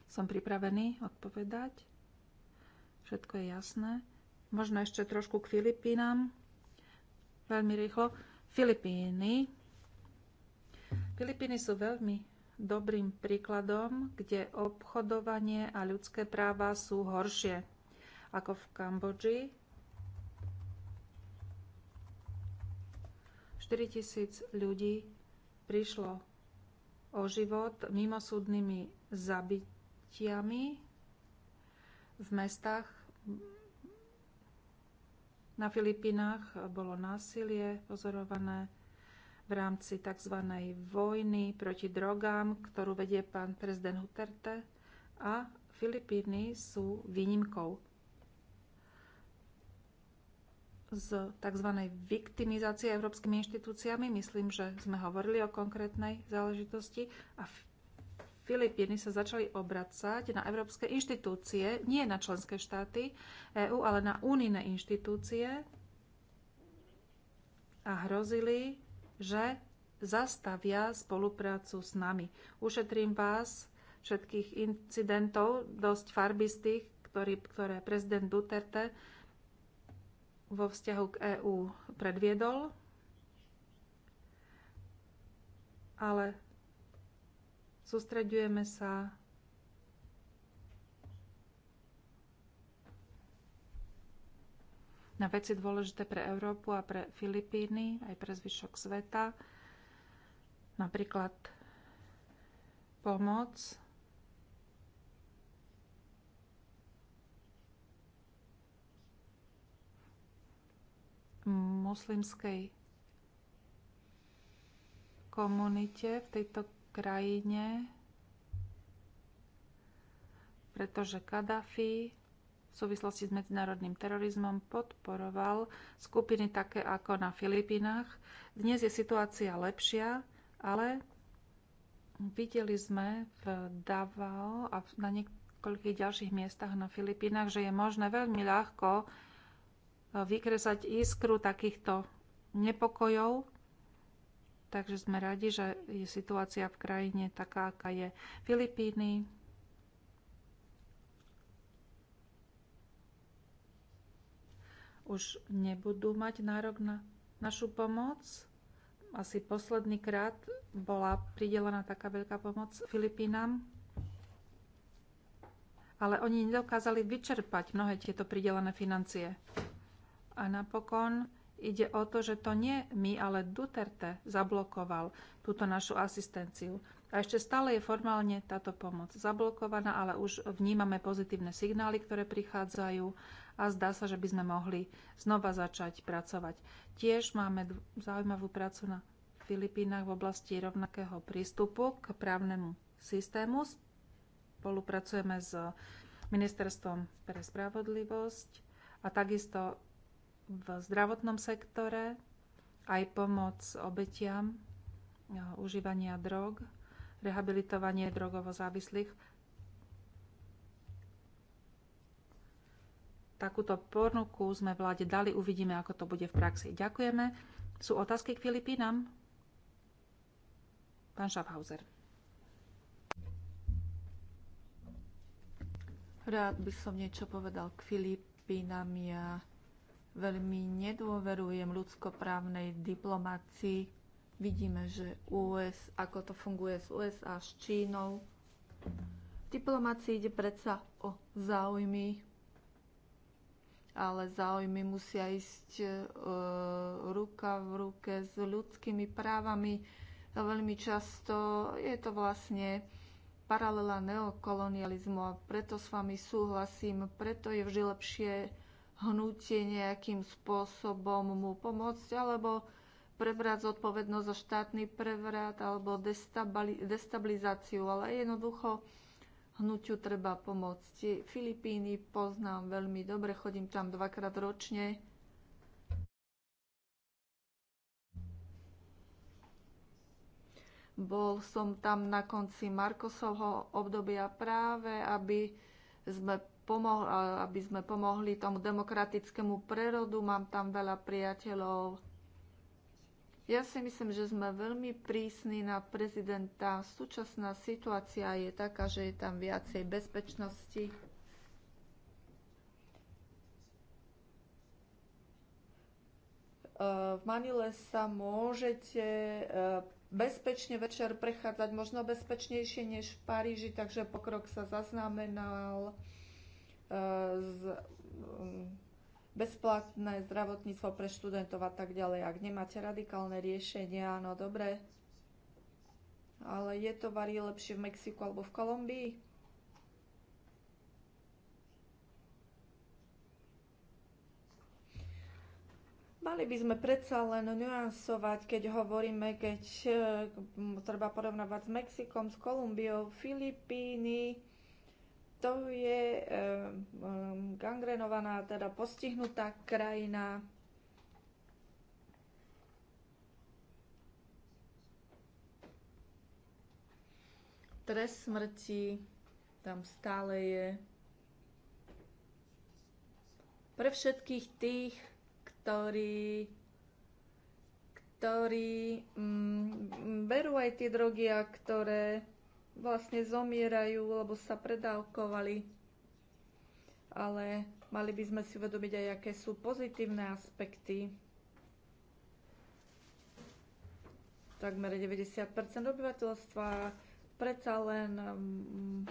Som pripravený odpovedať. Všetko je jasné. Možno ešte trošku k Filipínam. Veľmi rýchlo. Filipíny. Filipíny sú veľmi dobrým príkladom, kde obchodovanie a ľudské práva sú horšie ako v Kambodži. 4000 ľudí prišlo o život mimosúdnymi zabitiami v mestách na Filipinách bolo násilie pozorované v rámci tzv. vojny proti drogám, ktorú vedie pán prezident Huterte a Filipíny sú výnimkou z tzv. viktimizácie európskymi inštitúciami. Myslím, že sme hovorili o konkrétnej záležitosti a Filipíny sa začali obracať na európske inštitúcie, nie na členské štáty EÚ, ale na unijné inštitúcie a hrozili, že zastavia spoluprácu s nami. Ušetrím vás všetkých incidentov, dosť farbistých, ktorý, ktoré prezident Duterte vo vzťahu k EÚ predviedol, ale Sústreďujeme sa na veci dôležité pre Európu a pre Filipíny, aj pre zvyšok sveta. Napríklad pomoc moslimskej komunite v tejto krajine, pretože Kadafi v súvislosti s medzinárodným terorizmom podporoval skupiny také ako na Filipínach. Dnes je situácia lepšia, ale videli sme v Davao a na niekoľkých ďalších miestach na Filipínach, že je možné veľmi ľahko e, vykresať iskru takýchto nepokojov Takže sme radi, že je situácia v krajine taká, aká je. Filipíny, už nebudú mať nárok na našu pomoc. Asi posledný krát bola pridelená taká veľká pomoc Filipínam, ale oni nedokázali vyčerpať mnohé tieto pridelené financie. A napokon Ide o to, že to nie my, ale Duterte zablokoval túto našu asistenciu. A ešte stále je formálne táto pomoc zablokovaná, ale už vnímame pozitívne signály, ktoré prichádzajú a zdá sa, že by sme mohli znova začať pracovať. Tiež máme zaujímavú prácu na Filipínach v oblasti rovnakého prístupu k právnemu systému. Spolupracujeme s Ministerstvom pre spravodlivosť a takisto v zdravotnom sektore, aj pomoc obetiam e, užívania drog, rehabilitovanie drogovo závislých. Takúto ponuku sme vláde dali, uvidíme, ako to bude v praxi. Ďakujeme. Sú otázky k Filipínam? Pán Schaffhauser. Rád by som niečo povedal k Filipínam. Ja Veľmi nedôverujem ľudskoprávnej diplomácii. Vidíme, že US, ako to funguje s USA, s Čínou. V diplomácii ide predsa o záujmy, ale záujmy musia ísť e, ruka v ruke s ľudskými právami. Veľmi často je to vlastne paralela neokolonializmu a preto s vami súhlasím, preto je vždy lepšie hnutie nejakým spôsobom mu pomôcť, alebo prebrať zodpovednosť za štátny prevrat alebo destabilizáciu, ale jednoducho hnutiu treba pomôcť. Filipíny poznám veľmi dobre, chodím tam dvakrát ročne. Bol som tam na konci Markosovho obdobia práve, aby sme pomohli, aby sme pomohli tomu demokratickému prerodu. Mám tam veľa priateľov. Ja si myslím, že sme veľmi prísni na prezidenta. Súčasná situácia je taká, že je tam viacej bezpečnosti. Eh, v Manile sa môžete eh, bezpečne večer prechádzať, možno bezpečnejšie než v Paríži, takže pokrok sa zaznamenal. Um, bezplatné zdravotníctvo pre študentov a tak ďalej. Ak nemáte radikálne riešenia, no dobre, ale je to varí lepšie v Mexiku alebo v Kolumbii? Mali by sme predsa len nuansovať, keď hovoríme, keď uh, treba porovnávať s Mexikom, s Kolumbiou, Filipíny, to je um, gangrenovaná, teda postihnutá krajina. Trest smrti tam stále je. Pre všetkých tých, ktorí ktorí mm, berú aj tie drogy a ktoré vlastne zomierajú, lebo sa predávkovali. Ale mali by sme si uvedomiť aj, aké sú pozitívne aspekty. Takmer 90 obyvateľstva predsa len mm,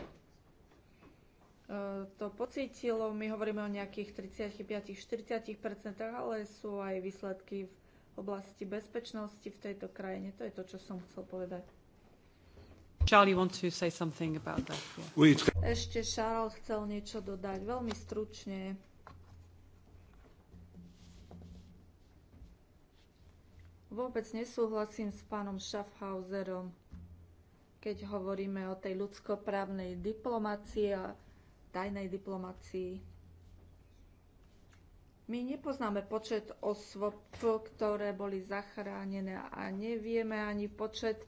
e, to pocítilo. My hovoríme o nejakých 35-40%, ale sú aj výsledky v oblasti bezpečnosti v tejto krajine. To je to, čo som chcel povedať. Charlie, want to say something about that? Yeah. Ešte Charles chcel niečo dodať, veľmi stručne. Vôbec nesúhlasím s pánom Schaffhauserom, keď hovoríme o tej ľudskoprávnej diplomácii a tajnej diplomácii. My nepoznáme počet osôb, ktoré boli zachránené a nevieme ani počet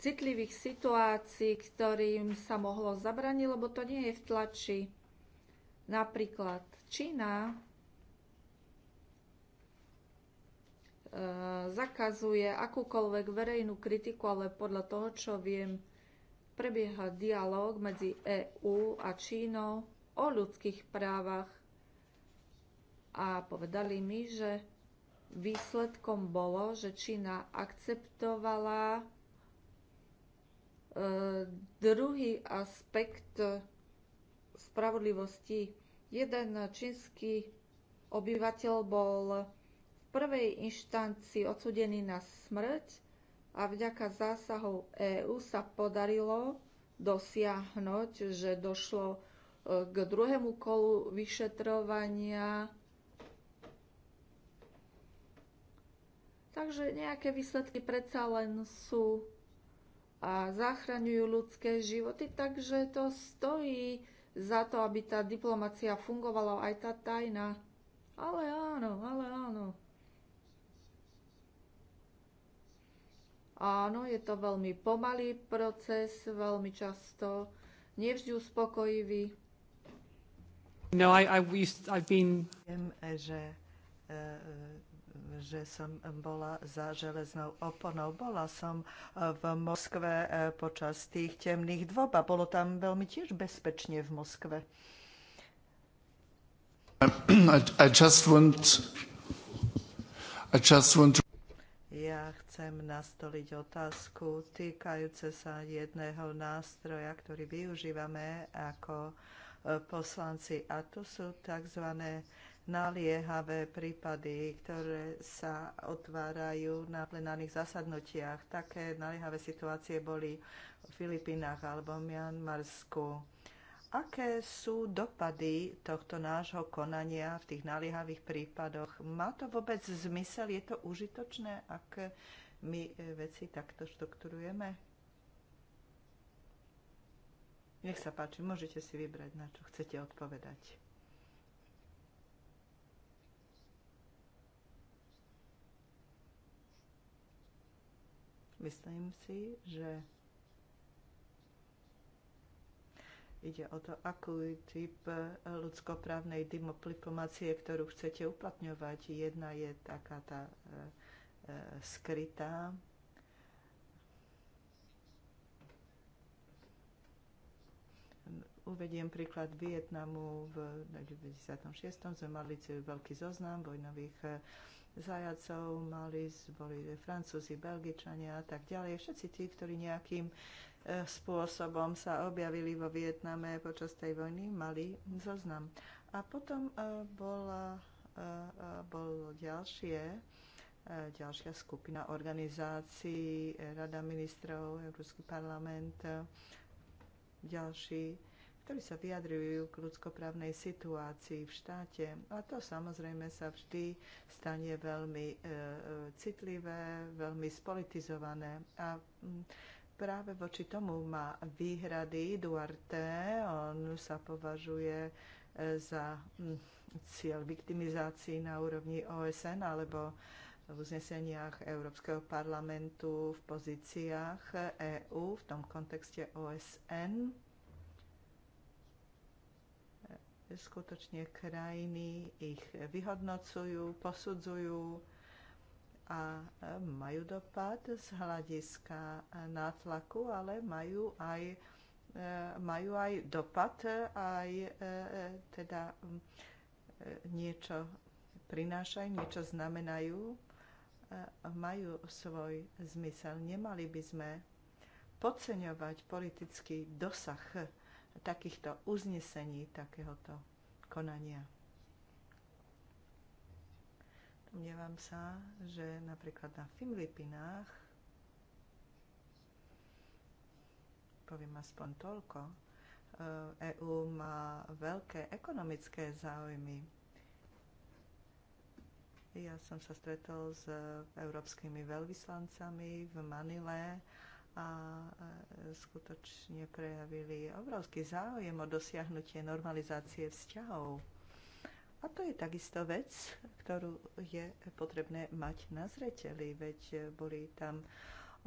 citlivých situácií, ktorým sa mohlo zabraniť, lebo to nie je v tlači. Napríklad Čína e, zakazuje akúkoľvek verejnú kritiku, ale podľa toho, čo viem, prebieha dialog medzi EÚ a Čínou o ľudských právach. A povedali mi, že výsledkom bolo, že Čína akceptovala druhý aspekt spravodlivosti. Jeden čínsky obyvateľ bol v prvej inštancii odsudený na smrť a vďaka zásahu EÚ sa podarilo dosiahnuť, že došlo e, k druhému kolu vyšetrovania. Takže nejaké výsledky predsa len sú a zachraňujú ľudské životy, takže to stojí za to, aby tá diplomacia fungovala, aj tá tajná. Ale áno, ale áno. Áno, je to veľmi pomalý proces, veľmi často nevždy uspokojivý. No, I, I used, I've been... Viem, že uh, že som bola za železnou oponou. Bola som e, v Moskve e, počas tých temných dôb a bolo tam veľmi tiež bezpečne v Moskve. I just want, I just want to... Ja chcem nastoliť otázku týkajúce sa jedného nástroja, ktorý využívame ako e, poslanci. A to sú tzv naliehavé prípady, ktoré sa otvárajú na plenárnych zasadnutiach. Také naliehavé situácie boli v Filipínach alebo v Mianmarsku. Aké sú dopady tohto nášho konania v tých naliehavých prípadoch? Má to vôbec zmysel? Je to užitočné, ak my e, veci takto štrukturujeme? Nech sa páči, môžete si vybrať, na čo chcete odpovedať. Myslím si, že ide o to, aký typ e, ľudskoprávnej diplomácie, ktorú chcete uplatňovať. Jedna je taká tá e, e, skrytá, Uvediem príklad Vietnamu. V 96. sme mali veľký zoznam vojnových zajacov, mali, boli francúzi, belgičania a tak ďalej. Všetci tí, ktorí nejakým e, spôsobom sa objavili vo Vietname počas tej vojny, mali zoznam. A potom e, bola, e, bola ďalšie, ďalšia skupina organizácií, Rada ministrov, Európsky parlament, ďalší ktorí sa vyjadrujú k ľudskoprávnej situácii v štáte. A to samozrejme sa vždy stane veľmi e, e citlivé, veľmi spolitizované. A m, mm, práve voči tomu má výhrady Duarte. On sa považuje e, za m, mm, cieľ viktimizácií na úrovni OSN alebo v uzneseniach Európskeho parlamentu, v pozíciách EÚ, v tom kontexte OSN skutočne krajiny ich vyhodnocujú, posudzujú a e, majú dopad z hľadiska e, nátlaku, ale majú aj, e, majú aj dopad, aj teda niečo prinášajú, niečo znamenajú, majú svoj zmysel. Nemali by sme podceňovať politický dosah takýchto uznesení, takéhoto konania. Domnievam sa, že napríklad na Filipinách, poviem aspoň toľko, EÚ eh, e má veľké ekonomické záujmy. Ja som sa stretol s európskymi veľvyslancami v Manile, a skutočne prejavili obrovský záujem o dosiahnutie normalizácie vzťahov. A to je takisto vec, ktorú je potrebné mať na zreteli, veď boli tam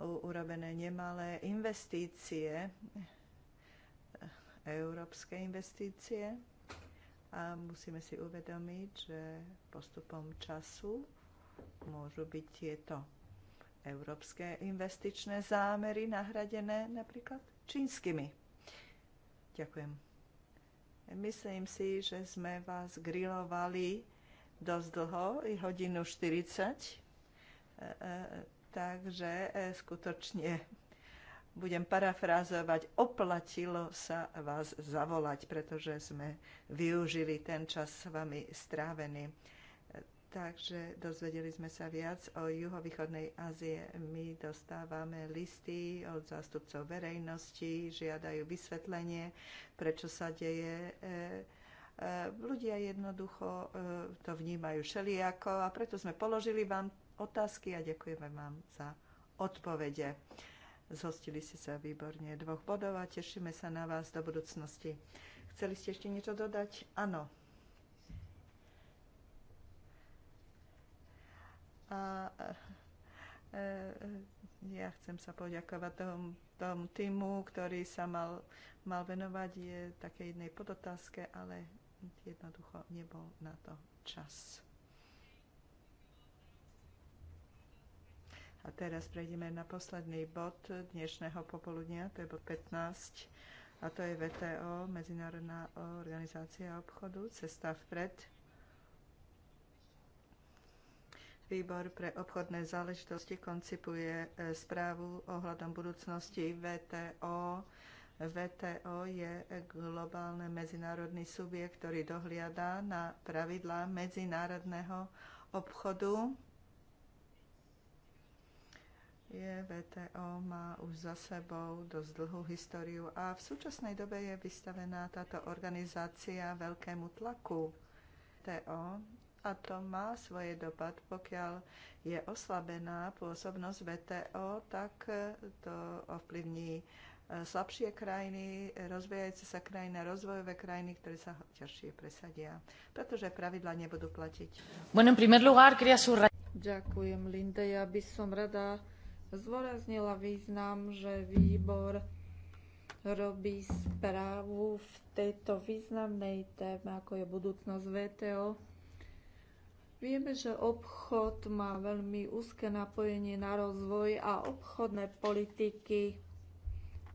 urobené nemalé investície, európske investície a musíme si uvedomiť, že postupom času môžu byť tieto európske investičné zámery nahradené napríklad čínskymi. Ďakujem. Myslím si, že sme vás grilovali dosť dlho, i hodinu 40, e, e, takže e, skutočne budem parafrázovať, oplatilo sa vás zavolať, pretože sme využili ten čas s vami strávený. Takže dozvedeli sme sa viac o juhovýchodnej Ázie. My dostávame listy od zástupcov verejnosti, žiadajú vysvetlenie, prečo sa deje. E, e, ľudia jednoducho e, to vnímajú všelijako a preto sme položili vám otázky a ďakujeme vám za odpovede. Zhostili ste sa výborne dvoch bodov a tešíme sa na vás do budúcnosti. Chceli ste ešte niečo dodať? Áno. a e, e, ja chcem sa poďakovať tomu, tomu týmu, ktorý sa mal, mal venovať je také jednej podotázke, ale jednoducho nebol na to čas. A teraz prejdeme na posledný bod dnešného popoludnia, to je bod 15, a to je VTO, Medzinárodná organizácia obchodu, cesta vpred. Výbor pre obchodné záležitosti koncipuje e, správu ohľadom budúcnosti VTO. VTO je globálny medzinárodný subjekt, ktorý dohliada na pravidlá medzinárodného obchodu. Je VTO má už za sebou dosť dlhú históriu a v súčasnej dobe je vystavená táto organizácia veľkému tlaku. VTO a to má svoje dopad. Pokiaľ je oslabená pôsobnosť VTO, tak e, to ovplyvní e, slabšie krajiny, rozvíjajúce sa krajiny, rozvojové krajiny, ktoré sa ťažšie presadia, pretože pravidla nebudú platiť. Ďakujem, Linde. Ja by som rada zdôraznila význam, že výbor robí správu v tejto významnej téme, ako je budúcnosť VTO. Vieme, že obchod má veľmi úzke napojenie na rozvoj a obchodné politiky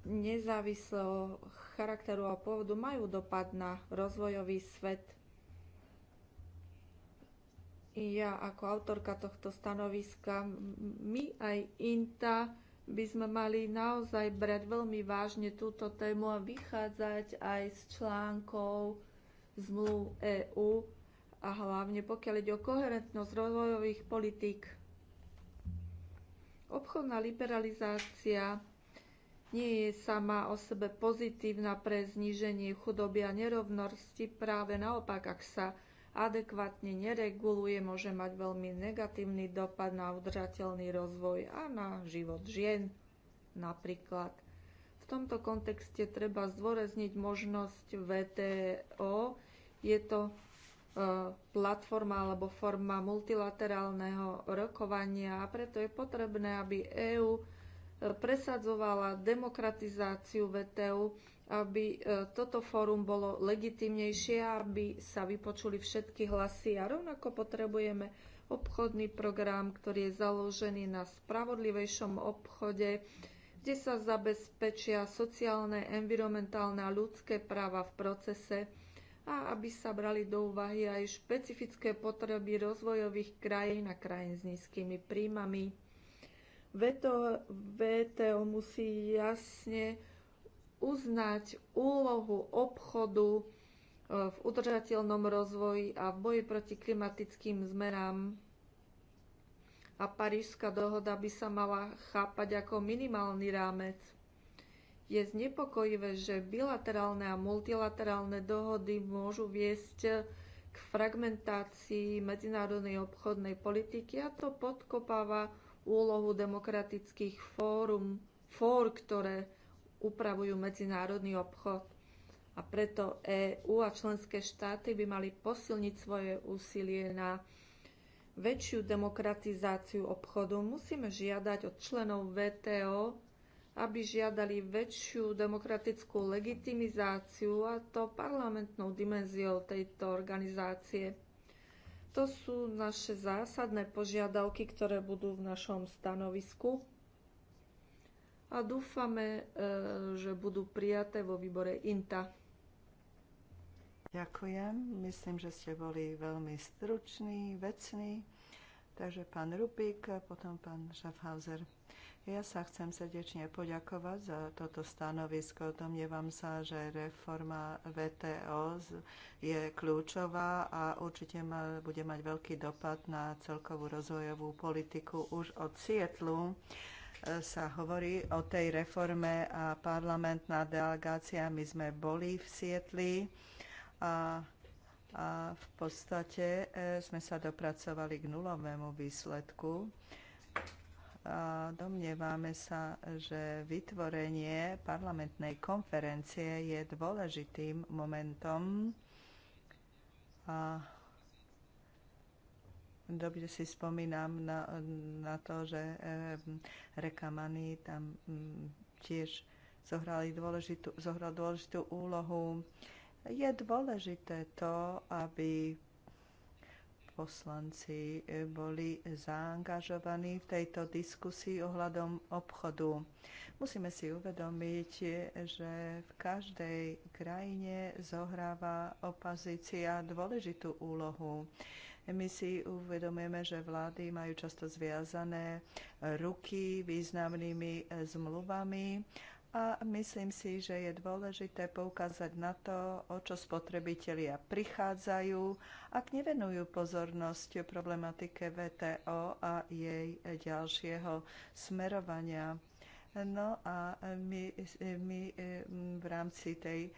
nezávislého charakteru a pôvodu majú dopad na rozvojový svet. Ja ako autorka tohto stanoviska, my aj INTA by sme mali naozaj brať veľmi vážne túto tému a vychádzať aj z článkov zmluv EÚ a hlavne pokiaľ ide o koherentnosť rozvojových politík. Obchodná liberalizácia nie je sama o sebe pozitívna pre zníženie chudoby a nerovnosti, práve naopak, ak sa adekvátne nereguluje, môže mať veľmi negatívny dopad na udržateľný rozvoj a na život žien napríklad. V tomto kontexte treba zdôrazniť možnosť VTO. Je to E, platforma alebo forma multilaterálneho rokovania a preto je potrebné, aby EÚ e, presadzovala demokratizáciu VTU, aby e, toto fórum bolo legitimnejšie, aby sa vypočuli všetky hlasy a rovnako potrebujeme obchodný program, ktorý je založený na spravodlivejšom obchode, kde sa zabezpečia sociálne, environmentálne a ľudské práva v procese a aby sa brali do úvahy aj špecifické potreby rozvojových krajín a krajín s nízkymi príjmami. VTO, VTO musí jasne uznať úlohu obchodu e, v udržateľnom rozvoji a v boji proti klimatickým zmenám. A Parížská dohoda by sa mala chápať ako minimálny rámec je znepokojivé, že bilaterálne a multilaterálne dohody môžu viesť k fragmentácii medzinárodnej obchodnej politiky a to podkopáva úlohu demokratických fórum, fór, ktoré upravujú medzinárodný obchod. A preto EÚ a členské štáty by mali posilniť svoje úsilie na väčšiu demokratizáciu obchodu. Musíme žiadať od členov VTO, aby žiadali väčšiu demokratickú legitimizáciu a to parlamentnou dimenziou tejto organizácie. To sú naše zásadné požiadavky, ktoré budú v našom stanovisku a dúfame, e, že budú prijaté vo výbore INTA. Ďakujem. Myslím, že ste boli veľmi stručný, vecní. Takže pán Rupík, potom pán Schaffhauser. Ja sa chcem srdečne poďakovať za toto stanovisko. Domnievam sa, že reforma VTO je kľúčová a určite ma, bude mať veľký dopad na celkovú rozvojovú politiku už od Sietlu e, sa hovorí o tej reforme a parlamentná delegácia. My sme boli v Sietli a, a v podstate e, sme sa dopracovali k nulovému výsledku domnievame sa, že vytvorenie parlamentnej konferencie je dôležitým momentom a dobre si spomínam na, na to, že eh, Rekamany tam mm, tiež zohrali dôležitú, zohral dôležitú úlohu. Je dôležité to, aby poslanci e, boli zaangažovaní v tejto diskusii ohľadom obchodu. Musíme si uvedomiť, e, že v každej krajine zohráva opozícia dôležitú úlohu. My si uvedomujeme, že vlády majú často zviazané ruky významnými e, zmluvami a myslím si, že je dôležité poukázať na to, o čo spotrebitelia prichádzajú, ak nevenujú pozornosť problematike VTO a jej ďalšieho smerovania. No a my, my eh, v rámci tej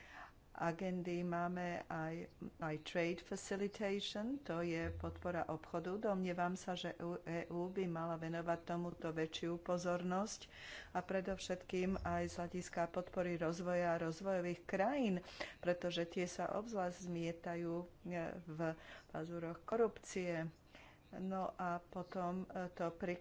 agendy máme aj, aj trade facilitation, to je podpora obchodu. Domnievam sa, že EÚ e by mala venovať tomuto väčšiu pozornosť a predovšetkým aj z hľadiska podpory rozvoja rozvojových krajín, pretože tie sa obzvlášť zmietajú e, v pazúroch korupcie. No a potom e, to pri,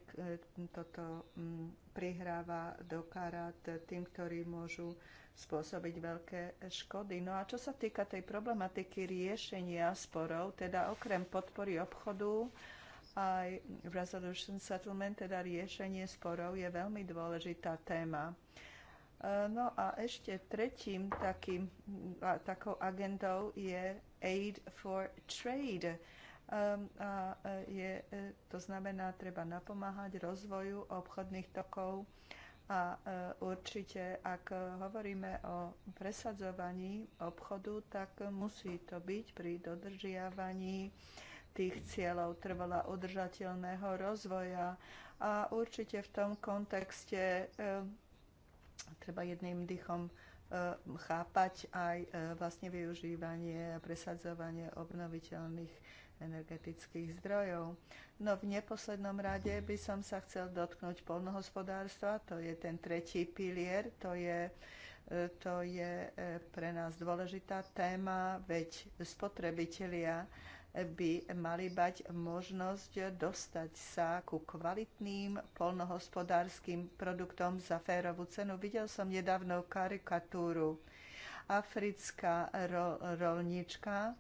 toto mm, prihráva do karát tým, ktorí môžu spôsobiť veľké škody. No a čo sa týka tej problematiky riešenia sporov, teda okrem podpory obchodu, aj resolution settlement, teda riešenie sporov, je veľmi dôležitá téma. E, no a ešte tretím takým, takou agendou je Aid for Trade. E, a e, je, to znamená, treba napomáhať rozvoju obchodných tokov a e, určite, ak hovoríme o presadzovaní obchodu, tak musí to byť pri dodržiavaní tých cieľov trvala udržateľného rozvoja. A určite v tom kontexte e, treba jedným dychom e, chápať aj vlastne využívanie a presadzovanie obnoviteľných energetických zdrojov. No v neposlednom rade by som sa chcel dotknúť polnohospodárstva, to je ten tretí pilier, to je, e, to je e, pre nás dôležitá téma, veď spotrebitelia by mali mať možnosť dostať sa ku kvalitným polnohospodárským produktom za férovú cenu. Videl som nedávno karikatúru. Africká ro- rolnička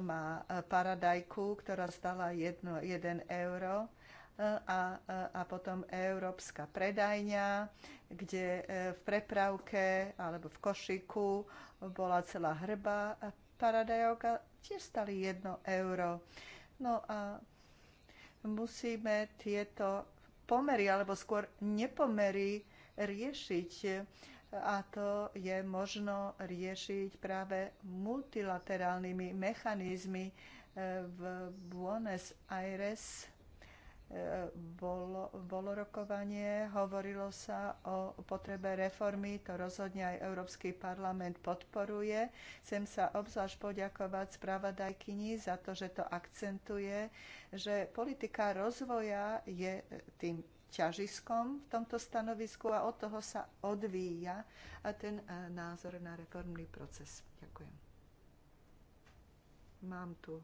má paradajku, ktorá stala 1 euro e, a, a potom európska predajňa, kde e, v prepravke alebo v košiku bola celá hrba paradajok a tiež stali 1 euro. No a musíme tieto pomery, alebo skôr nepomery riešiť a to je možno riešiť práve multilaterálnymi mechanizmy. E, v Buenos Aires e, bolo, bolo rokovanie, hovorilo sa o potrebe reformy, to rozhodne aj Európsky parlament podporuje. Chcem sa obzvlášť poďakovať spravodajkyni za to, že to akcentuje, že politika rozvoja je e, tým ťažiskom v tomto stanovisku a od toho sa odvíja ten e, názor na reformný proces. Ďakujem. Mám tu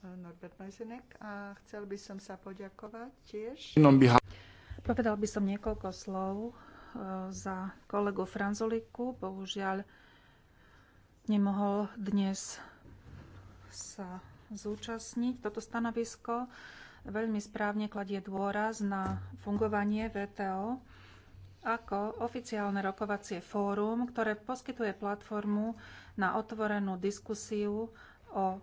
e, Norbert Majzenek a chcel by som sa poďakovať tiež. Povedal by som niekoľko slov e, za kolegu Franzuliku. Bohužiaľ nemohol dnes sa zúčastniť toto stanovisko veľmi správne kladie dôraz na fungovanie VTO ako oficiálne rokovacie fórum, ktoré poskytuje platformu na otvorenú diskusiu o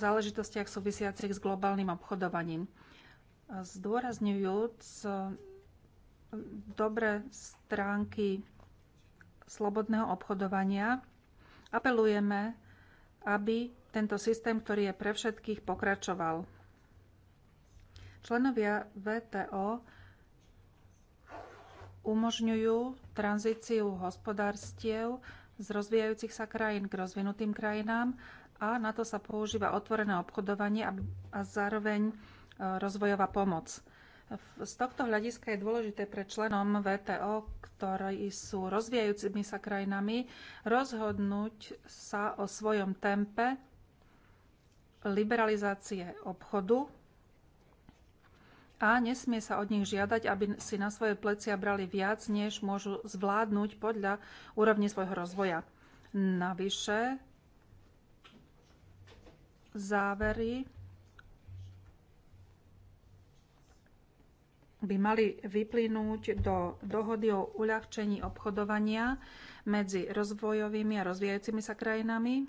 záležitostiach súvisiacich s globálnym obchodovaním. Zdôrazňujúc e, dobre stránky slobodného obchodovania, apelujeme, aby tento systém, ktorý je pre všetkých, pokračoval. Členovia VTO umožňujú tranzíciu hospodárstiev z rozvíjajúcich sa krajín k rozvinutým krajinám a na to sa používa otvorené obchodovanie a zároveň e, rozvojová pomoc. Z tohto hľadiska je dôležité pre členom VTO, ktorí sú rozvíjajúcimi sa krajinami, rozhodnúť sa o svojom tempe liberalizácie obchodu a nesmie sa od nich žiadať, aby si na svoje plecia brali viac, než môžu zvládnuť podľa úrovne svojho rozvoja. Navyše závery by mali vyplynúť do dohody o uľahčení obchodovania medzi rozvojovými a rozvíjajúcimi sa krajinami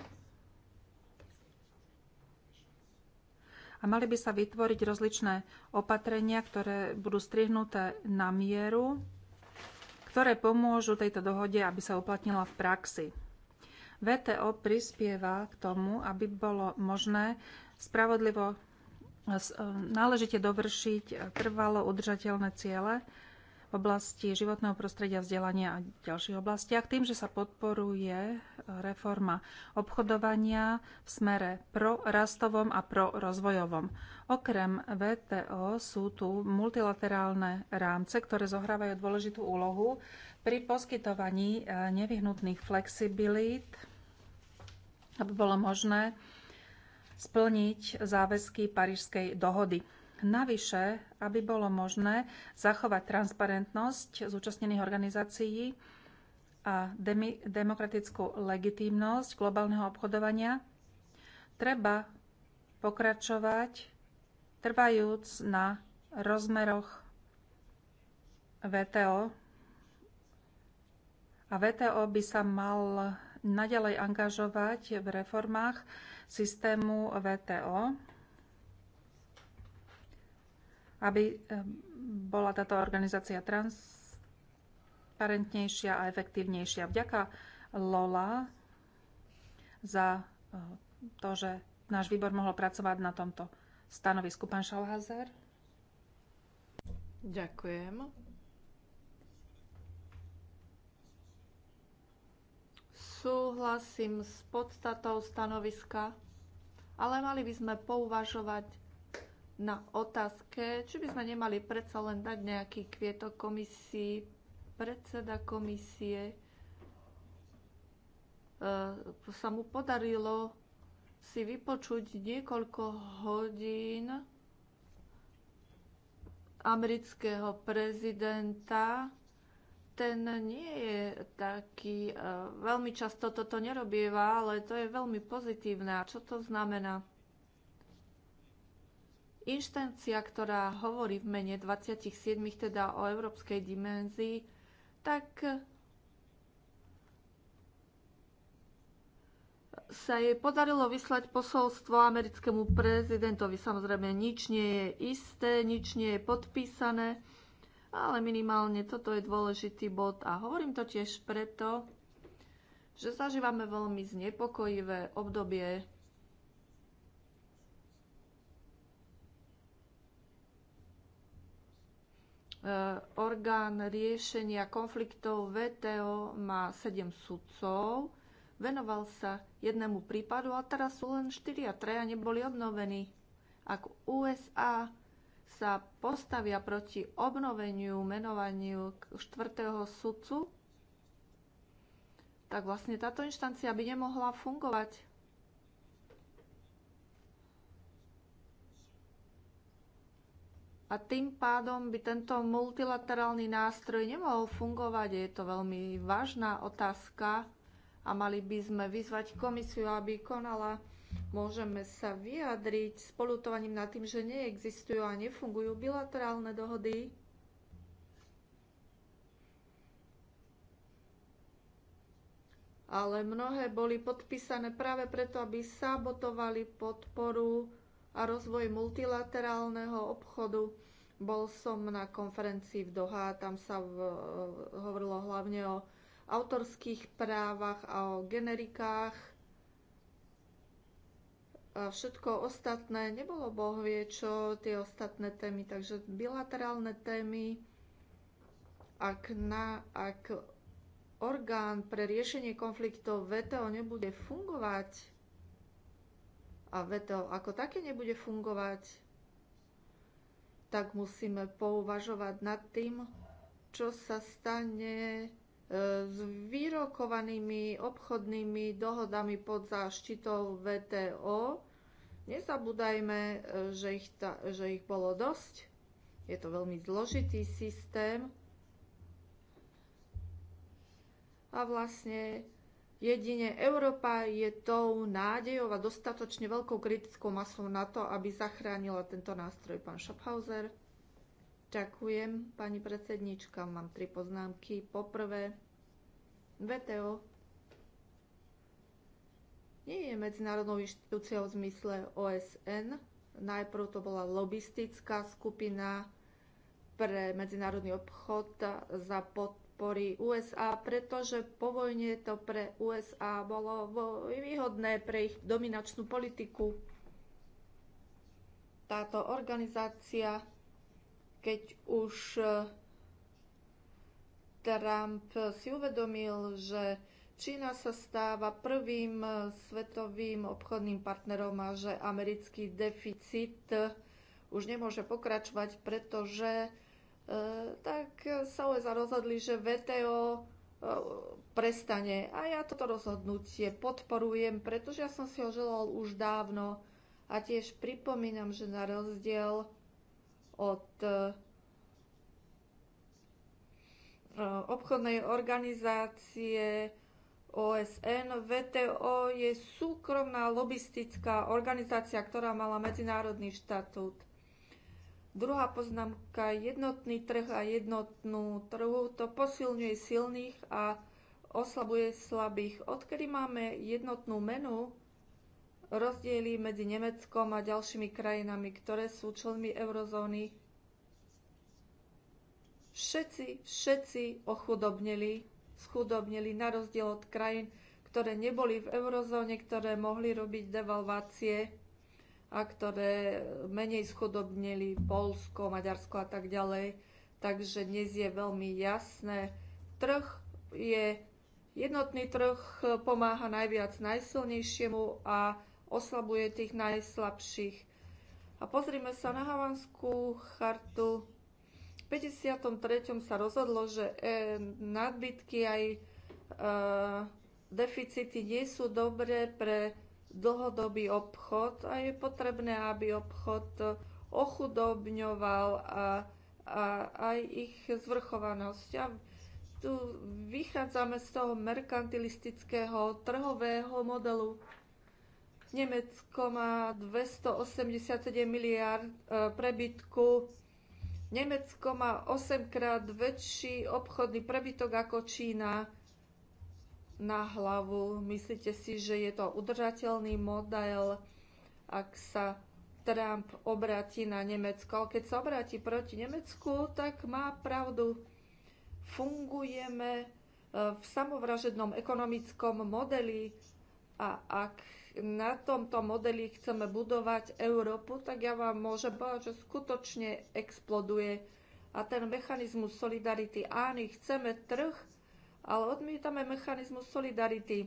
a mali by sa vytvoriť rozličné opatrenia, ktoré budú strihnuté na mieru, ktoré pomôžu tejto dohode, aby sa uplatnila v praxi. VTO prispieva k tomu, aby bolo možné spravodlivo e, náležite dovršiť trvalo udržateľné ciele v oblasti životného prostredia, vzdelania a ďalších oblastiach tým, že sa podporuje e, reforma obchodovania v smere prorastovom a prorozvojovom. Okrem VTO sú tu multilaterálne rámce, ktoré zohrávajú dôležitú úlohu pri poskytovaní e, nevyhnutných flexibilít, aby bolo možné splniť záväzky Parížskej dohody. Navyše, aby bolo možné zachovať transparentnosť zúčastnených organizácií a demokratickú legitímnosť globálneho obchodovania, treba pokračovať trvajúc na rozmeroch VTO. A VTO by sa mal naďalej angažovať v reformách systému VTO aby bola táto organizácia transparentnejšia a efektívnejšia. Vďaka Lola za eh, to, že náš výbor mohol pracovať na tomto stanovisku. Pán Šalházer. Ďakujem. Súhlasím s podstatou stanoviska, ale mali by sme pouvažovať na otázke, či by sme nemali predsa len dať nejaký kvietok komisii. Predseda komisie e, sa mu podarilo si vypočuť niekoľko hodín amerického prezidenta. Ten nie je taký, e, veľmi často toto nerobieva, ale to je veľmi pozitívne. A čo to znamená? inštancia, ktorá hovorí v mene 27, teda o európskej dimenzii, tak sa jej podarilo vyslať posolstvo americkému prezidentovi. Samozrejme, nič nie je isté, nič nie je podpísané, ale minimálne toto je dôležitý bod. A hovorím to tiež preto, že zažívame veľmi znepokojivé obdobie E, orgán riešenia konfliktov VTO má 7 sudcov, venoval sa jednému prípadu a teraz sú len 4 a 3 neboli obnovení. Ak USA sa postavia proti obnoveniu menovaniu 4. sudcu, tak vlastne táto inštancia by nemohla fungovať. A tým pádom by tento multilaterálny nástroj nemohol fungovať. Je to veľmi vážna otázka a mali by sme vyzvať komisiu, aby konala. Môžeme sa vyjadriť s polutovaním nad tým, že neexistujú a nefungujú bilaterálne dohody. Ale mnohé boli podpísané práve preto, aby sabotovali podporu a rozvoj multilaterálneho obchodu. Bol som na konferencii v Doha, tam sa v, hovorilo hlavne o autorských právach a o generikách. A všetko ostatné nebolo boh vie čo, tie ostatné témy, takže bilaterálne témy, ak, na, ak orgán pre riešenie konfliktov VTO nebude fungovať, a vedel, ako také nebude fungovať, tak musíme pouvažovať nad tým, čo sa stane e, s vyrokovanými obchodnými dohodami pod záštitou VTO. Nezabúdajme, e, že ich, ta, že ich bolo dosť. Je to veľmi zložitý systém. A vlastne Jedine Európa je tou nádejou a dostatočne veľkou kritickou masou na to, aby zachránila tento nástroj. Pán Schaffhauser. Ďakujem, pani predsednička. Mám tri poznámky. Poprvé, VTO nie je medzinárodnou inštitúciou v zmysle OSN. Najprv to bola lobistická skupina pre medzinárodný obchod za pod podpory USA, pretože po vojne to pre USA bolo výhodné pre ich dominačnú politiku. Táto organizácia, keď už e, Trump si uvedomil, že Čína sa stáva prvým e, svetovým obchodným partnerom a že americký deficit e, už nemôže pokračovať, pretože E, tak sa USA rozhodli, že VTO e, prestane. A ja toto rozhodnutie podporujem, pretože ja som si ho želal už dávno. A tiež pripomínam, že na rozdiel od e, obchodnej organizácie OSN, VTO je súkromná lobistická organizácia, ktorá mala medzinárodný štatút. Druhá poznámka, jednotný trh a jednotnú trhu, to posilňuje silných a oslabuje slabých. Odkedy máme jednotnú menu, rozdiely medzi Nemeckom a ďalšími krajinami, ktoré sú členmi eurozóny, všetci, všetci ochudobnili, schudobnili na rozdiel od krajín, ktoré neboli v eurozóne, ktoré mohli robiť devalvácie a ktoré menej schudobnili Polsko, Maďarsko a tak ďalej. Takže dnes je veľmi jasné, trh je jednotný trh, pomáha najviac najsilnejšiemu a oslabuje tých najslabších. A pozrime sa na Havanskú chartu. V 53. sa rozhodlo, že e, nadbytky aj e, deficity nie sú dobré pre dlhodobý obchod a je potrebné, aby obchod ochudobňoval a, a aj ich zvrchovanosť. A tu vychádzame z toho merkantilistického trhového modelu. Nemecko má 287 miliard e, prebytku. Nemecko má 8 krát väčší obchodný prebytok ako Čína na hlavu. Myslíte si, že je to udržateľný model, ak sa Trump obráti na Nemecko. Keď sa obráti proti Nemecku, tak má pravdu. Fungujeme e, v samovražednom ekonomickom modeli a ak na tomto modeli chceme budovať Európu, tak ja vám môžem povedať, že skutočne exploduje. A ten mechanizmus solidarity, áno, chceme trh, ale odmietame mechanizmus solidarity.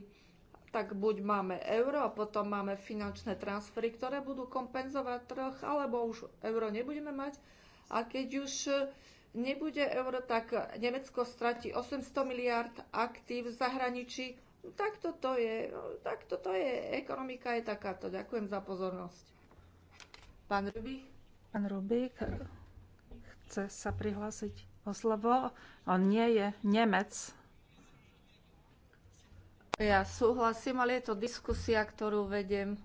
Tak buď máme euro a potom máme finančné transfery, ktoré budú kompenzovať trh, alebo už euro nebudeme mať. A keď už nebude euro, tak Nemecko stratí 800 miliard aktív v zahraničí. Tak toto je, tak toto je, ekonomika je takáto. Ďakujem za pozornosť. Pán Rubík? Pán Rubík chce sa prihlásiť o slovo. On nie je Nemec, ja súhlasím, ale je to diskusia, ktorú vedem.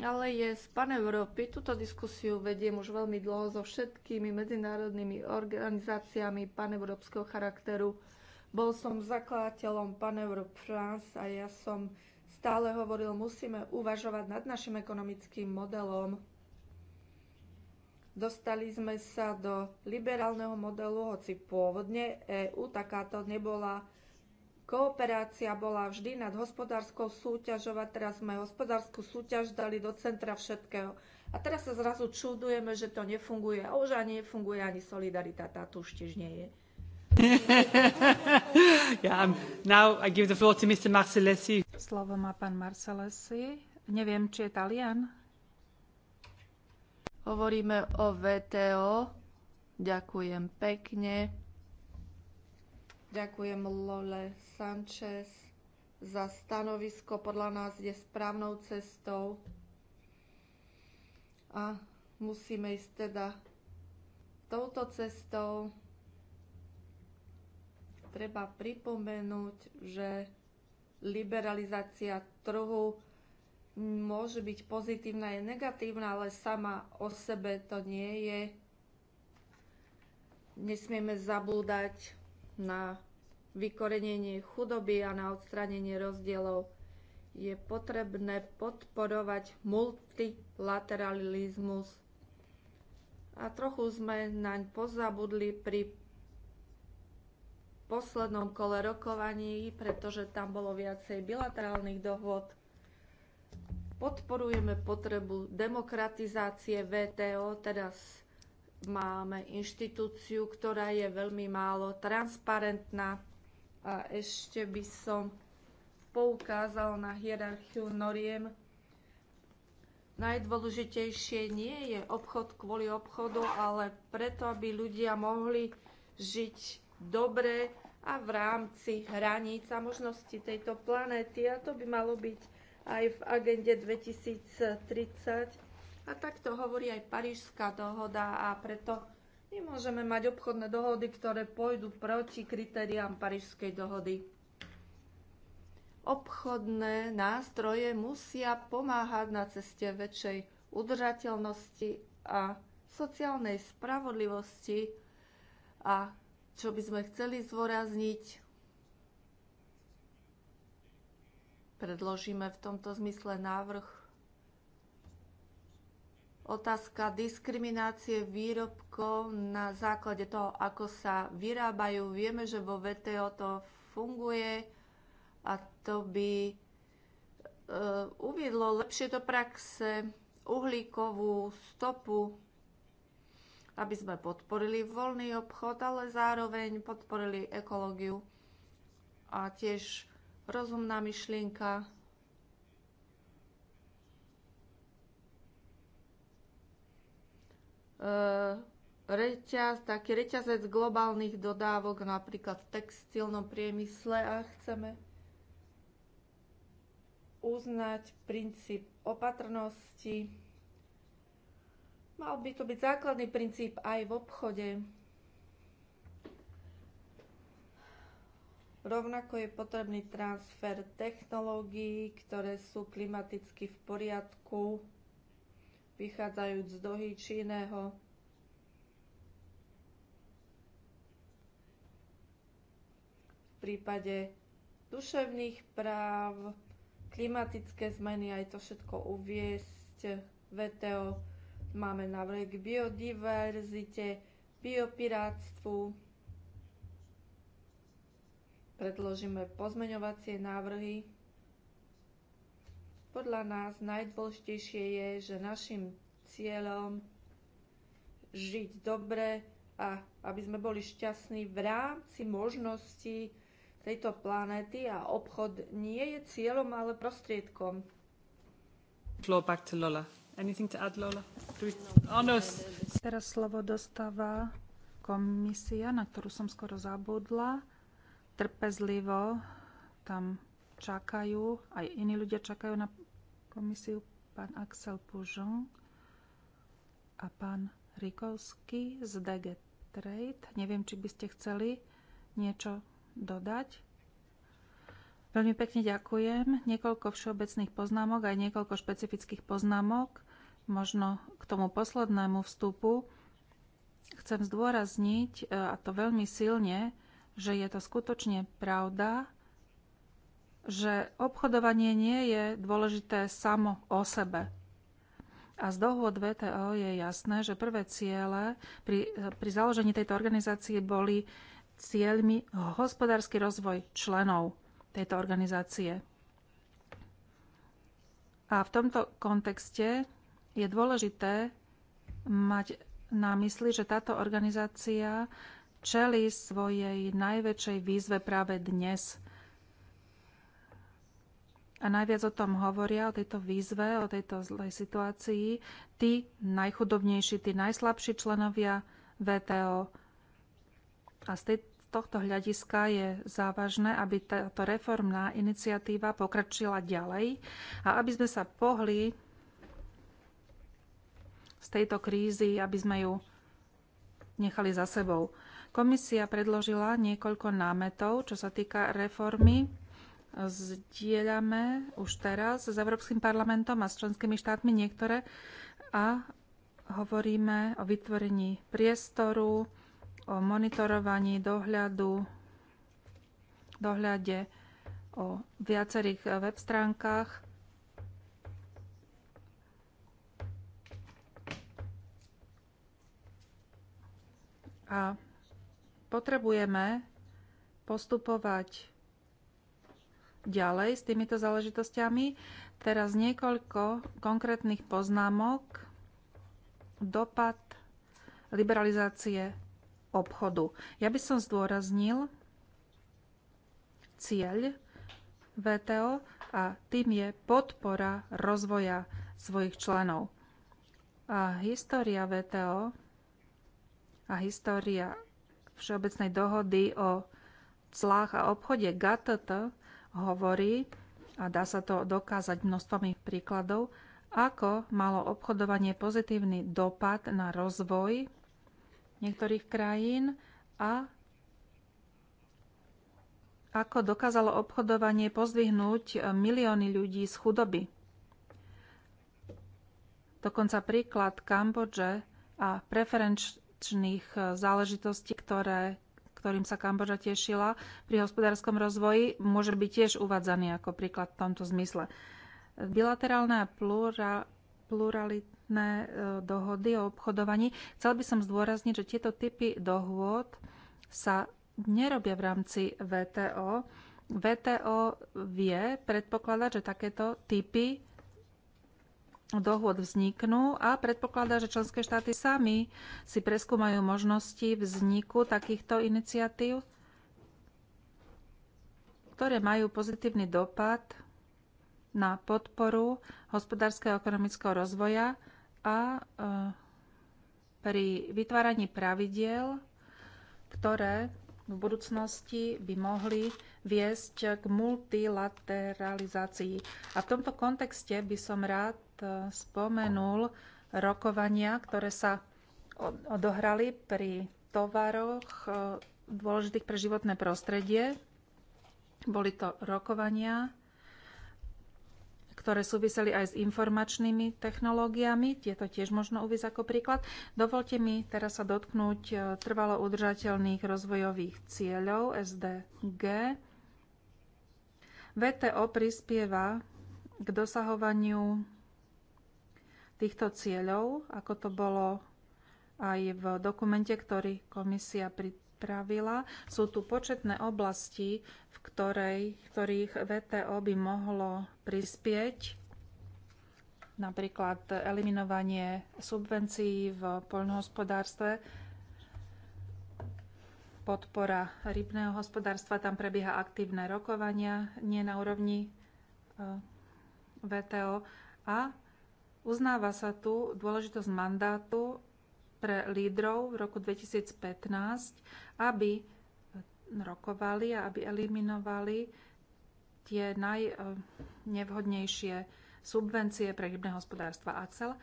Ale je z Pan Európy. Túto diskusiu vediem už veľmi dlho so všetkými medzinárodnými organizáciami paneurópskeho charakteru. Bol som zakladateľom Pan Európ France a ja som stále hovoril, musíme uvažovať nad našim ekonomickým modelom. Dostali sme sa do liberálneho modelu, hoci pôvodne EU takáto nebola Kooperácia bola vždy nad hospodárskou súťažou a teraz sme hospodárskú súťaž dali do centra všetkého. A teraz sa zrazu čudujeme, že to nefunguje. A už ani nefunguje ani solidarita, tá tu už tiež nie je. yeah, um, now I give the floor to Mr. Marcellesi. Slovo má pán Marcellesi. Neviem, či je Talian. Hovoríme o VTO. Ďakujem pekne. Ďakujem Lole Sanchez za stanovisko. Podľa nás je správnou cestou a musíme ísť teda touto cestou. Treba pripomenúť, že liberalizácia trhu môže byť pozitívna aj negatívna, ale sama o sebe to nie je. Nesmieme zabúdať na vykorenenie chudoby a na odstránenie rozdielov. Je potrebné podporovať multilateralizmus. A trochu sme naň pozabudli pri poslednom kole rokovaní, pretože tam bolo viacej bilaterálnych dohôd. Podporujeme potrebu demokratizácie VTO, teda máme inštitúciu, ktorá je veľmi málo transparentná. A ešte by som poukázal na hierarchiu noriem. Najdôležitejšie nie je obchod kvôli obchodu, ale preto, aby ľudia mohli žiť dobre a v rámci hraníc a možností tejto planéty. A to by malo byť aj v agende 2030 a takto hovorí aj Parížská dohoda a preto nemôžeme mať obchodné dohody, ktoré pôjdu proti kritériám Parížskej dohody. Obchodné nástroje musia pomáhať na ceste väčšej udržateľnosti a sociálnej spravodlivosti a čo by sme chceli zvorazniť, predložíme v tomto zmysle návrh otázka diskriminácie výrobkov na základe toho, ako sa vyrábajú. Vieme, že vo VTO to funguje a to by e, uviedlo lepšie do praxe uhlíkovú stopu, aby sme podporili voľný obchod, ale zároveň podporili ekológiu a tiež rozumná myšlienka E, reťaz, taký reťazec globálnych dodávok, napríklad v textilnom priemysle a chceme uznať princíp opatrnosti. Mal by to byť základný princíp aj v obchode. Rovnako je potrebný transfer technológií, ktoré sú klimaticky v poriadku vychádzajúc z dohy či iného. V prípade duševných práv, klimatické zmeny, aj to všetko uviesť. VTO máme návrh k biodiverzite, biopiráctvu. Predložíme pozmeňovacie návrhy. Podľa nás najdôležitejšie je, že našim cieľom žiť dobre a aby sme boli šťastní v rámci možností tejto planéty a obchod nie je cieľom, ale prostriedkom. Floor back to Lola. Anything to add, Lola? We... Oh, no. Teraz slovo dostáva komisia, na ktorú som skoro zabudla. Trpezlivo tam čakajú, aj iní ľudia čakajú na komisiu, pán Axel Pužon a pán Rikovský z DG Trade. Neviem, či by ste chceli niečo dodať. Veľmi pekne ďakujem. Niekoľko všeobecných poznámok aj niekoľko špecifických poznámok. Možno k tomu poslednému vstupu chcem zdôrazniť, a to veľmi silne, že je to skutočne pravda, že obchodovanie nie je dôležité samo o sebe. A z dohôd VTO je jasné, že prvé ciele pri, pri založení tejto organizácie boli cieľmi hospodársky rozvoj členov tejto organizácie. A v tomto kontexte je dôležité mať na mysli, že táto organizácia čeli svojej najväčšej výzve práve dnes – a najviac o tom hovoria, o tejto výzve, o tejto zlej situácii, tí najchudobnejší, tí najslabší členovia VTO. A z, z tohto hľadiska je závažné, aby táto reformná iniciatíva pokračila ďalej a aby sme sa pohli z tejto krízy, aby sme ju nechali za sebou. Komisia predložila niekoľko námetov, čo sa týka reformy zdieľame už teraz s Európskym parlamentom a s členskými štátmi niektoré a hovoríme o vytvorení priestoru, o monitorovaní dohľadu, dohľade o viacerých web stránkach. A potrebujeme postupovať ďalej s týmito záležitostiami. Teraz niekoľko konkrétnych poznámok. Dopad liberalizácie obchodu. Ja by som zdôraznil cieľ VTO a tým je podpora rozvoja svojich členov. A história VTO a história Všeobecnej dohody o clách a obchode GATT hovorí, a dá sa to dokázať ich príkladov, ako malo obchodovanie pozitívny dopad na rozvoj niektorých krajín a ako dokázalo obchodovanie pozdvihnúť milióny ľudí z chudoby. Dokonca príklad Kambodže a preferenčných záležitostí, ktoré ktorým sa Kambodža tešila pri hospodárskom rozvoji, môže byť tiež uvádzaný ako príklad v tomto zmysle. Bilaterálne a plura, pluralitné e, dohody o obchodovaní. Chcel by som zdôrazniť, že tieto typy dohôd sa nerobia v rámci VTO. VTO vie predpokladať, že takéto typy dohôd vzniknú a predpokladá, že členské štáty sami si preskúmajú možnosti vzniku takýchto iniciatív, ktoré majú pozitívny dopad na podporu hospodárskeho a ekonomického rozvoja a e, pri vytváraní pravidiel, ktoré v budúcnosti by mohli viesť k multilateralizácii. A v tomto kontexte by som rád spomenul rokovania, ktoré sa odohrali pri tovaroch e, dôležitých pre životné prostredie. Boli to rokovania, ktoré súviseli aj s informačnými technológiami. Tieto tiež možno uvieť ako príklad. Dovolte mi teraz sa dotknúť e, trvalo udržateľných rozvojových cieľov SDG. VTO prispieva k dosahovaniu týchto cieľov, ako to bolo aj v dokumente, ktorý komisia pripravila. Sú tu početné oblasti, v, ktorej, v ktorých VTO by mohlo prispieť, napríklad eliminovanie subvencií v poľnohospodárstve, podpora rybného hospodárstva, tam prebieha aktívne rokovania, nie na úrovni eh, VTO a Uznáva sa tu dôležitosť mandátu pre lídrov v roku 2015, aby rokovali a aby eliminovali tie najnevhodnejšie subvencie pre rybné hospodárstva ACEL.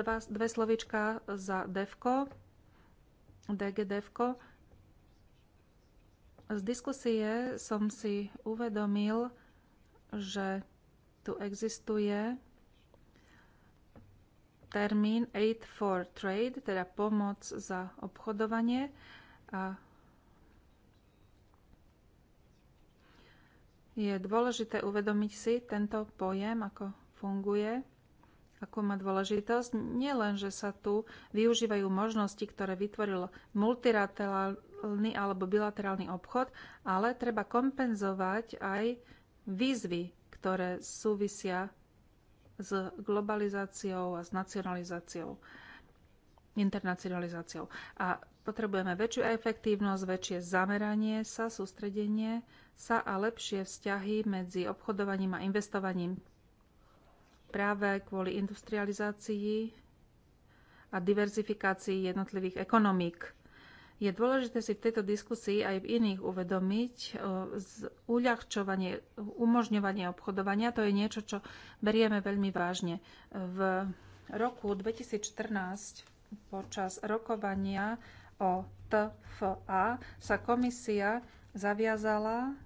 Dva, dve slovička za DEFCO. DG DEFCO. Z diskusie som si uvedomil, že tu existuje termín Aid for Trade, teda pomoc za obchodovanie. A je dôležité uvedomiť si tento pojem, ako funguje, ako má dôležitosť. Nielen, že sa tu využívajú možnosti, ktoré vytvoril multilaterálny alebo bilaterálny obchod, ale treba kompenzovať aj výzvy, ktoré súvisia s globalizáciou a s nacionalizáciou, internacionalizáciou. A potrebujeme väčšiu efektívnosť, väčšie zameranie sa, sústredenie sa a lepšie vzťahy medzi obchodovaním a investovaním. Práve kvôli industrializácii a diverzifikácii jednotlivých ekonomík je dôležité si v tejto diskusii aj v iných uvedomiť e, z uľahčovanie, umožňovanie obchodovania. To je niečo, čo berieme veľmi vážne. V roku 2014 počas rokovania o TFA sa komisia zaviazala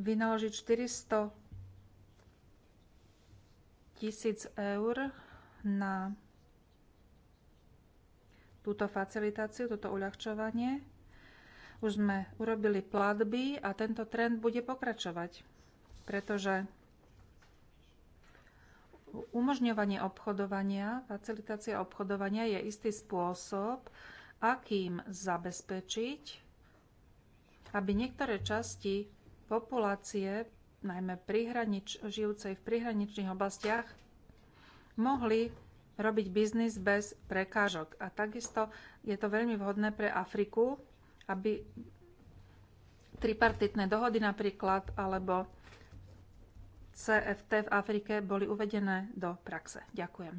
vynaložiť 400 tisíc eur na túto facilitáciu, toto uľahčovanie. Už sme urobili platby a tento trend bude pokračovať, pretože umožňovanie obchodovania, facilitácia obchodovania je istý spôsob, akým zabezpečiť, aby niektoré časti populácie, najmä žijúcej v prihraničných oblastiach, mohli robiť biznis bez prekážok. A takisto je to veľmi vhodné pre Afriku, aby tripartitné dohody napríklad, alebo CFT v Afrike boli uvedené do praxe. Ďakujem.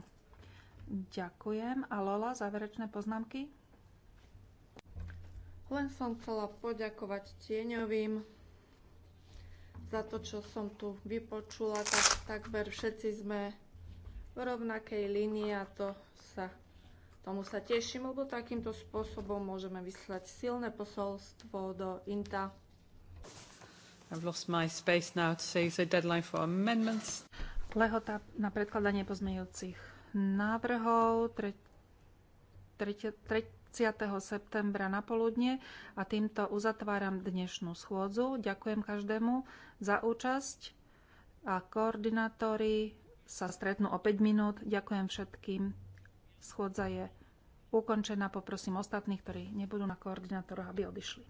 Ďakujem. A Lola, záverečné poznámky? Len som chcela poďakovať tieňovým za to, čo som tu vypočula. Tak, takmer všetci sme v rovnakej línii a to sa, tomu sa teším, lebo takýmto spôsobom môžeme vyslať silné posolstvo do INTA. I've lost my space now to say the deadline for amendments. Lehota na predkladanie pozmeňujúcich návrhov 30. septembra na poludne a týmto uzatváram dnešnú schôdzu. Ďakujem každému za účasť a koordinátori sa stretnú o 5 minút. Ďakujem všetkým. Schôdza je ukončená. Poprosím ostatných, ktorí nebudú na koordinátoroch, aby odišli.